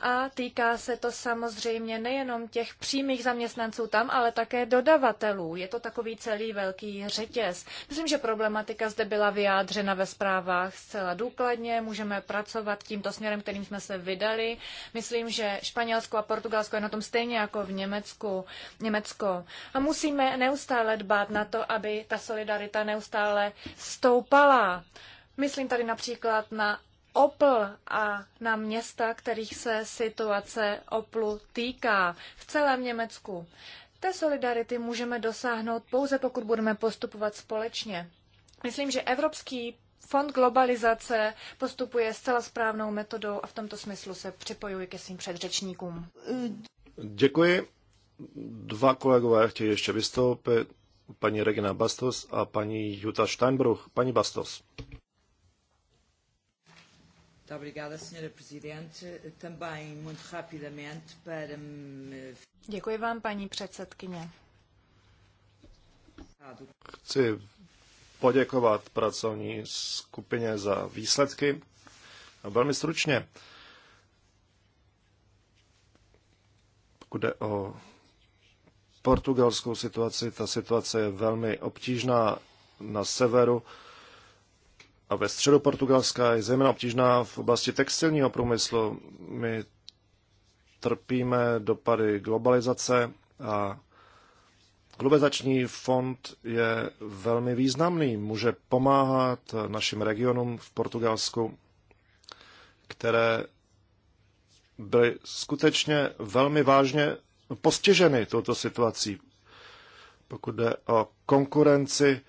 A týká se to samozřejmě nejenom těch přímých zaměstnanců tam, ale také dodavatelů. Je to takový celý velký řetěz. Myslím, že problematika zde byla vyjádřena ve zprávách zcela důkladně. Můžeme pracovat tímto směrem, kterým jsme se vydali. Myslím, že Španělsko a Portugalsko je na tom stejně jako v Německu, Německo. A musíme neustále dbát na to, aby ta solidarita neustále stoupala. Myslím tady například na Opl a na města, kterých se situace Oplu týká v celém Německu. Té solidarity můžeme dosáhnout pouze, pokud budeme postupovat společně. Myslím, že Evropský fond globalizace postupuje zcela správnou metodou a v tomto smyslu se připojuji ke svým předřečníkům. Děkuji. Dva kolegové chtějí ještě vystoupit, paní Regina Bastos a paní Jutta Steinbruch. Paní Bastos. Děkuji vám, paní předsedkyně. Chci poděkovat pracovní skupině za výsledky. velmi stručně. Pokud jde o portugalskou situaci, ta situace je velmi obtížná na severu a ve středu Portugalska je zejména obtížná v oblasti textilního průmyslu. My trpíme dopady globalizace a globalizační fond je velmi významný. Může pomáhat našim regionům v Portugalsku, které byly skutečně velmi vážně postiženy touto situací. Pokud jde o konkurenci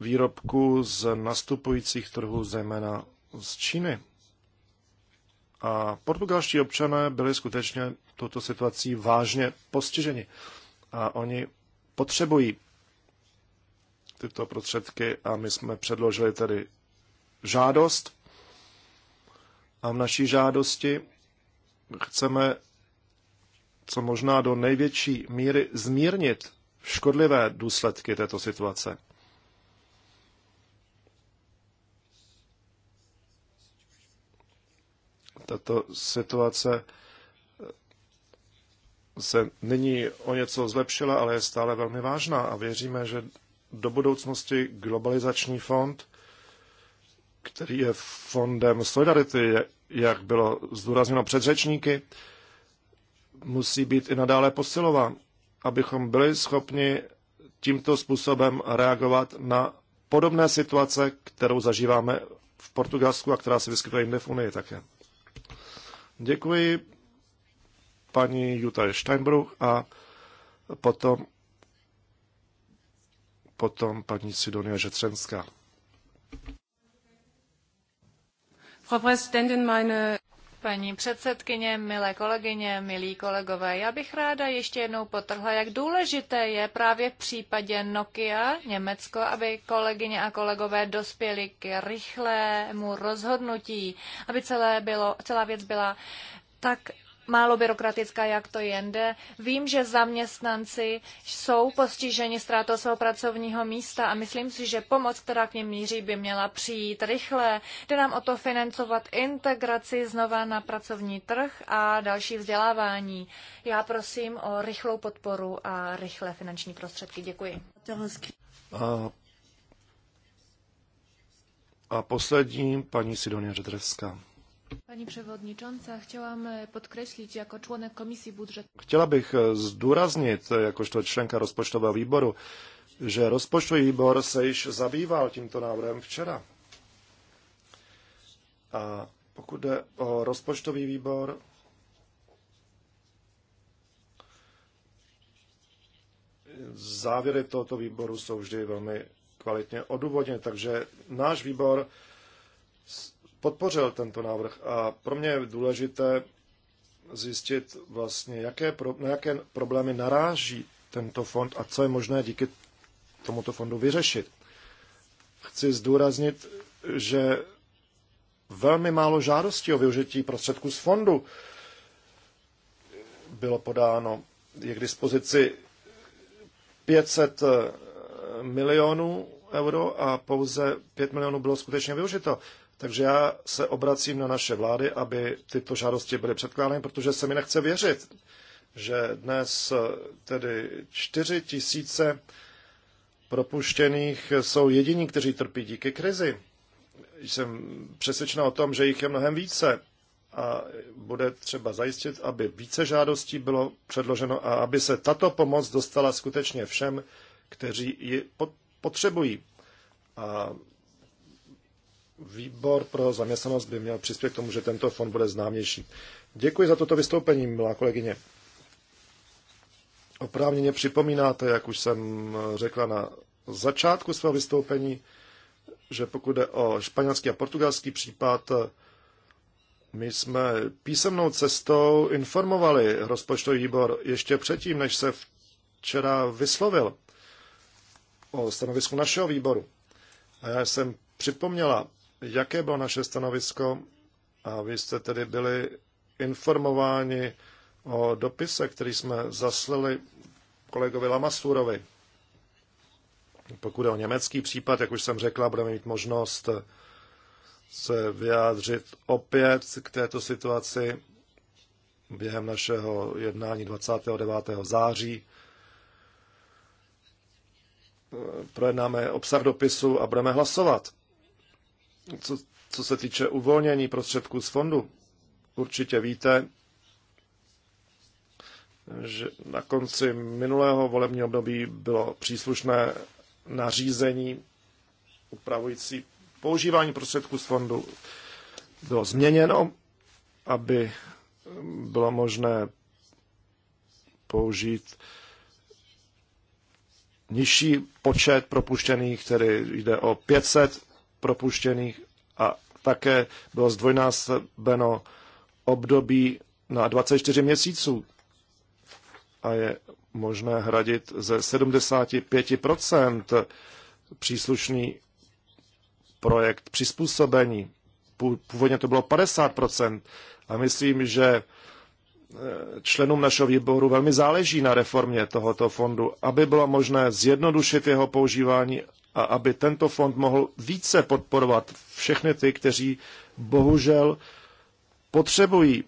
výrobků z nastupujících trhů, zejména z Číny. A portugalští občané byli skutečně touto situací vážně postiženi. A oni potřebují tyto prostředky a my jsme předložili tedy žádost a v naší žádosti chceme co možná do největší míry zmírnit škodlivé důsledky této situace. Tato situace se nyní o něco zlepšila, ale je stále velmi vážná a věříme, že do budoucnosti globalizační fond který je fondem Solidarity, jak bylo zdůrazněno předřečníky, musí být i nadále posilován, abychom byli schopni tímto způsobem reagovat na podobné situace, kterou zažíváme v Portugalsku a která se vyskytuje jinde v Unii také. Děkuji paní Jutta Steinbruch a potom, potom paní Sidonia Žetřenská. Paní předsedkyně, milé kolegyně, milí kolegové, já bych ráda ještě jednou potrhla, jak důležité je právě v případě Nokia Německo, aby kolegyně a kolegové dospěli k rychlému rozhodnutí, aby celé bylo, celá věc byla tak málo byrokratická, jak to jde. Vím, že zaměstnanci jsou postiženi ztrátou svého pracovního místa a myslím si, že pomoc, která k ním míří, by měla přijít rychle. Jde nám o to financovat integraci znova na pracovní trh a další vzdělávání. Já prosím o rychlou podporu a rychlé finanční prostředky. Děkuji. A, a poslední paní Sidonia Ředrevská. Pani przewodnicząca, chciałam e, podkreślić jako członek komisji budżetowej. Chtěla bych e, zdůraznit, e, jakožto členka rozpočtového výboru, že rozpočtový výbor se již zabýval tímto návrhem včera. A pokud jde o rozpočtový výbor, závěry tohoto výboru jsou vždy velmi kvalitně odůvodněny, takže náš výbor podpořil tento návrh a pro mě je důležité zjistit vlastně, jaké pro, na jaké problémy naráží tento fond a co je možné díky tomuto fondu vyřešit. Chci zdůraznit, že velmi málo žádostí o využití prostředků z fondu bylo podáno. Je k dispozici 500 eh, milionů euro a pouze 5 milionů bylo skutečně využito. Takže já se obracím na naše vlády, aby tyto žádosti byly předkládány, protože se mi nechce věřit, že dnes eh, tedy 4 tisíce propuštěných eh, jsou jediní, kteří trpí díky krizi. Jsem přesvědčena o tom, že jich je mnohem více a bude třeba zajistit, aby více žádostí bylo předloženo a aby se tato pomoc dostala skutečně všem, kteří ji potřebují. A výbor pro zaměstnanost by měl přispět k tomu, že tento fond bude známější. Děkuji za toto vystoupení, milá kolegyně. Oprávněně připomínáte, jak už jsem řekla na začátku svého vystoupení, že pokud jde o španělský a portugalský případ, my jsme písemnou cestou informovali rozpočtový výbor ještě předtím, než se včera vyslovil o stanovisku našeho výboru. A já jsem připomněla jaké bylo naše stanovisko a vy jste tedy byli informováni o dopise, který jsme zaslali kolegovi Lamasurovi. Pokud je o německý případ, jak už jsem řekla, budeme mít možnost se vyjádřit opět k této situaci během našeho jednání 29. září. Projednáme obsah dopisu a budeme hlasovat co, co se týče uvolnění prostředků z fondu, určitě víte, že na konci minulého volebního období bylo příslušné nařízení upravující používání prostředků z fondu bylo změněno, aby bylo možné použít nižší počet propuštěných, který jde o 500 propuštěných a také bylo zdvojnásobeno období na 24 měsíců a je možné hradit ze 75% příslušný projekt přizpůsobení. Původně to bylo 50% a myslím, že e, členům našeho výboru velmi záleží na reformě tohoto fondu, aby bylo možné zjednodušit jeho používání a aby tento fond mohl více podporovat všechny ty, kteří bohužel potřebují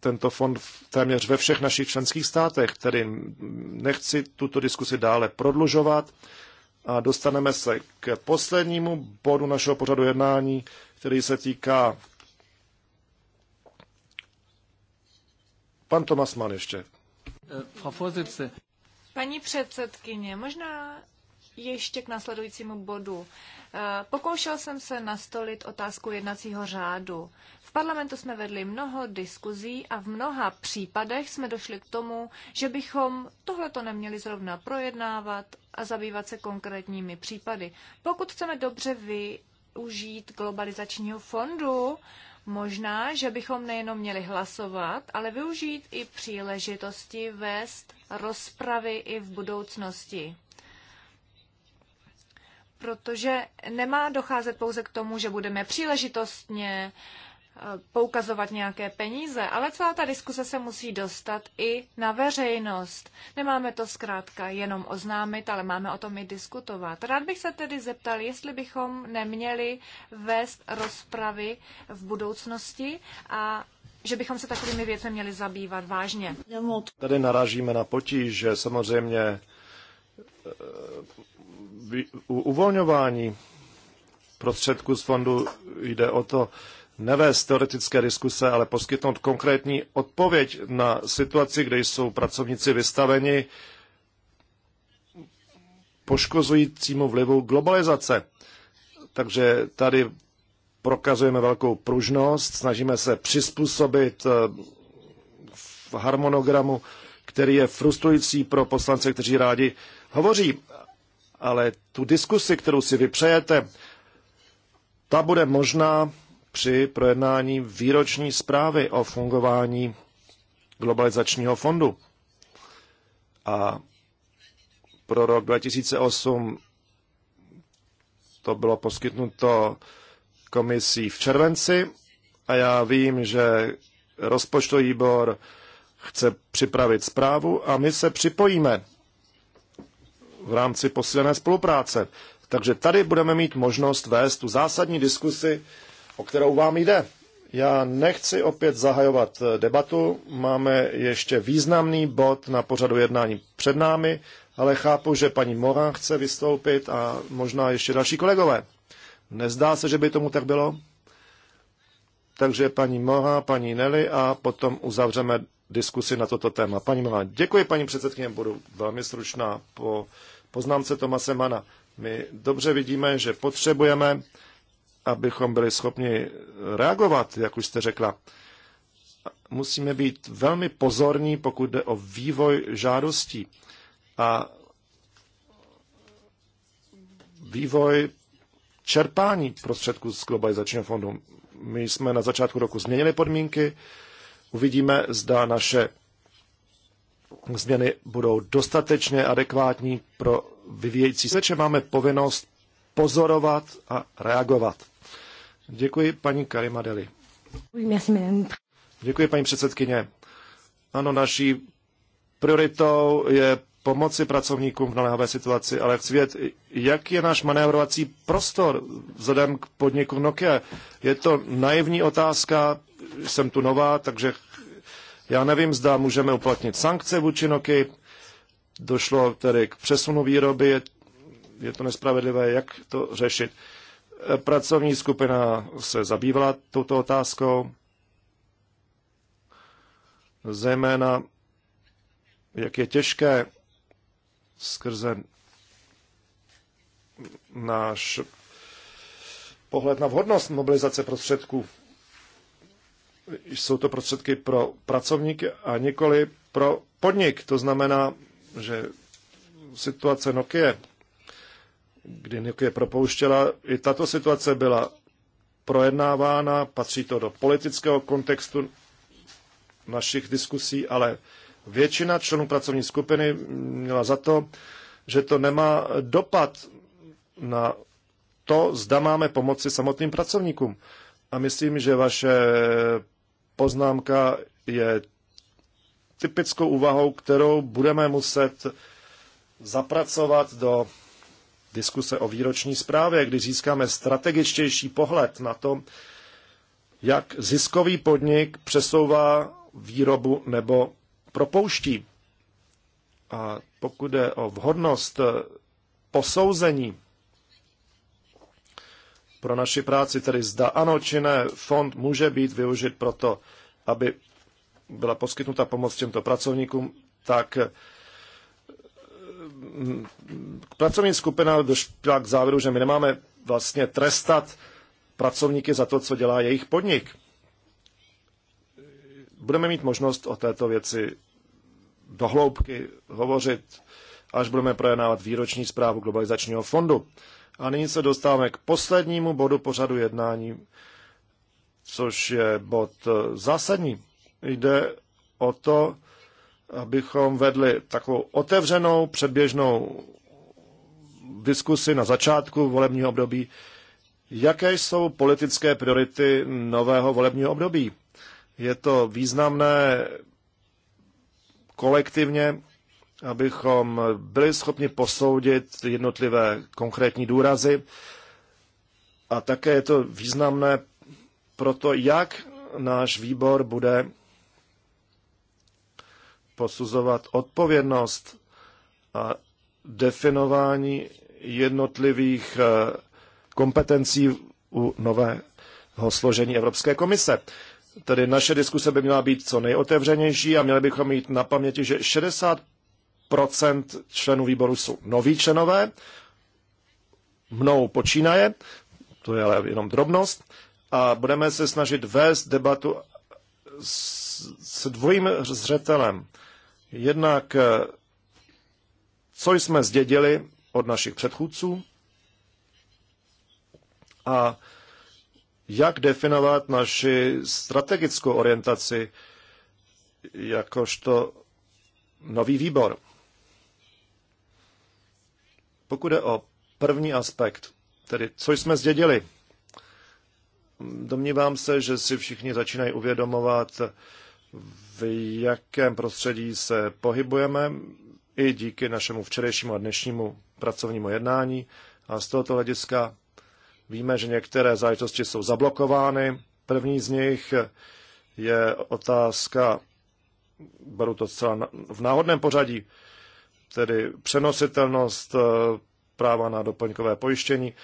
tento fond téměř ve všech našich členských státech, tedy nechci tuto diskusi dále prodlužovat a dostaneme se k poslednímu bodu našeho pořadu jednání, který se týká Pan Tomas Mann ještě. Paní předsedkyně, možná ještě k následujícímu bodu. Eh, pokoušel jsem se nastolit otázku jednacího řádu. V parlamentu jsme vedli mnoho diskuzí a v mnoha případech jsme došli k tomu, že bychom tohleto neměli zrovna projednávat a zabývat se konkrétními případy. Pokud chceme dobře využít globalizačního fondu, Možná, že bychom nejenom měli hlasovat, ale využít i příležitosti vést rozpravy i v budoucnosti protože nemá docházet pouze k tomu, že budeme příležitostně eh, poukazovat nějaké peníze, ale celá ta diskuse se musí dostat i na veřejnost. Nemáme to zkrátka jenom oznámit, ale máme o tom i diskutovat. Rád bych se tedy zeptal, jestli bychom neměli vést rozpravy v budoucnosti a že bychom se takovými věcmi měli zabývat vážně. Tady narážíme na potíž, že samozřejmě Eh, u uvolňování prostředků z fondu jde o to nevést teoretické diskuse, ale poskytnout konkrétní odpověď na situaci, kde jsou pracovníci vystaveni poškozujícímu vlivu globalizace. Takže tady prokazujeme velkou pružnost, snažíme se přizpůsobit eh, v harmonogramu, který je frustrující pro poslance, kteří rádi hovoří, ale tu diskusi, kterou si vypřejete, ta bude možná při projednání výroční zprávy o fungování globalizačního fondu. A pro rok 2008 to bylo poskytnuto komisí v červenci a já vím, že rozpočtový výbor chce připravit zprávu a my se připojíme v rámci posílené spolupráce. Takže tady budeme mít možnost vést tu zásadní diskusi, o kterou vám jde. Já nechci opět zahajovat eh, debatu, máme ještě významný bod na pořadu jednání před námi, ale chápu, že paní Moran chce vystoupit a možná ještě další kolegové. Nezdá se, že by tomu tak bylo? Takže paní Moha, paní Nelly a potom uzavřeme diskusi na toto téma. Paní Milá, děkuji, paní předsedkyně, budu velmi stručná po poznámce Tomase Mana. My dobře vidíme, že potřebujeme, abychom byli schopni reagovat, jak už jste řekla. Musíme být velmi pozorní, pokud jde o vývoj žádostí. A vývoj čerpání prostředků z globalizačního fondu. My jsme na začátku roku změnili podmínky, Uvidíme, zda naše změny budou dostatečně adekvátní pro vyvíjející se, že máme povinnost pozorovat a reagovat. Děkuji paní Karimadeli. Děkuji paní předsedkyně. Ano, naší prioritou je pomoci pracovníkům v naléhavé situaci, ale chci vědět, jak je náš manévrovací prostor vzhledem k podniku Nokia. Je to naivní otázka, jsem tu nová, takže já nevím, zda můžeme uplatnit sankce vůči Noky. Došlo tedy k přesunu výroby, je to nespravedlivé, jak to řešit. E, pracovní skupina se zabývala touto otázkou, zejména jak je těžké skrze náš pohled na vhodnost mobilizace prostředků jsou to prostředky pro pracovníky a nikoli pro podnik. To znamená, že situace Nokia, kdy Nokia propouštěla, i tato situace byla projednávána, patří to do politického kontextu našich diskusí, ale většina členů pracovní skupiny měla za to, že to nemá dopad na to, zda máme pomoci samotným pracovníkům. A myslím, že vaše poznámka je typickou úvahou, kterou budeme muset zapracovat do diskuse o výroční zprávě, kdy získáme strategičtější pohled na to, jak ziskový podnik přesouvá výrobu nebo propouští. A pokud je o vhodnost posouzení pro naši práci, tedy zda ano či ne, fond může být využit proto, aby byla poskytnuta pomoc těmto pracovníkům, tak mm, pracovní skupina došla k závěru, že my nemáme vlastně trestat pracovníky za to, co dělá jejich podnik. Budeme mít možnost o této věci dohloubky hovořit, až budeme projednávat výroční zprávu Globalizačního fondu. A nyní se dostáváme k poslednímu bodu pořadu jednání, což je bod e, zásadní. Jde o to, abychom vedli takovou otevřenou předběžnou diskusi na začátku volebního období, jaké jsou politické priority nového volebního období. Je to významné kolektivně abychom byli schopni posoudit jednotlivé konkrétní důrazy. A také je to významné pro to, jak náš výbor bude posuzovat odpovědnost a definování jednotlivých eh, kompetencí u nového složení Evropské komise. Tedy naše diskuse by měla být co nejotevřenější a měli bychom mít na paměti, že 60 Procent členů výboru jsou noví členové, mnou počínaje, to je ale jenom drobnost, a budeme se snažit vést debatu s, s dvojím zřetelem. Jednak, eh, co jsme zdědili od našich předchůdců a jak definovat naši strategickou orientaci jakožto nový výbor. Pokud je o první aspekt, tedy co jsme zdědili, domnívám se, že si všichni začínají uvědomovat, v jakém prostředí se pohybujeme, i díky našemu včerejšímu a dnešnímu pracovnímu jednání. A z tohoto hlediska víme, že některé záležitosti jsou zablokovány. První z nich je otázka, beru to zcela v náhodném pořadí, tedy přenositelnost eh, práva na doplňkové pojištění.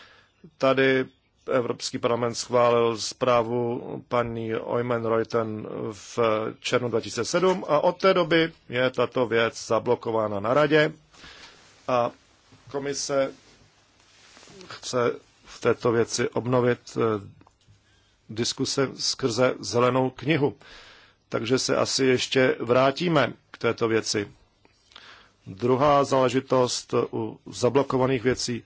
Tady Evropský parlament schválil zprávu paní Oymen Reuten v červnu 2007 a od té doby je tato věc zablokována na radě a komise chce v této věci obnovit eh, diskuse skrze zelenou knihu. Takže se asi ještě vrátíme k této věci. Druhá záležitost u zablokovaných věcí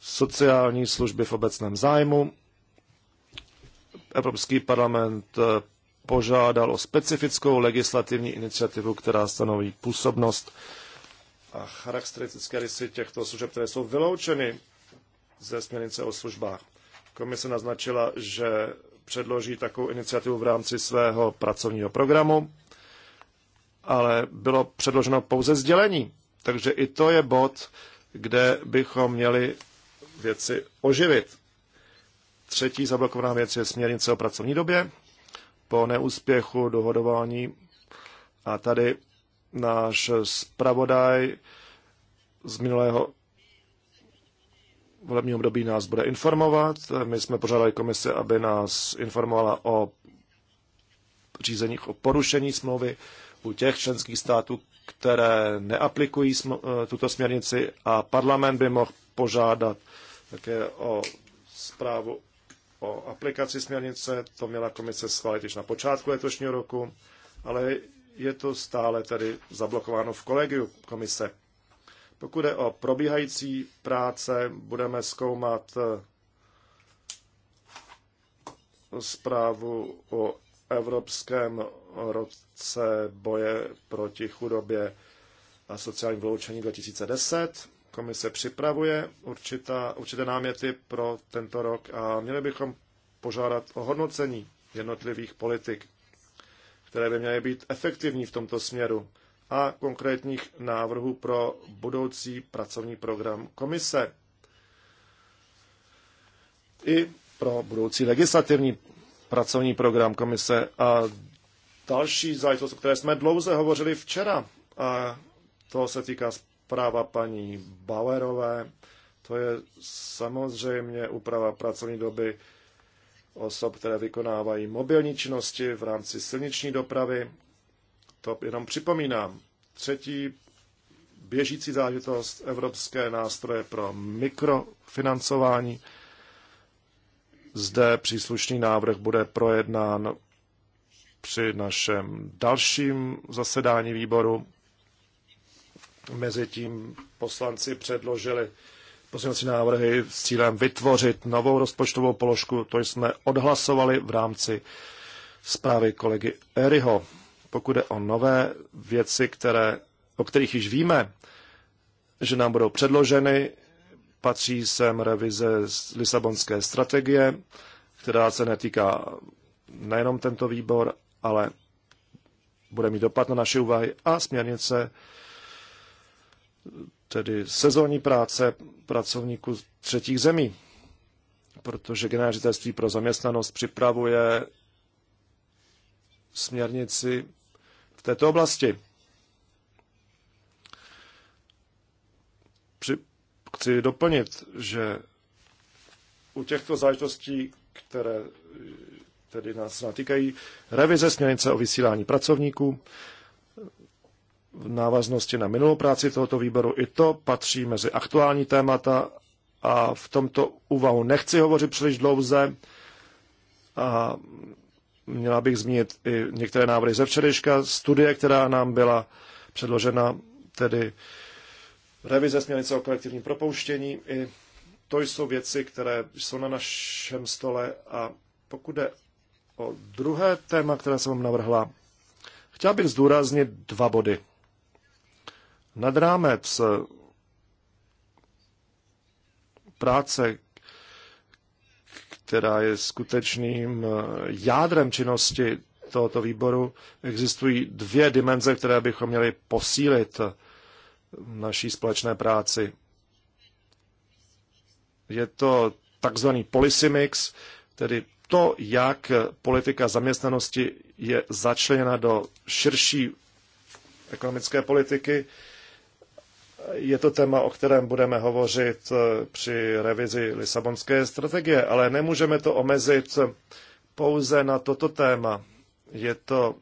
sociální služby v obecném zájmu. Evropský parlament požádal o specifickou legislativní iniciativu, která stanoví působnost a charakteristické rysy těchto služeb, které jsou vyloučeny ze směrnice o službách. Komise naznačila, že předloží takovou iniciativu v rámci svého pracovního programu ale bylo předloženo pouze sdělení. Takže i to je bod, kde bychom měli věci oživit. Třetí zablokovaná věc je směrnice o pracovní době. Po neúspěchu dohodování a tady náš zpravodaj z minulého volebního období nás bude informovat. My jsme požádali komise, aby nás informovala o řízeních o porušení smlouvy u těch členských států, které neaplikují eh, tuto směrnici a parlament by mohl požádat také o zprávu o aplikaci směrnice. To měla komise schválit již na počátku letošního roku, ale je to stále tedy zablokováno v kolegiu komise. Pokud je o probíhající práce, budeme zkoumat eh, zprávu o Evropském roce boje proti chudobě a sociální vyloučení 2010. Komise připravuje určitá, určité náměty pro tento rok a měli bychom požádat o hodnocení jednotlivých politik, které by měly být efektivní v tomto směru a konkrétních návrhů pro budoucí pracovní program komise i pro budoucí legislativní pracovní program komise. A další záležitost, o které jsme dlouze hovořili včera, a to se týká zpráva paní Bauerové, to je samozřejmě úprava pracovní doby osob, které vykonávají mobilní činnosti v rámci silniční dopravy. To jenom připomínám. Třetí běžící zážitost evropské nástroje pro mikrofinancování. Zde příslušný návrh bude projednán při našem dalším zasedání výboru. Mezitím poslanci předložili pozměňovací návrhy s cílem vytvořit novou rozpočtovou položku. To jsme odhlasovali v rámci zprávy kolegy Eryho. Pokud je o nové věci, které, o kterých již víme, že nám budou předloženy, patří sem revize Lisabonské strategie, která se netýká nejenom tento výbor, ale bude mít dopad na naše úvahy a směrnice, tedy sezónní práce pracovníků třetích zemí, protože generální pro zaměstnanost připravuje směrnici v této oblasti. Při, chci doplnit, že u těchto záležitostí, které tedy nás natýkají, revize směrnice o vysílání pracovníků, v návaznosti na minulou práci tohoto výboru. I to patří mezi aktuální témata a v tomto úvahu nechci hovořit příliš dlouze. A měla bych zmínit i některé návrhy ze včerejška, studie, která nám byla předložena, tedy revize směrnice o kolektivním propouštění. I to jsou věci, které jsou na našem stole. A pokud jde o druhé téma, které jsem vám navrhla, chtěl bych zdůraznit dva body. Nad rámec práce, která je skutečným jádrem činnosti tohoto výboru, existují dvě dimenze, které bychom měli posílit naší společné práci. Je to takzvaný policy mix, tedy to, jak politika zaměstnanosti je začleněna do širší ekonomické politiky. Je to téma, o kterém budeme hovořit eh, při revizi Lisabonské strategie, ale nemůžeme to omezit pouze na toto téma. Je to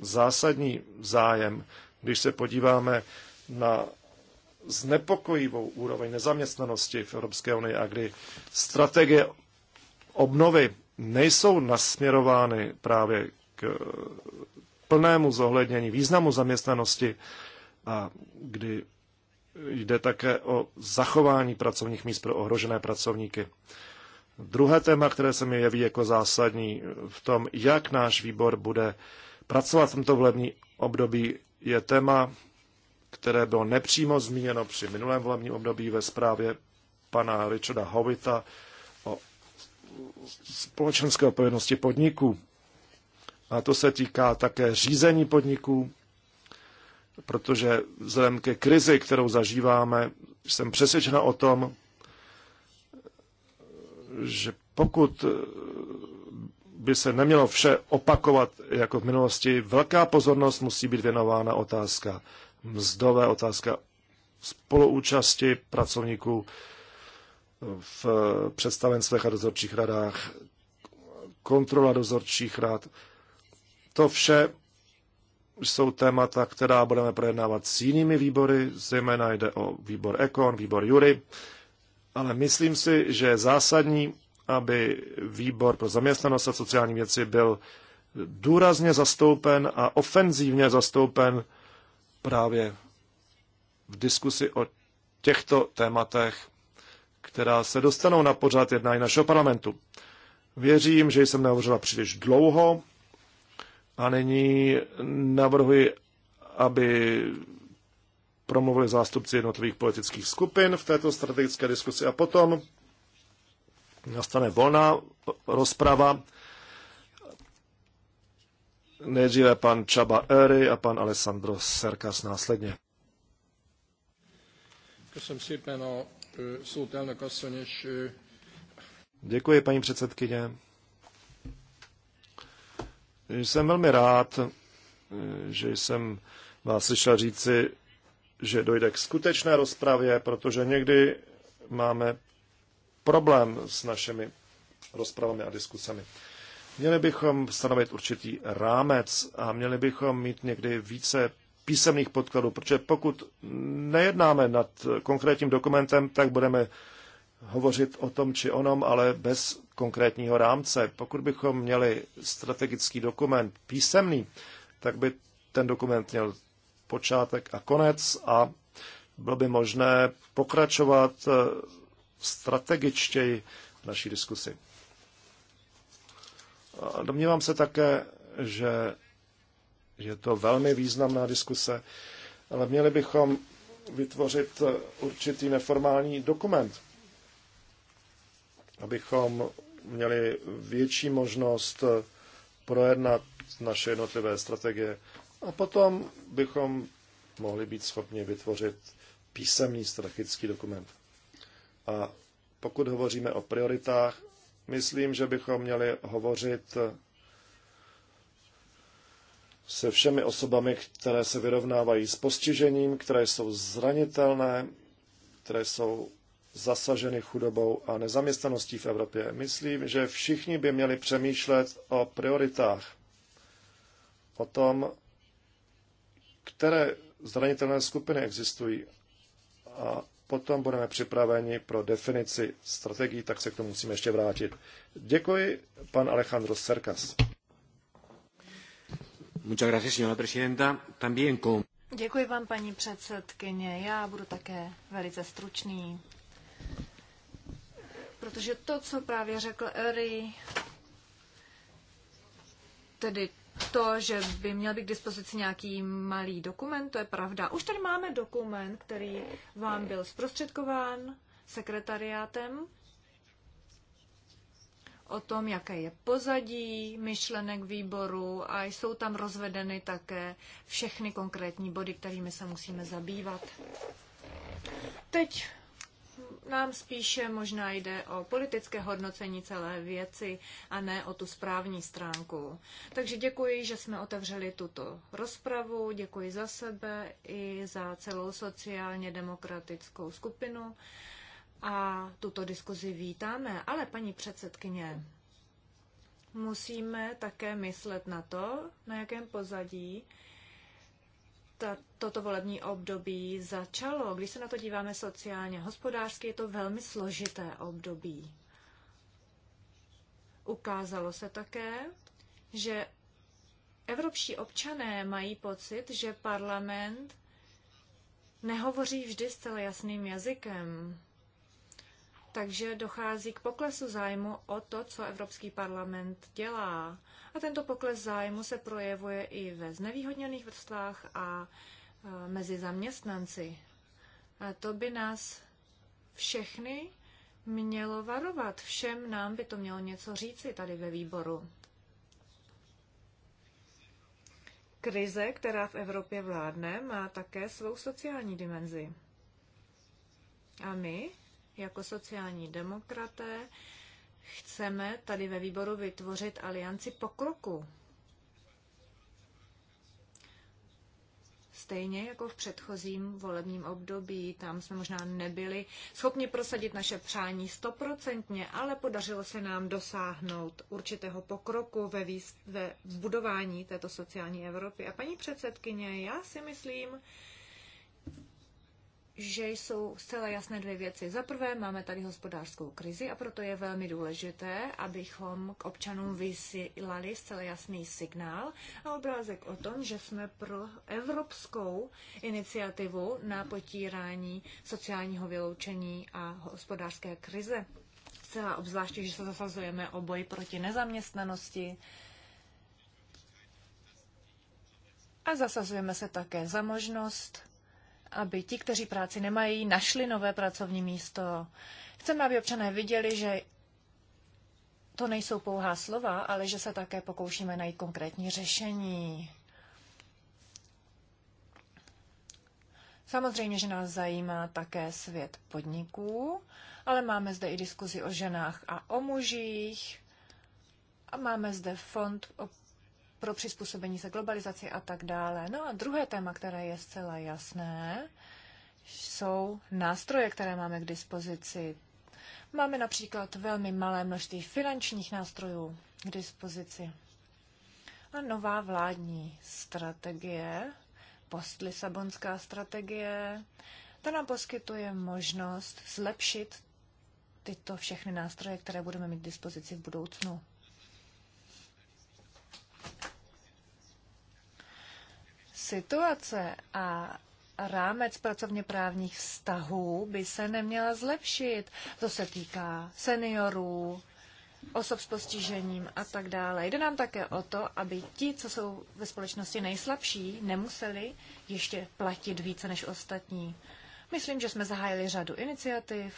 zásadní zájem, když se podíváme na znepokojivou úroveň nezaměstnanosti v Evropské unii a kdy strategie obnovy nejsou nasměrovány právě k plnému zohlednění významu zaměstnanosti a kdy jde také o zachování pracovních míst pro ohrožené pracovníky. Druhé téma, které se mi jeví jako zásadní v tom, jak náš výbor bude pracovat v tomto volební období, je téma které bylo nepřímo zmíněno při minulém volebním období ve zprávě pana Richarda Howita o společenské odpovědnosti podniků. A to se týká také řízení podniků, protože vzhledem ke krizi, kterou zažíváme, jsem přesvědčena o tom, že pokud by se nemělo vše opakovat jako v minulosti, velká pozornost musí být věnována otázka mzdové, otázka spoluúčasti pracovníků v představenstvech a dozorčích radách, kontrola dozorčích rad. To vše jsou témata, která budeme projednávat s jinými výbory, zejména jde o výbor Ekon, výbor Jury, ale myslím si, že je zásadní, aby výbor pro zaměstnanost a sociální věci byl důrazně zastoupen a ofenzívně zastoupen právě v diskusi o těchto tématech, která se dostanou na pořád jednání našeho parlamentu. Věřím, že jsem nehovořila příliš dlouho a nyní navrhuji, aby promluvili zástupci jednotlivých politických skupin v této strategické diskusi a potom nastane volná rozprava Nejdříve pan Čaba Ery a pan Alessandro Serkas následně. Děkuji, paní předsedkyně. Jsem velmi rád, že jsem vás slyšel říci, že dojde k skutečné rozpravě, protože někdy máme problém s našimi rozpravami a diskusemi. Měli bychom stanovit určitý rámec a měli bychom mít někdy více písemných podkladů, protože pokud nejednáme nad konkrétním dokumentem, tak budeme hovořit o tom či onom, ale bez konkrétního rámce. Pokud bychom měli strategický dokument písemný, tak by ten dokument měl počátek a konec a bylo by možné pokračovat eh, strategičtěji v naší diskusi domnívám se také, že je to velmi významná diskuse, ale měli bychom vytvořit určitý neformální dokument, abychom měli větší možnost projednat naše jednotlivé strategie a potom bychom mohli být schopni vytvořit písemný strategický dokument. A pokud hovoříme o prioritách, Myslím, že bychom měli hovořit se všemi osobami, které se vyrovnávají s postižením, které jsou zranitelné, které jsou zasaženy chudobou a nezaměstnaností v Evropě. Myslím, že všichni by měli přemýšlet o prioritách, o tom, které zranitelné skupiny existují a potom budeme připraveni pro definici strategií, tak se k tomu musíme ještě vrátit. Děkuji, pan Alejandro Serkas. Muchas gracias, señora presidenta. También con... Děkuji vám, paní předsedkyně. Já budu také velice stručný, protože to, co právě řekl Eri, tedy to, že by měl být k dispozici nějaký malý dokument, to je pravda. Už tady máme dokument, který vám byl zprostředkován sekretariátem o tom, jaké je pozadí myšlenek výboru a jsou tam rozvedeny také všechny konkrétní body, kterými se musíme zabývat. Teď nám spíše možná jde o politické hodnocení celé věci a ne o tu správní stránku. Takže děkuji, že jsme otevřeli tuto rozpravu, děkuji za sebe i za celou sociálně demokratickou skupinu a tuto diskuzi vítáme. Ale paní předsedkyně, musíme také myslet na to, na jakém pozadí ta, toto volební období začalo. Když se na to díváme sociálně, hospodářsky je to velmi složité období. Ukázalo se také, že evropští občané mají pocit, že parlament nehovoří vždy zcela jasným jazykem takže dochází k poklesu zájmu o to, co Evropský parlament dělá. A tento pokles zájmu se projevuje i ve znevýhodněných vrstvách a e, mezi zaměstnanci. A to by nás všechny mělo varovat. Všem nám by to mělo něco říci tady ve výboru. Krize, která v Evropě vládne, má také svou sociální dimenzi. A my jako sociální demokraté chceme tady ve výboru vytvořit alianci pokroku. Stejně jako v předchozím volebním období, tam jsme možná nebyli schopni prosadit naše přání stoprocentně, ale podařilo se nám dosáhnout určitého pokroku ve, výst- ve budování této sociální Evropy. A paní předsedkyně, já si myslím, že jsou zcela jasné dvě věci. Za prvé máme tady hospodářskou krizi a proto je velmi důležité, abychom k občanům vysílali zcela jasný signál a obrázek o tom, že jsme pro evropskou iniciativu na potírání sociálního vyloučení a hospodářské krize. Zcela obzvláště, že se zasazujeme o boj proti nezaměstnanosti, a zasazujeme se také za možnost, aby ti, kteří práci nemají, našli nové pracovní místo. Chceme, aby občané viděli, že to nejsou pouhá slova, ale že se také pokoušíme najít konkrétní řešení. Samozřejmě, že nás zajímá také svět podniků, ale máme zde i diskuzi o ženách a o mužích. A máme zde fond pro přizpůsobení se globalizaci a tak dále. No a druhé téma, které je zcela jasné, jsou nástroje, které máme k dispozici. Máme například velmi malé množství finančních nástrojů k dispozici. A nová vládní strategie, postlisabonská strategie, ta nám poskytuje možnost zlepšit tyto všechny nástroje, které budeme mít k dispozici v budoucnu. situace a rámec pracovně právních vztahů by se neměla zlepšit. To se týká seniorů, osob s postižením a tak dále. Jde nám také o to, aby ti, co jsou ve společnosti nejslabší, nemuseli ještě platit více než ostatní. Myslím, že jsme zahájili řadu iniciativ.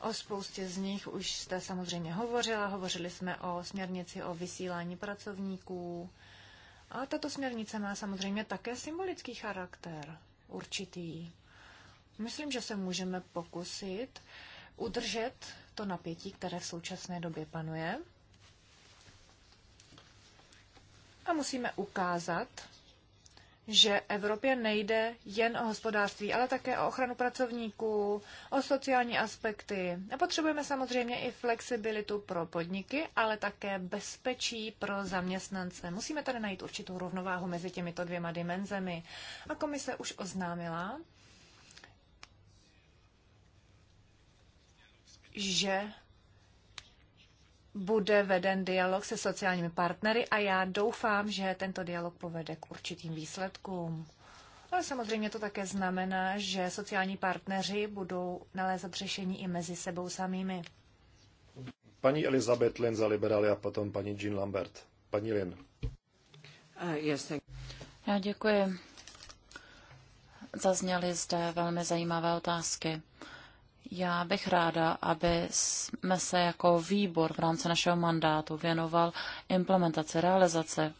O spoustě z nich už jste samozřejmě hovořila. Hovořili jsme o směrnici o vysílání pracovníků, a tato směrnice má samozřejmě také symbolický charakter určitý. Myslím, že se můžeme pokusit udržet to napětí, které v současné době panuje. A musíme ukázat, že Evropě nejde jen o hospodářství, ale také o ochranu pracovníků, o sociální aspekty. A potřebujeme samozřejmě i flexibilitu pro podniky, ale také bezpečí pro zaměstnance. Musíme tady najít určitou rovnováhu mezi těmito dvěma dimenzemi. A komise už oznámila, že bude veden dialog se sociálními partnery a já doufám, že tento dialog povede k určitým výsledkům. Ale samozřejmě to také znamená, že sociální partneři budou nalézat řešení i mezi sebou samými. Paní Elizabeth Lin za liberály a potom paní Jean Lambert. Paní Lin. Uh, já děkuji. Zazněly zde velmi zajímavé otázky. Já bych ráda, aby jsme se jako výbor v rámci našeho mandátu věnoval implementaci, realizace.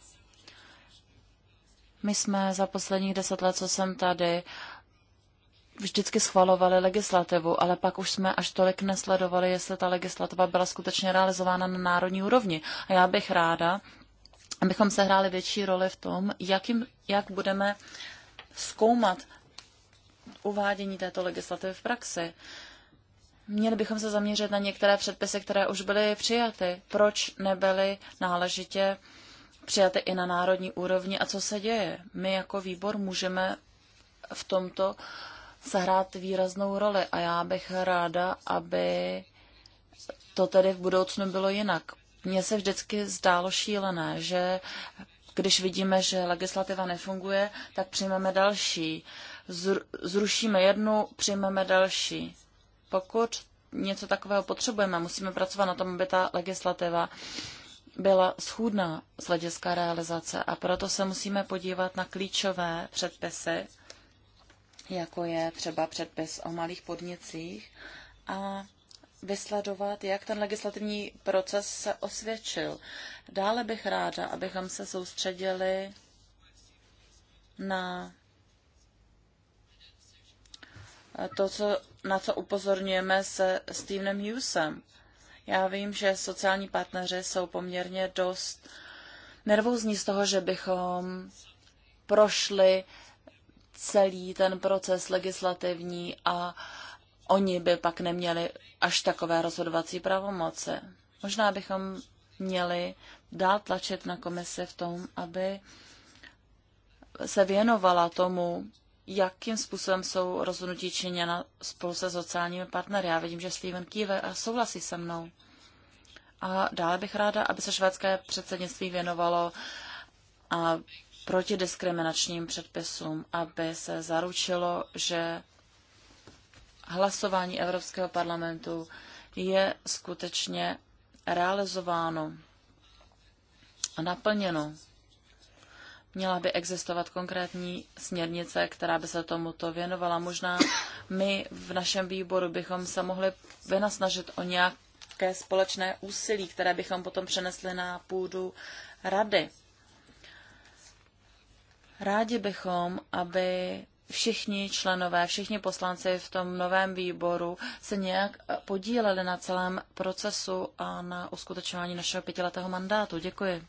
My jsme za posledních deset let, co jsem tady, vždycky schvalovali legislativu, ale pak už jsme až tolik nesledovali, jestli ta legislativa byla skutečně realizována na národní úrovni. A já bych ráda, abychom se hráli větší roli v tom, jakým, jak budeme zkoumat uvádění této legislativy v praxi. Měli bychom se zaměřit na některé předpisy, které už byly přijaty. Proč nebyly náležitě přijaty i na národní úrovni a co se děje? My jako výbor můžeme v tomto sehrát výraznou roli a já bych ráda, aby to tedy v budoucnu bylo jinak. Mně se vždycky zdálo šílené, že když vidíme, že legislativa nefunguje, tak přijmeme další. Zrušíme jednu, přijmeme další pokud něco takového potřebujeme, musíme pracovat na tom, aby ta legislativa byla schůdná z hlediska realizace a proto se musíme podívat na klíčové předpisy, jako je třeba předpis o malých podnicích a vysledovat, jak ten legislativní proces se osvědčil. Dále bych ráda, abychom se soustředili na to, co na co upozorňujeme se Stevenem Hughesem. Já vím, že sociální partneři jsou poměrně dost nervózní z toho, že bychom prošli celý ten proces legislativní a oni by pak neměli až takové rozhodovací pravomoci. Možná bychom měli dál tlačit na komisi v tom, aby se věnovala tomu, jakým způsobem jsou rozhodnutí činěna spolu se sociálními partnery. Já vidím, že Steven kýve a souhlasí se mnou. A dále bych ráda, aby se švédské předsednictví věnovalo a protidiskriminačním předpisům, aby se zaručilo, že hlasování Evropského parlamentu je skutečně realizováno a naplněno. Měla by existovat konkrétní směrnice, která by se tomuto věnovala. Možná my v našem výboru bychom se mohli vynasnažit o nějaké společné úsilí, které bychom potom přenesli na půdu rady. Rádi bychom, aby všichni členové, všichni poslanci v tom novém výboru se nějak podíleli na celém procesu a na uskutečňování našeho pětiletého mandátu. Děkuji.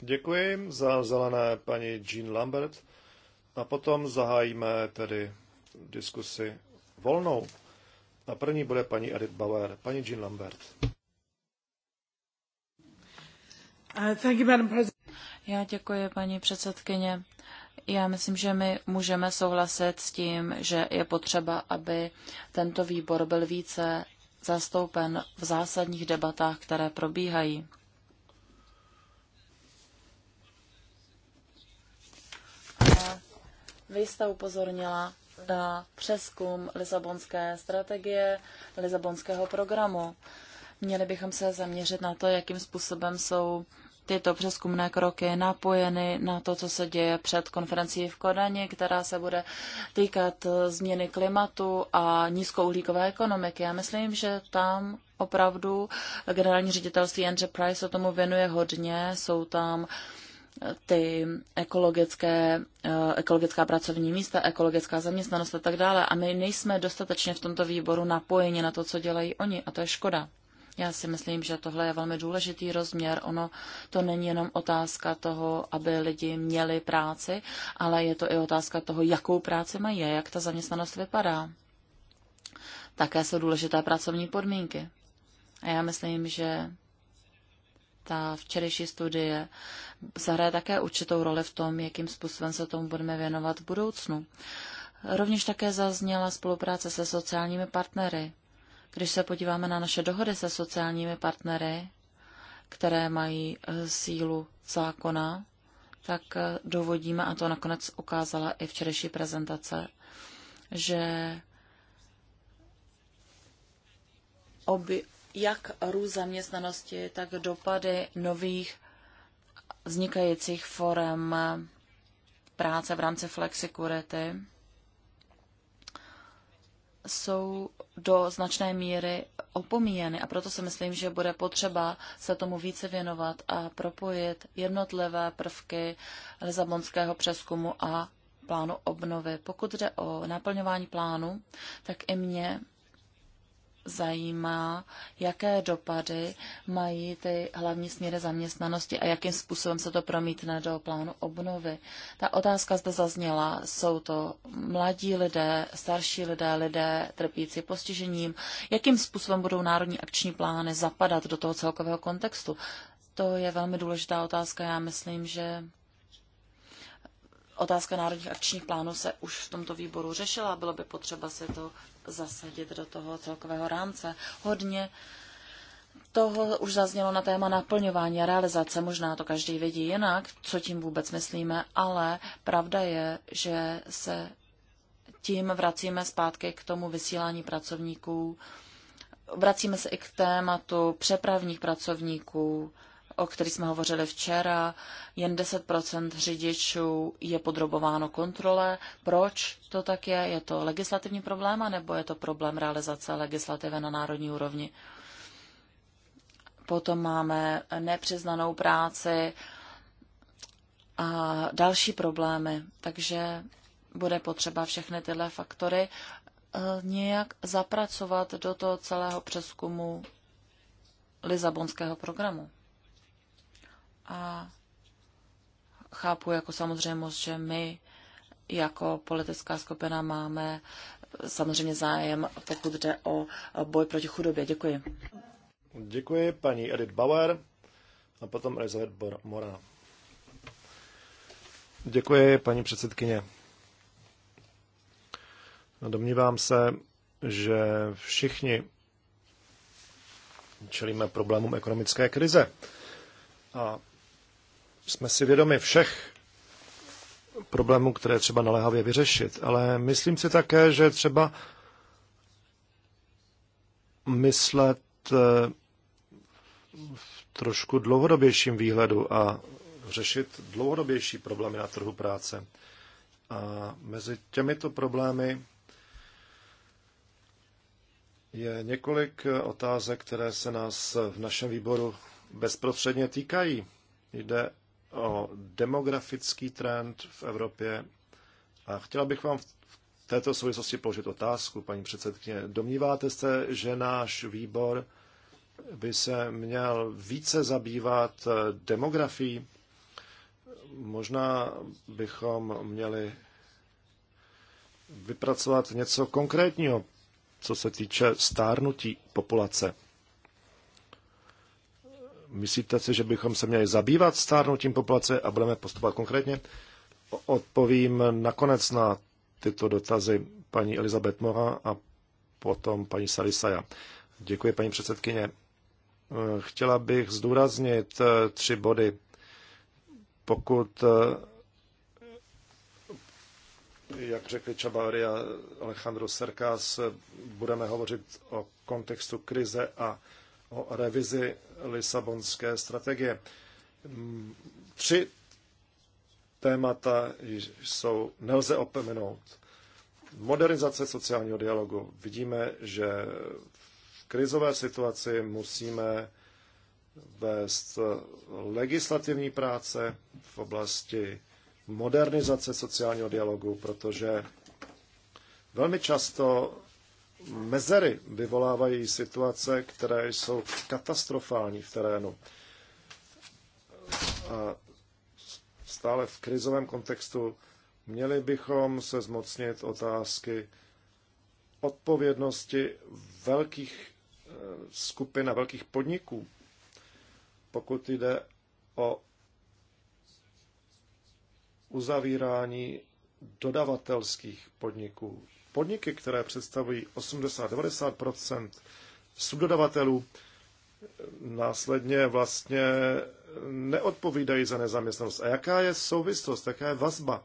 Děkuji za zelené paní Jean Lambert a potom zahájíme tedy diskusi volnou. A první bude paní Edith Bauer, paní Jean Lambert. Uh, Já děkuji, paní předsedkyně. Já myslím, že my můžeme souhlasit s tím, že je potřeba, aby tento výbor byl více zastoupen v zásadních debatách, které probíhají. Vy jste upozornila na přeskum Lisabonské strategie, Lisabonského programu. Měli bychom se zaměřit na to, jakým způsobem jsou tyto přeskumné kroky napojeny na to, co se děje před konferencí v Kodani, která se bude týkat změny klimatu a nízkouhlíkové ekonomiky. Já myslím, že tam opravdu generální ředitelství Enterprise se tomu věnuje hodně. Jsou tam uh, ty ekologické, eh, ekologická pracovní místa, ekologická zaměstnanost a tak dále. A my nejsme dostatečně v tomto výboru napojeni na to, co dělají oni a to je škoda. Já si myslím, že tohle je velmi důležitý rozměr. Ono to není jenom otázka toho, aby lidi měli práci, ale je to i otázka toho, jakou práci mají a jak ta zaměstnanost vypadá. Také jsou důležité pracovní podmínky. A já myslím, že ta včerejší studie zahraje také určitou roli v tom, jakým způsobem se tomu budeme věnovat v budoucnu. Rovněž také zazněla spolupráce se sociálními partnery. Když se podíváme na naše dohody se sociálními partnery, které mají eh, sílu zákona, tak eh, dovodíme, a to nakonec ukázala i včerejší prezentace, že obě, jak růst zaměstnanosti, tak dopady nových vznikajících forem práce v rámci flexikurity jsou do značné míry opomíjeny a proto si myslím, že bude potřeba se tomu více věnovat a propojit jednotlivé prvky Lizabonského přeskumu a plánu obnovy. Pokud jde o naplňování plánu, tak i mě zajímá, jaké dopady mají ty hlavní směry zaměstnanosti a jakým způsobem se to promítne do plánu obnovy. Ta otázka zde zazněla, jsou to mladí lidé, starší lidé, lidé trpící postižením, jakým způsobem budou národní akční plány zapadat do toho celkového kontextu. To je velmi důležitá otázka. Já myslím, že otázka národních akčních plánů se už v tomto výboru řešila. Bylo by potřeba se to zasadit do toho celkového rámce. Hodně toho už zaznělo na téma naplňování a realizace. Možná to každý vidí jinak, co tím vůbec myslíme, ale pravda je, že se tím vracíme zpátky k tomu vysílání pracovníků. Vracíme se i k tématu přepravních pracovníků, o který jsme hovořili včera, jen 10% řidičů je podrobováno kontrole. Proč to tak je? Je to legislativní problém, nebo je to problém realizace legislativy na národní úrovni? Potom máme nepřiznanou práci a další problémy. Takže bude potřeba všechny tyhle faktory eh, nějak zapracovat do toho celého přeskumu Lizabonského programu a chápu jako samozřejmost, že my jako politická skupina máme samozřejmě zájem, pokud jde o boj proti chudobě. Děkuji. Děkuji paní Edith Bauer a potom Elizabeth Mora. Děkuji, paní předsedkyně. Domnívám se, že všichni čelíme problémům ekonomické krize. A jsme si vědomi všech problémů, které třeba naléhavě vyřešit, ale myslím si také, že třeba myslet eh, v trošku dlouhodobějším výhledu a řešit dlouhodobější problémy na trhu práce. A mezi těmito problémy je několik otázek, které se nás v našem výboru bezprostředně týkají. Jde o demografický trend v Evropě. A chtěla bych vám v této souvislosti položit otázku, paní předsedkyně. Domníváte se, že náš výbor by se měl více zabývat demografií? Možná bychom měli vypracovat něco konkrétního, co se týče stárnutí populace. Myslíte si, že bychom se měli zabývat stárnutím populace a budeme postupovat konkrétně? Odpovím nakonec na tyto dotazy paní Elizabeth Mora a potom paní Sarisaja. Děkuji, paní předsedkyně. Chtěla bych zdůraznit eh, tři body. Pokud, eh, jak řekli Čabary a Alejandro Serkás, eh, budeme hovořit o kontextu krize a o revizi Lisabonské strategie. Tři témata jsou, nelze opomenout. Modernizace sociálního dialogu. Vidíme, že v krizové situaci musíme vést legislativní práce v oblasti modernizace sociálního dialogu, protože velmi často mezery vyvolávají situace, které jsou katastrofální v terénu. A stále v krizovém kontextu měli bychom se zmocnit otázky odpovědnosti velkých eh, skupin a velkých podniků, pokud jde o uzavírání dodavatelských podniků Podniky, které představují 80-90 subdodavatelů, následně vlastně neodpovídají za nezaměstnanost. A jaká je souvislost, jaká je vazba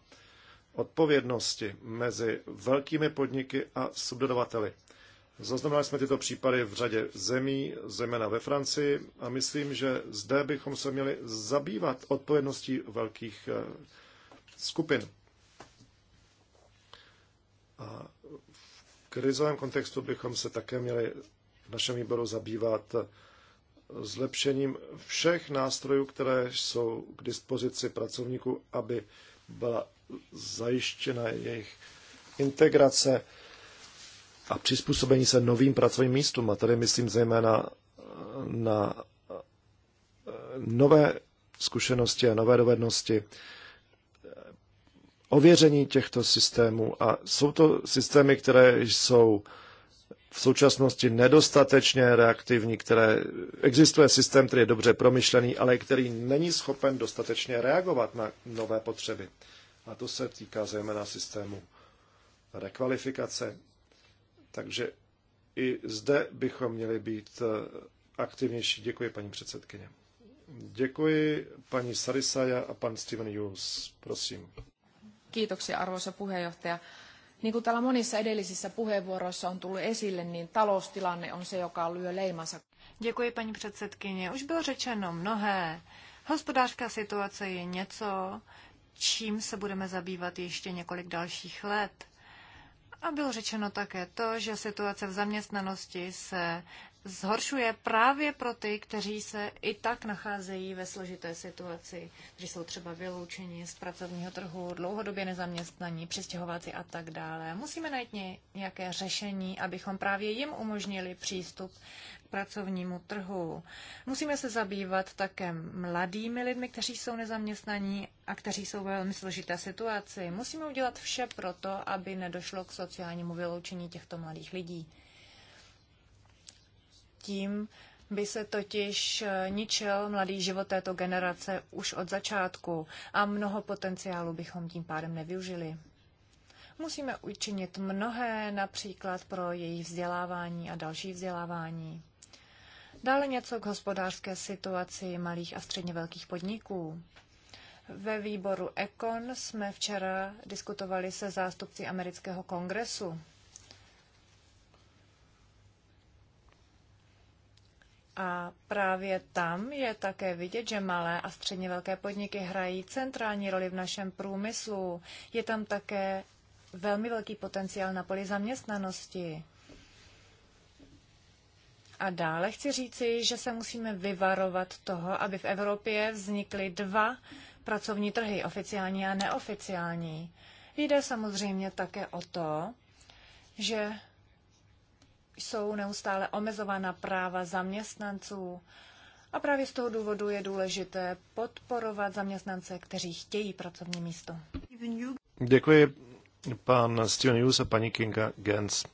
odpovědnosti mezi velkými podniky a subdodavateli? Zaznamenali jsme tyto případy v řadě zemí, zejména ve Francii, a myslím, že zde bychom se měli zabývat odpovědností velkých eh, skupin. A krizovém kontextu bychom se také měli v našem výboru zabývat zlepšením všech nástrojů, které jsou k dispozici pracovníků, aby byla zajištěna jejich integrace a přizpůsobení se novým pracovním místům. A tady myslím zejména na nové zkušenosti a nové dovednosti, ověření těchto systémů a jsou to systémy, které jsou v současnosti nedostatečně reaktivní, které existuje systém, který je dobře promyšlený, ale který není schopen dostatečně reagovat na nové potřeby. A to se týká zejména systému rekvalifikace. Takže i zde bychom měli být eh, aktivnější. Děkuji, paní předsedkyně. Děkuji, paní Sarisaja a pan Steven Hughes. Prosím. Kiitoksia arvoisa puheenjohtaja. Niin kuin täällä monissa edellisissä puheenvuoroissa on tullut esille, niin taloustilanne on se, joka lyö leimansa. Děkuji, paní předsedkyně. Už bylo řečeno mnohé. Hospodářská situace je něco, čím se budeme zabývat ještě několik dalších let. A bylo řečeno také to, že situace v zaměstnanosti se zhoršuje právě pro ty, kteří se i tak nacházejí ve složité situaci, kteří jsou třeba vyloučeni z pracovního trhu, dlouhodobě nezaměstnaní, přistěhováci a tak dále. Musíme najít nějaké řešení, abychom právě jim umožnili přístup k pracovnímu trhu. Musíme se zabývat také mladými lidmi, kteří jsou nezaměstnaní a kteří jsou ve velmi složité situaci. Musíme udělat vše pro to, aby nedošlo k sociálnímu vyloučení těchto mladých lidí. Tím by se totiž eh, ničil mladý život této generace už od začátku a mnoho potenciálu bychom tím pádem nevyužili. Musíme učinit mnohé, například pro jejich vzdělávání a další vzdělávání. Dále něco k hospodářské situaci malých a středně velkých podniků. Ve výboru Econ jsme včera diskutovali se zástupci amerického kongresu. A právě tam je také vidět, že malé a středně velké podniky hrají centrální roli v našem průmyslu. Je tam také velmi velký potenciál na poli zaměstnanosti. A dále chci říci, že se musíme vyvarovat toho, aby v Evropě vznikly dva pracovní trhy, oficiální a neoficiální. Jde samozřejmě také o to, že jsou neustále omezována práva zaměstnanců. A právě z toho důvodu je důležité podporovat zaměstnance, kteří chtějí pracovní místo. Děkuji pan Steven Hughes a paní Kinga Gens.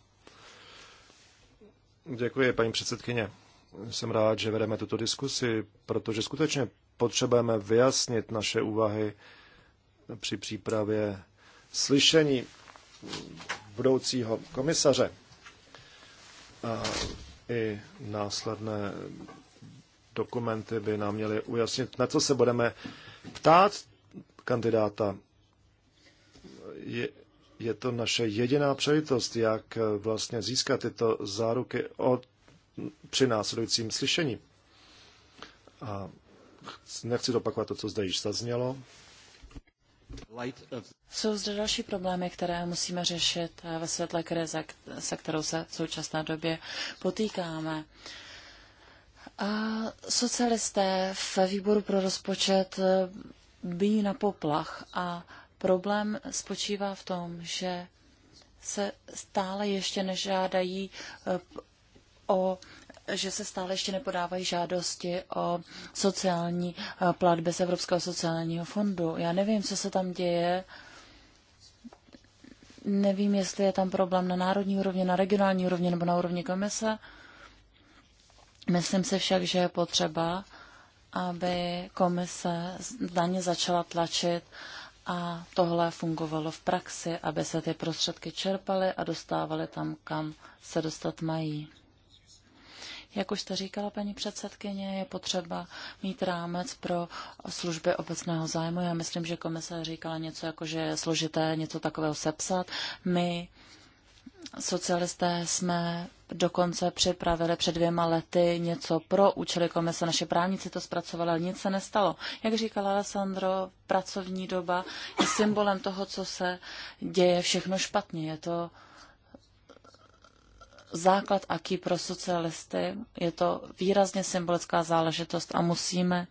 Děkuji, paní předsedkyně. Jsem rád, že vedeme tuto diskusi, protože skutečně potřebujeme vyjasnit naše úvahy při přípravě slyšení budoucího komisaře i následné dokumenty by nám měly ujasnit, na co se budeme ptát kandidáta. Je, je to naše jediná přelitost, jak vlastně získat tyto záruky od, při následujícím slyšení. A nechci opakovat to, co zde již zaznělo. Jsou zde další problémy, které musíme řešit eh, ve světle krize, se kterou se v současné době potýkáme. A socialisté v výboru pro rozpočet eh, bíjí na poplach a problém spočívá v tom, že se stále ještě nežádají eh, o že se stále ještě nepodávají žádosti o sociální eh, platby z Evropského sociálního fondu. Já nevím, co se tam děje. Nevím, jestli je tam problém na národní úrovni, na regionální úrovni nebo na úrovni komise. Myslím si však, že je potřeba, aby komise daně začala tlačit a tohle fungovalo v praxi, aby se ty prostředky čerpaly a dostávaly tam, kam se dostat mají. Jak už jste říkala, paní předsedkyně, je potřeba mít rámec pro služby obecného zájmu. Já myslím, že komise říkala něco jako, že je složité něco takového sepsat. My socialisté jsme dokonce připravili před dvěma lety něco pro účely komise. Naše právníci to zpracovali, ale nic se nestalo. Jak říkala Alessandro, pracovní doba je symbolem toho, co se děje všechno špatně. Je to základ aký pro socialisty. Je to výrazně symbolická záležitost a musíme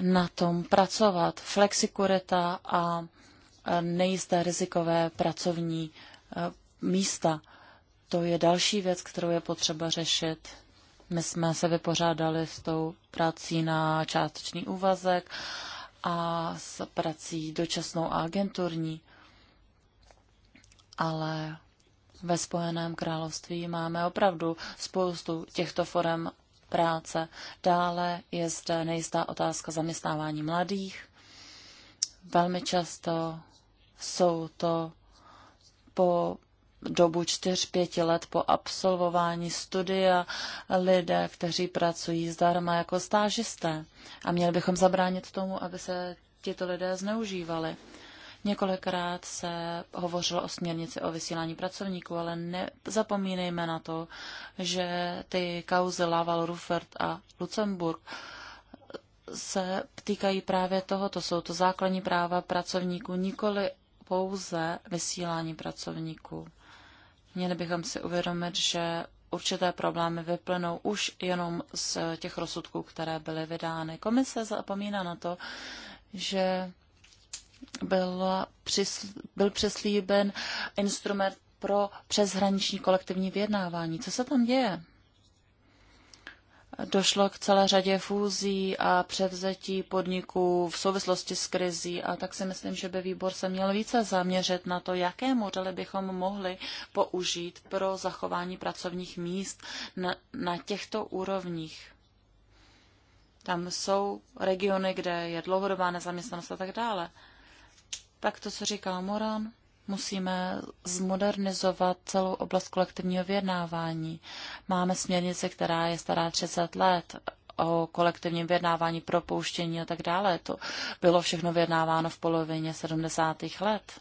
na tom pracovat. Flexikurita a e, nejisté rizikové pracovní e, místa. To je další věc, kterou je potřeba řešit. My jsme se vypořádali s tou prací na částečný úvazek a s prací dočasnou a agenturní. Ale ve Spojeném království máme opravdu spoustu těchto forem práce. Dále je zde nejistá otázka zaměstnávání mladých. Velmi často jsou to po dobu 4-5 let po absolvování studia lidé, kteří pracují zdarma jako stážisté. A měli bychom zabránit tomu, aby se tito lidé zneužívali. Několikrát se hovořilo o směrnici o vysílání pracovníků, ale nezapomínejme na to, že ty kauzy Laval, Ruffert a Lucemburg se týkají právě tohoto. Jsou to základní práva pracovníků, nikoli pouze vysílání pracovníků. Měli bychom si uvědomit, že určité problémy vyplynou už jenom z těch rozsudků, které byly vydány. Komise zapomíná na to, že byl přeslíben instrument pro přeshraniční kolektivní vyjednávání. Co se tam děje? Došlo k celé řadě fúzí a převzetí podniků v souvislosti s krizí a tak si myslím, že by výbor se měl více zaměřit na to, jaké modely bychom mohli použít pro zachování pracovních míst na, na těchto úrovních. Tam jsou regiony, kde je dlouhodobá nezaměstnanost a tak dále tak to, co říká Moran, musíme zmodernizovat celou oblast kolektivního vyjednávání. Máme směrnice, která je stará 30 let o kolektivním vyjednávání, propouštění a tak dále. To bylo všechno vyjednáváno v polovině 70. let.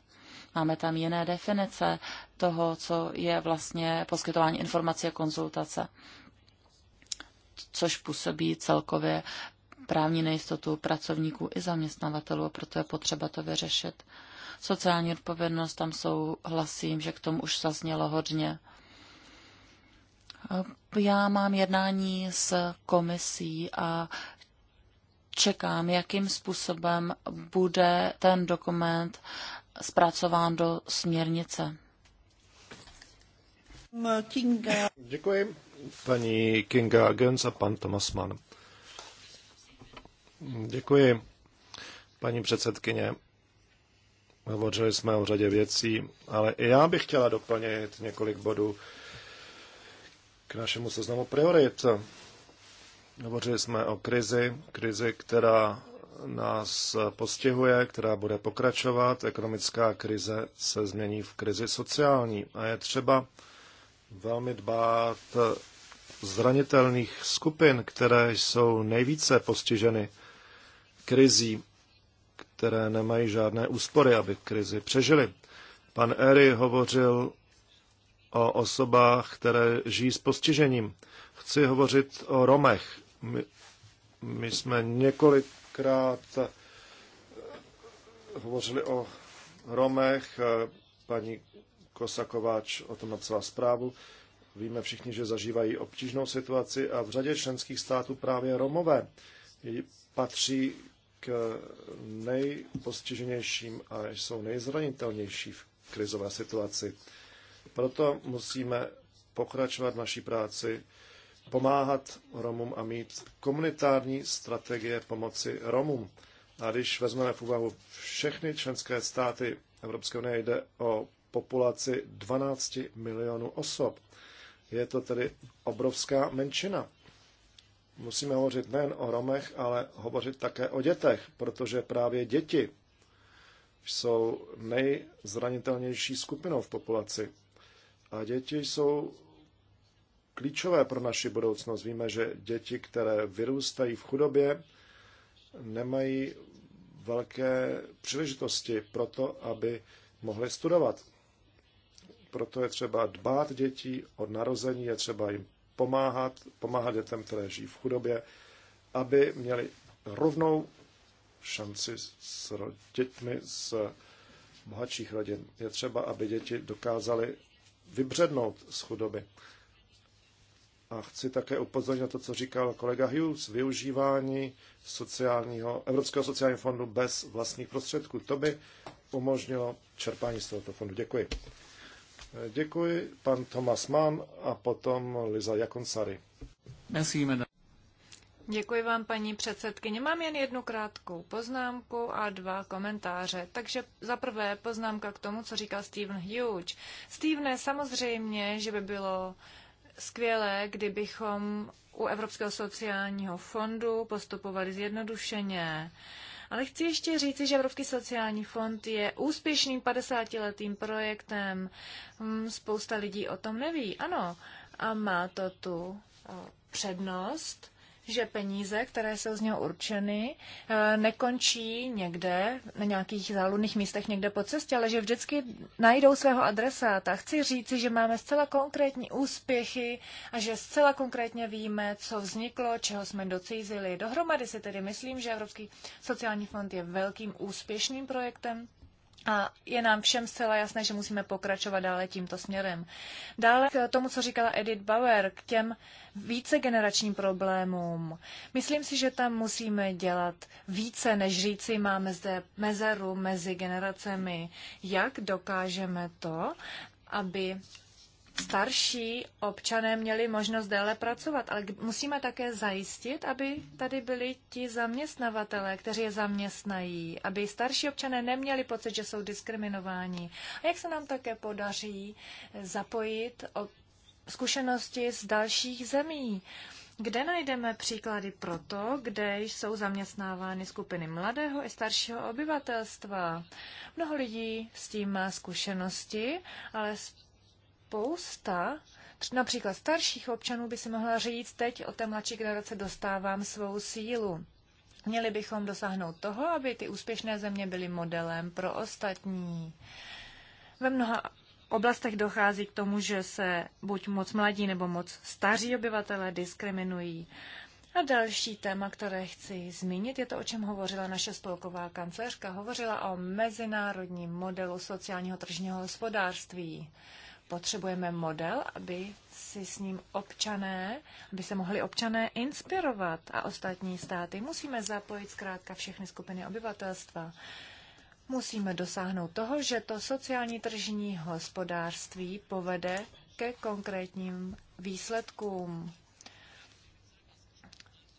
Máme tam jiné definice toho, co je vlastně poskytování informací a konzultace, což působí celkově právní nejistotu pracovníků i zaměstnavatelů a proto je potřeba to vyřešit. Sociální odpovědnost, tam jsou hlasím, že k tomu už zaznělo hodně. Já mám jednání s komisí a čekám, jakým způsobem bude ten dokument zpracován do směrnice. Kinga. Děkuji. Paní Kinga Gens a pan Thomas Mann. Děkuji, paní předsedkyně. Hovořili jsme o řadě věcí, ale i já bych chtěla doplnit několik bodů k našemu seznamu priorit. Hovořili jsme o krizi, krizi, která nás postihuje, která bude pokračovat. Ekonomická krize se změní v krizi sociální a je třeba velmi dbát zranitelných skupin, které jsou nejvíce postiženy krizí, které nemají žádné úspory, aby krizi přežili. Pan Ery hovořil o osobách, které žijí s postižením. Chci hovořit o Romech. My, my jsme několikrát eh, hovořili o Romech. Eh, paní Kosakováč o tom napsala zprávu. Víme všichni, že zažívají obtížnou situaci a v řadě členských států právě Romové patří k nejpostiženějším a jsou nejzranitelnější v krizové situaci. Proto musíme pokračovat v naší práci, pomáhat Romům a mít komunitární strategie pomoci Romům. A když vezmeme v úvahu všechny členské státy Evropské unie, jde o populaci 12 milionů osob. Je to tedy obrovská menšina musíme hovořit nejen o Romech, ale hovořit také o dětech, protože právě děti jsou nejzranitelnější skupinou v populaci. A děti jsou klíčové pro naši budoucnost. Víme, že děti, které vyrůstají v chudobě, nemají velké příležitosti pro to, aby mohly studovat. Proto je třeba dbát dětí od narození, je třeba jim pomáhat, pomáhat dětem, které žijí v chudobě, aby měli rovnou šanci s dětmi z bohatších rodin. Je třeba, aby děti dokázaly vybřednout z chudoby. A chci také upozornit na to, co říkal kolega Hughes, využívání sociálního, Evropského sociálního fondu bez vlastních prostředků. To by umožnilo čerpání z tohoto fondu. Děkuji. Děkuji, pan Tomas Mann a potom Liza Jakonsary. Děkuji vám, paní předsedkyně. Mám jen jednu krátkou poznámku a dva komentáře. Takže za prvé poznámka k tomu, co říkal Steven Hughes. Stevene, samozřejmě, že by bylo skvělé, kdybychom u Evropského sociálního fondu postupovali zjednodušeně. Uh, ale chci ještě říci, že Evropský sociální fond je úspěšným 50-letým projektem. Hm, spousta lidí o tom neví, ano. A má to tu přednost že peníze, které jsou z něho určeny, eh, nekončí někde na nějakých záludných místech někde po cestě, ale že vždycky najdou svého adresáta. Chci říci, že máme zcela konkrétní úspěchy a že zcela konkrétně víme, co vzniklo, čeho jsme docízili. Dohromady si tedy myslím, že Evropský sociální fond je velkým úspěšným projektem a je nám všem zcela jasné, že musíme pokračovat dále tímto směrem. Dále k tomu, co říkala Edith Bauer, k těm vícegeneračním problémům. Myslím si, že tam musíme dělat více, než říci, máme zde mezeru mezi generacemi. Jak dokážeme to, aby starší občané měli možnost déle pracovat, ale musíme také zajistit, aby tady byli ti zaměstnavatele, kteří je zaměstnají, aby starší občané neměli pocit, že jsou diskriminováni. A jak se nám také podaří zapojit o zkušenosti z dalších zemí? Kde najdeme příklady pro to, kde jsou zaměstnávány skupiny mladého i staršího obyvatelstva? Mnoho lidí s tím má zkušenosti, ale spousta například starších občanů by si mohla říct, teď od té mladší generace dostávám svou sílu. Měli bychom dosáhnout toho, aby ty úspěšné země byly modelem pro ostatní. Ve mnoha oblastech dochází k tomu, že se buď moc mladí nebo moc staří obyvatelé diskriminují. A další téma, které chci zmínit, je to, o čem hovořila naše spolková kancléřka. Hovořila o mezinárodním modelu sociálního tržního hospodářství. Potřebujeme model, aby si s ním občané, aby se mohli občané inspirovat a ostatní státy. Musíme zapojit zkrátka všechny skupiny obyvatelstva. Musíme dosáhnout toho, že to sociální tržní hospodářství povede ke konkrétním výsledkům.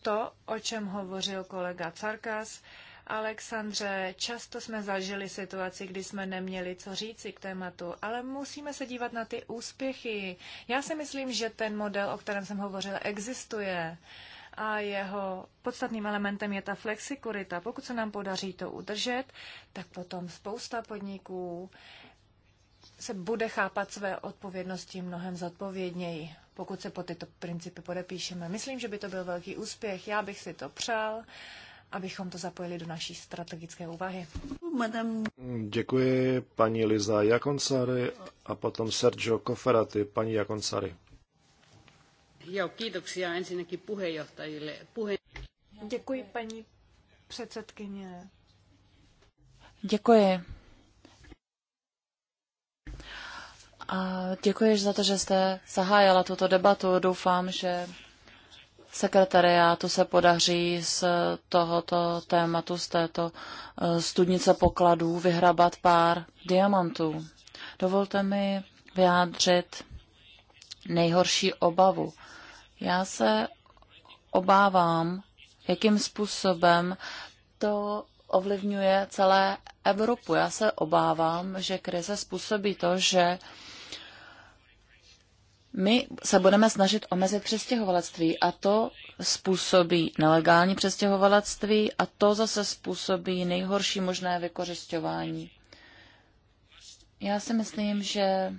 To, o čem hovořil kolega Carkas, Alexandře, často jsme zažili situaci, kdy jsme neměli co říci k tématu, ale musíme se dívat na ty úspěchy. Já si myslím, že ten model, o kterém jsem hovořila, existuje a jeho podstatným elementem je ta flexikurita. Pokud se nám podaří to udržet, tak potom spousta podniků se bude chápat své odpovědnosti mnohem zodpovědněji, pokud se po tyto principy podepíšeme. Myslím, že by to byl velký úspěch. Já bych si to přál abychom to zapojili do naší strategické úvahy. Děkuji paní Liza Jakonsary a potom Sergio Koferaty, paní Jakonsary. Děkuji paní předsedkyně. Děkuji. A děkuji za to, že jste zahájila tuto debatu. Doufám, že sekretariátu se podaří z tohoto tématu, z této eh, studnice pokladů, vyhrabat pár diamantů. Dovolte mi vyjádřit nejhorší obavu. Já se obávám, jakým způsobem to ovlivňuje celé Evropu. Já se obávám, že krize způsobí to, že uh, my se budeme snažit omezit přestěhovalectví a to způsobí nelegální přestěhovalectví a to zase způsobí nejhorší možné vykořišťování. Já si myslím, že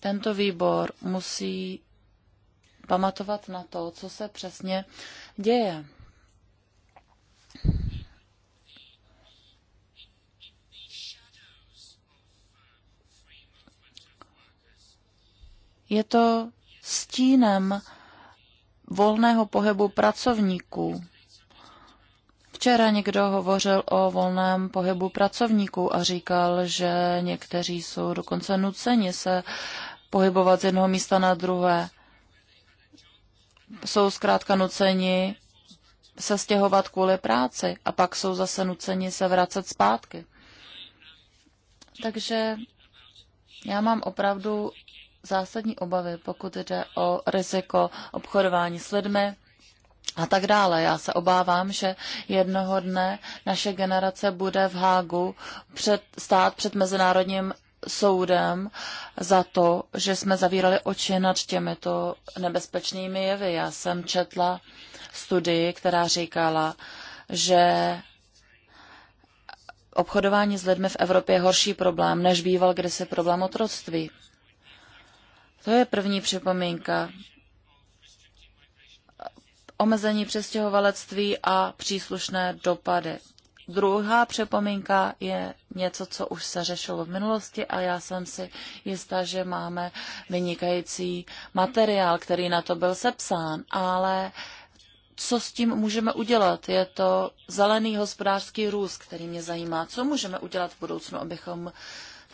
tento výbor musí pamatovat na to, co se přesně děje. Je to stínem volného pohybu pracovníků. Včera někdo hovořil o volném pohybu pracovníků a říkal, že někteří jsou dokonce nuceni se pohybovat z jednoho místa na druhé. Jsou zkrátka nuceni se stěhovat kvůli práci a pak jsou zase nuceni se vracet zpátky. Takže já mám opravdu zásadní obavy, pokud jde o riziko obchodování s lidmi a tak dále. Já se obávám, že jednoho dne naše generace bude v Hágu před, stát před Mezinárodním soudem za to, že jsme zavírali oči nad těmito nebezpečnými jevy. Já jsem četla studii, která říkala, že obchodování s lidmi v Evropě je horší problém, než býval kdysi problém otroctví. To je první připomínka. Omezení přestěhovalectví a příslušné dopady. Druhá připomínka je něco, co už se řešilo v minulosti a já jsem si jistá, že máme vynikající materiál, který na to byl sepsán, ale co s tím můžeme udělat? Je to zelený hospodářský růst, který mě zajímá. Co můžeme udělat v budoucnu, abychom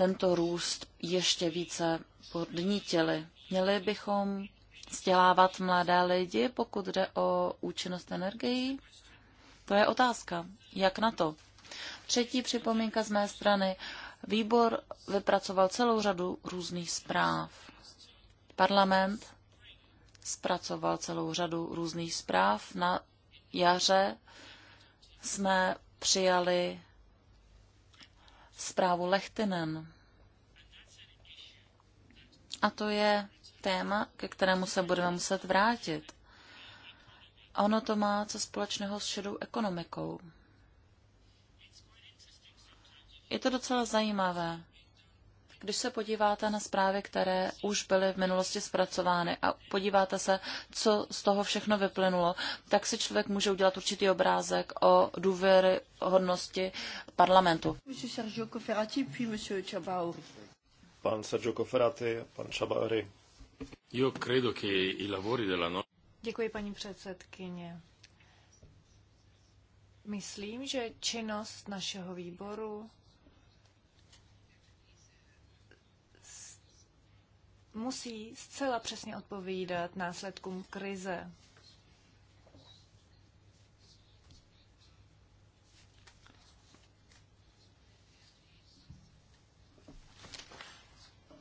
tento růst ještě více podnítili. Měli bychom vzdělávat mladé lidi, pokud jde o účinnost energií? To je otázka. Jak na to? Třetí připomínka z mé strany. Výbor vypracoval celou řadu různých zpráv. Parlament zpracoval celou řadu různých zpráv. Na jaře jsme přijali zprávu Lechtinen. A to je téma, ke kterému se budeme muset vrátit. A ono to má co společného s šedou ekonomikou. Je to docela zajímavé. Když se podíváte na zprávy, které už byly v minulosti zpracovány a podíváte se, co z toho všechno vyplynulo, tak si člověk může udělat určitý obrázek o důvěryhodnosti parlamentu. Pan Sergio Cofferati, pan Čabari. Io credo che i lavori della no... Děkuji, paní předsedkyně. Myslím, že činnost našeho výboru musí zcela přesně odpovídat následkům krize.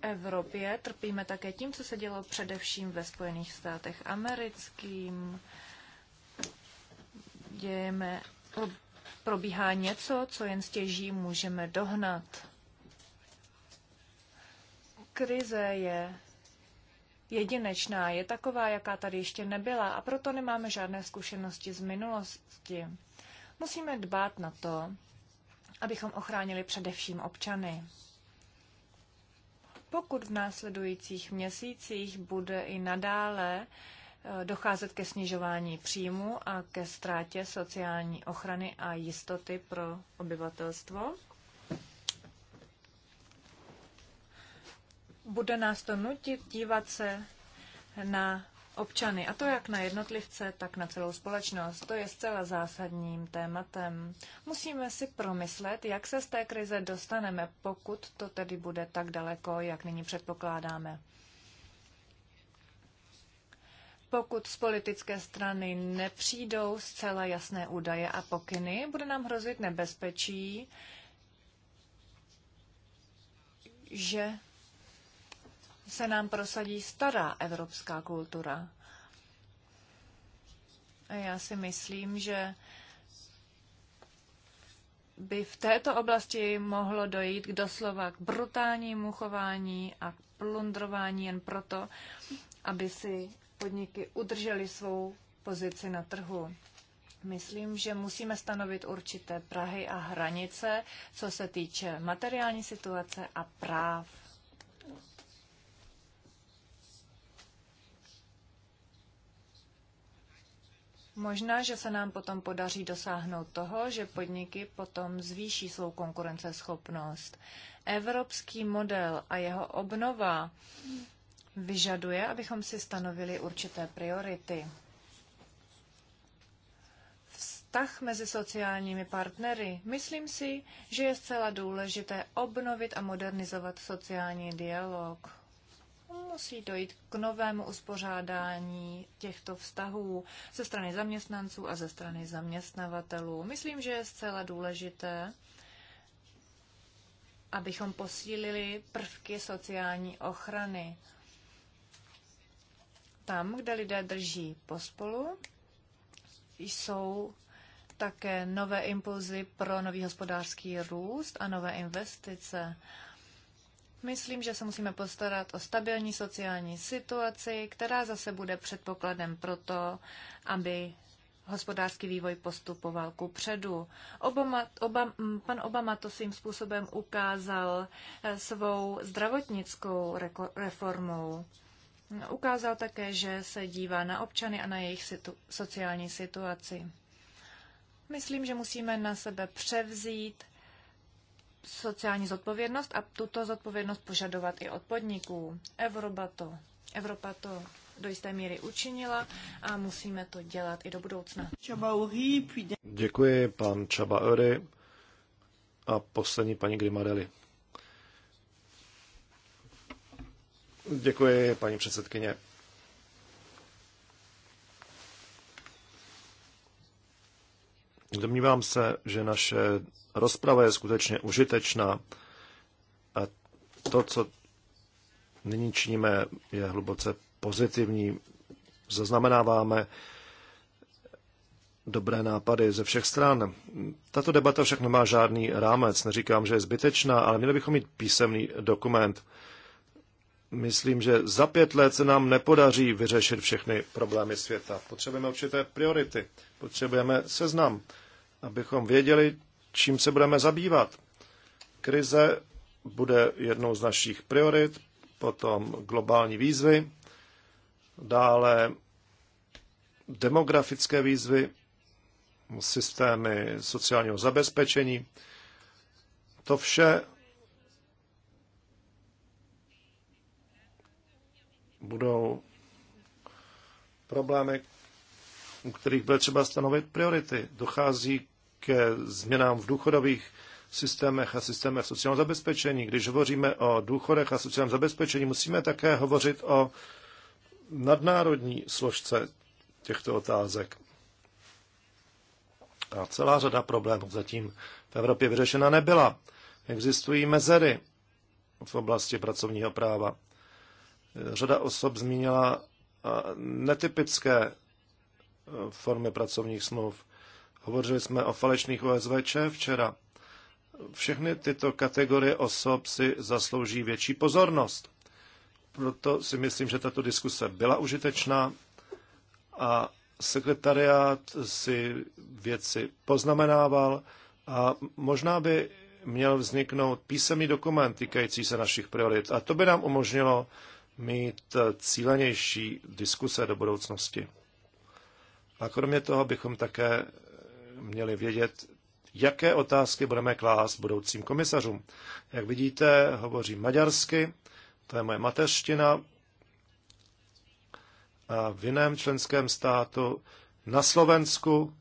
Evropě trpíme také tím, co se dělo především ve Spojených státech americkým. Dějeme, probíhá něco, co jen stěží můžeme dohnat krize je jedinečná, je taková, jaká tady ještě nebyla a proto nemáme žádné zkušenosti z minulosti. Musíme dbát na to, abychom ochránili především občany. Pokud v následujících měsících bude i nadále eh, docházet ke snižování příjmu a ke ztrátě sociální ochrany a jistoty pro obyvatelstvo, bude nás to nutit dívat se na občany, a to jak na jednotlivce, tak na celou společnost. To je zcela zásadním tématem. Musíme si promyslet, jak se z té krize dostaneme, pokud to tedy bude tak daleko, jak nyní předpokládáme. Pokud z politické strany nepřijdou zcela jasné údaje a pokyny, bude nám hrozit nebezpečí, že se nám prosadí stará evropská kultura. A já si myslím, že by v této oblasti mohlo dojít k doslova k brutálnímu chování a k plundrování jen proto, aby si podniky udržely svou pozici na trhu. Myslím, že musíme stanovit určité prahy a hranice, co se týče materiální situace a práv. Možná, že se nám potom podaří dosáhnout toho, že podniky potom zvýší svou konkurenceschopnost. Evropský model a jeho obnova vyžaduje, abychom si stanovili určité priority. Vztah mezi sociálními partnery. Myslím si, že je zcela důležité obnovit a modernizovat sociální dialog musí dojít k novému uspořádání těchto vztahů ze strany zaměstnanců a ze strany zaměstnavatelů. Myslím, že je zcela důležité, abychom posílili prvky sociální ochrany. Tam, kde lidé drží pospolu, jsou také nové impulzy pro nový hospodářský růst a nové investice. Myslím, že se musíme postarat o stabilní sociální situaci, která zase bude předpokladem pro to, aby hospodářský vývoj postupoval ku předu. Obama, oba, pan Obama to svým způsobem ukázal eh, svou zdravotnickou reformou. Ukázal také, že se dívá na občany a na jejich situ- sociální situaci. Myslím, že musíme na sebe převzít sociální zodpovědnost a tuto zodpovědnost požadovat i od podniků. Evropa to, Evropa to do jisté míry učinila a musíme to dělat i do budoucna. Děkuji, pan Ory a poslední paní Grimadeli. Děkuji, paní předsedkyně. Domnívám se, že naše rozprava je skutečně užitečná a to, co nyní činíme, je hluboce pozitivní. Zaznamenáváme dobré nápady ze všech stran. Tato debata však nemá žádný rámec. Neříkám, že je zbytečná, ale měli bychom mít písemný dokument. Myslím, že za pět let se nám nepodaří vyřešit všechny problémy světa. Potřebujeme určité priority, potřebujeme seznam, abychom věděli, čím se budeme zabývat. Krize bude jednou z našich priorit, potom globální výzvy, dále demografické výzvy, systémy sociálního zabezpečení. To vše budou problémy, u kterých bude třeba stanovit priority. Dochází ke změnám v důchodových systémech a systémech sociálního zabezpečení. Když hovoříme o důchodech a sociálním zabezpečení, musíme také hovořit o nadnárodní složce těchto otázek. A celá řada problémů zatím v Evropě vyřešena nebyla. Existují mezery v oblasti pracovního práva. Řada osob zmínila netypické formy pracovních smluv. Hovořili jsme o falešných OSVČ včera. Všechny tyto kategorie osob si zaslouží větší pozornost. Proto si myslím, že tato diskuse byla užitečná a sekretariát si věci poznamenával a možná by měl vzniknout písemný dokument týkající se našich priorit. A to by nám umožnilo mít cílenější diskuse do budoucnosti. A kromě toho bychom také měli vědět, jaké otázky budeme klást budoucím komisařům. Jak vidíte, hovořím maďarsky, to je moje mateřština. A v jiném členském státu, na Slovensku,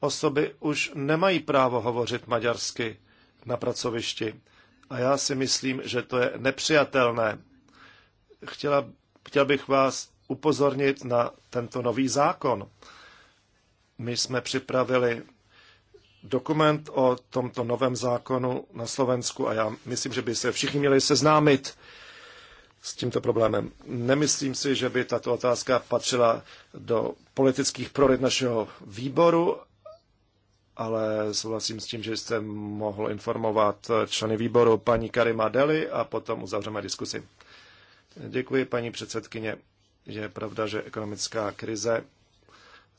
osoby už nemají právo hovořit maďarsky na pracovišti. A já si myslím, že to je nepřijatelné. Chtěla, chtěl bych vás upozornit na tento nový zákon. My jsme připravili dokument o tomto novém zákonu na Slovensku a já myslím, že by se všichni měli seznámit s tímto problémem. Nemyslím si, že by tato otázka patřila do politických prorit našeho výboru, ale souhlasím s tím, že jste mohl informovat členy výboru paní Karima Deli a potom uzavřeme diskusi. Děkuji, paní předsedkyně. Je pravda, že ekonomická krize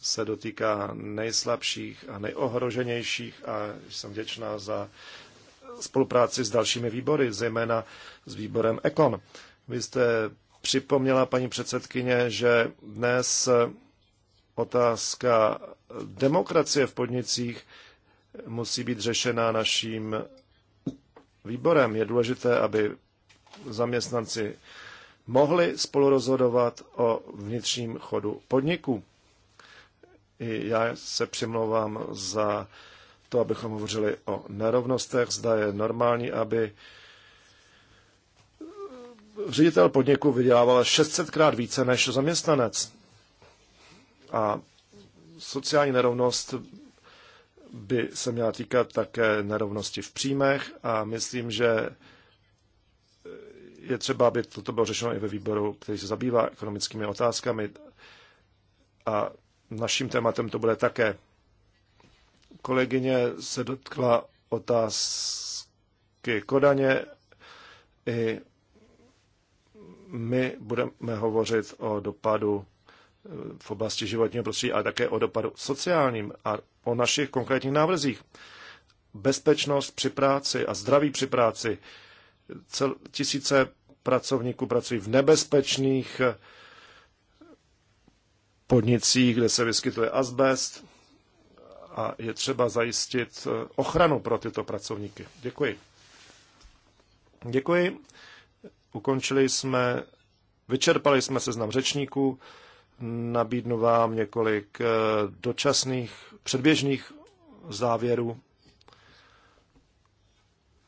se dotýká nejslabších a nejohroženějších a jsem vděčná za spolupráci s dalšími výbory, zejména s výborem Ekon. Vy jste připomněla, paní předsedkyně, že dnes otázka demokracie v podnicích musí být řešena naším výborem. Je důležité, aby zaměstnanci mohli spolurozhodovat o vnitřním chodu podniku. I já se přimlouvám za to, abychom hovořili o nerovnostech. Zda je normální, aby ředitel podniku vydělával 600 krát více než zaměstnanec. A sociální nerovnost by se měla týkat také nerovnosti v příjmech a myslím, že je třeba, aby toto bylo řešeno i ve výboru, který se zabývá ekonomickými otázkami a Naším tématem to bude také. Kolegyně se dotkla otázky Kodaně. I my budeme hovořit o dopadu eh, v oblasti životního prostředí, ale také o dopadu sociálním a o našich konkrétních návrzích. Bezpečnost při práci a zdraví při práci. Cel, tisíce pracovníků pracují v nebezpečných podnicích, kde se vyskytuje asbest a je třeba zajistit eh, ochranu pro tyto pracovníky. Děkuji. Děkuji. Ukončili jsme, vyčerpali jsme seznam řečníků. Nabídnu vám několik eh, dočasných předběžných závěrů.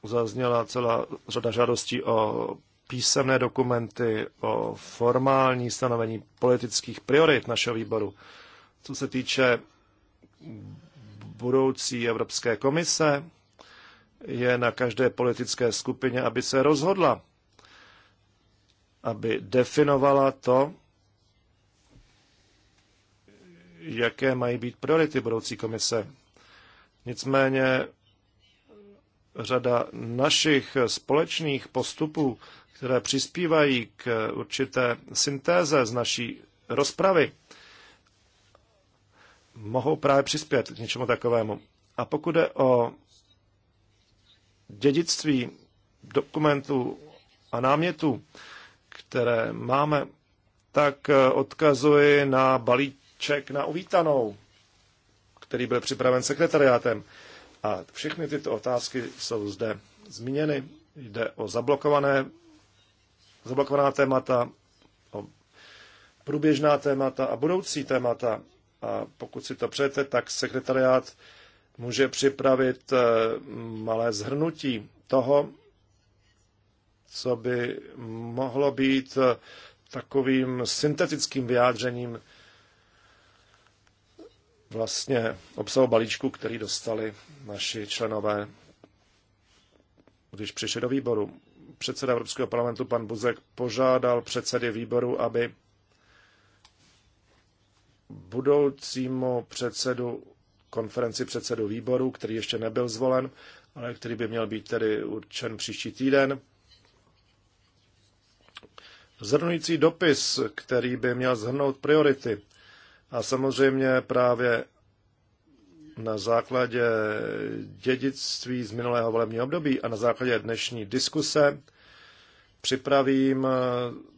Zazněla celá řada žádostí o písemné dokumenty o formální stanovení politických priorit našeho výboru. Co se týče budoucí Evropské komise, je na každé politické skupině, aby se rozhodla, aby definovala to, jaké mají být priority budoucí komise. Nicméně řada našich společných postupů které přispívají k určité syntéze z naší rozpravy, mohou právě přispět k něčemu takovému. A pokud je o dědictví dokumentů a námětů, které máme, tak eh, odkazuji na balíček na uvítanou, který byl připraven sekretariátem. A všechny tyto otázky jsou zde zmíněny. Jde o zablokované zablokovaná témata, o průběžná témata a budoucí témata. A pokud si to přejete, tak sekretariát může připravit eh, malé zhrnutí toho, co by mohlo být eh, takovým syntetickým vyjádřením vlastně obsahu balíčku, který dostali naši členové, když přišli do výboru předseda Evropského parlamentu pan Buzek požádal předsedy výboru, aby budoucímu předsedu konferenci předsedu výboru, který ještě nebyl zvolen, ale který by měl být tedy určen příští týden. Zhrnující dopis, který by měl zhrnout priority. A samozřejmě právě na základě dědictví z minulého volebního období a na základě dnešní diskuse připravím eh,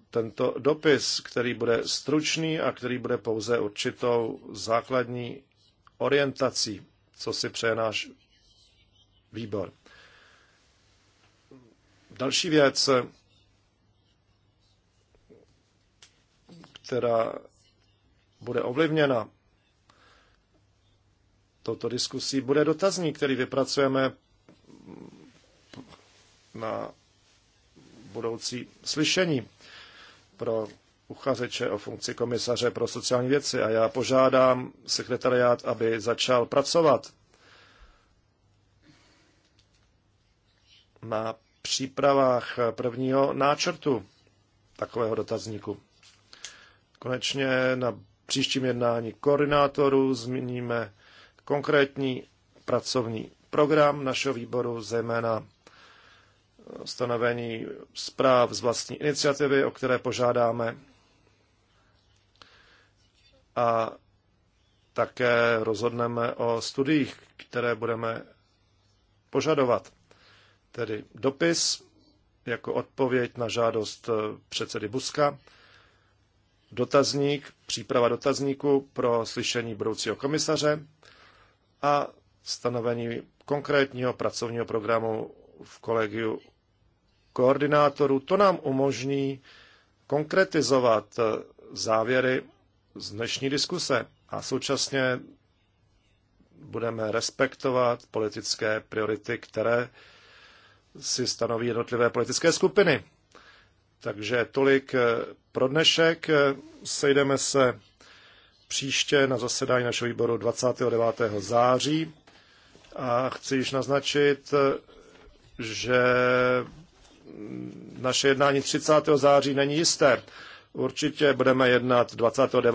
tento dopis, který bude stručný a který bude pouze určitou základní orientací, co si přeje náš výbor. Další věc, která bude ovlivněna touto diskusí bude dotazník, který vypracujeme na budoucí slyšení pro uchazeče o funkci komisaře pro sociální věci a já požádám sekretariát, aby začal pracovat na přípravách prvního náčrtu takového dotazníku. Konečně na příštím jednání koordinátorů zmíníme konkrétní pracovní program našeho výboru, zejména stanovení zpráv z vlastní iniciativy, o které požádáme, a také rozhodneme o studiích, které budeme požadovat. Tedy dopis jako odpověď na žádost předsedy Buska, dotazník, příprava dotazníku pro slyšení budoucího komisaře, a stanovení konkrétního pracovního programu v kolegiu koordinátorů. To nám umožní konkretizovat závěry z dnešní diskuse a současně budeme respektovat politické priority, které si stanoví jednotlivé politické skupiny. Takže tolik pro dnešek. Sejdeme se příště na zasedání našeho výboru 29. září. A chci již naznačit, že naše jednání 30. září není jisté. Určitě budeme jednat 29.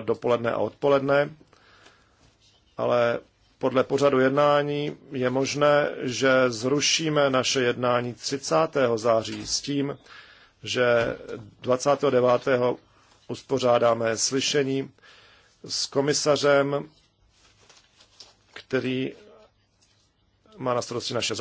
dopoledne a odpoledne, ale podle pořadu jednání je možné, že zrušíme naše jednání 30. září s tím, že 29. uspořádáme slyšení s komisařem, který má na starosti naše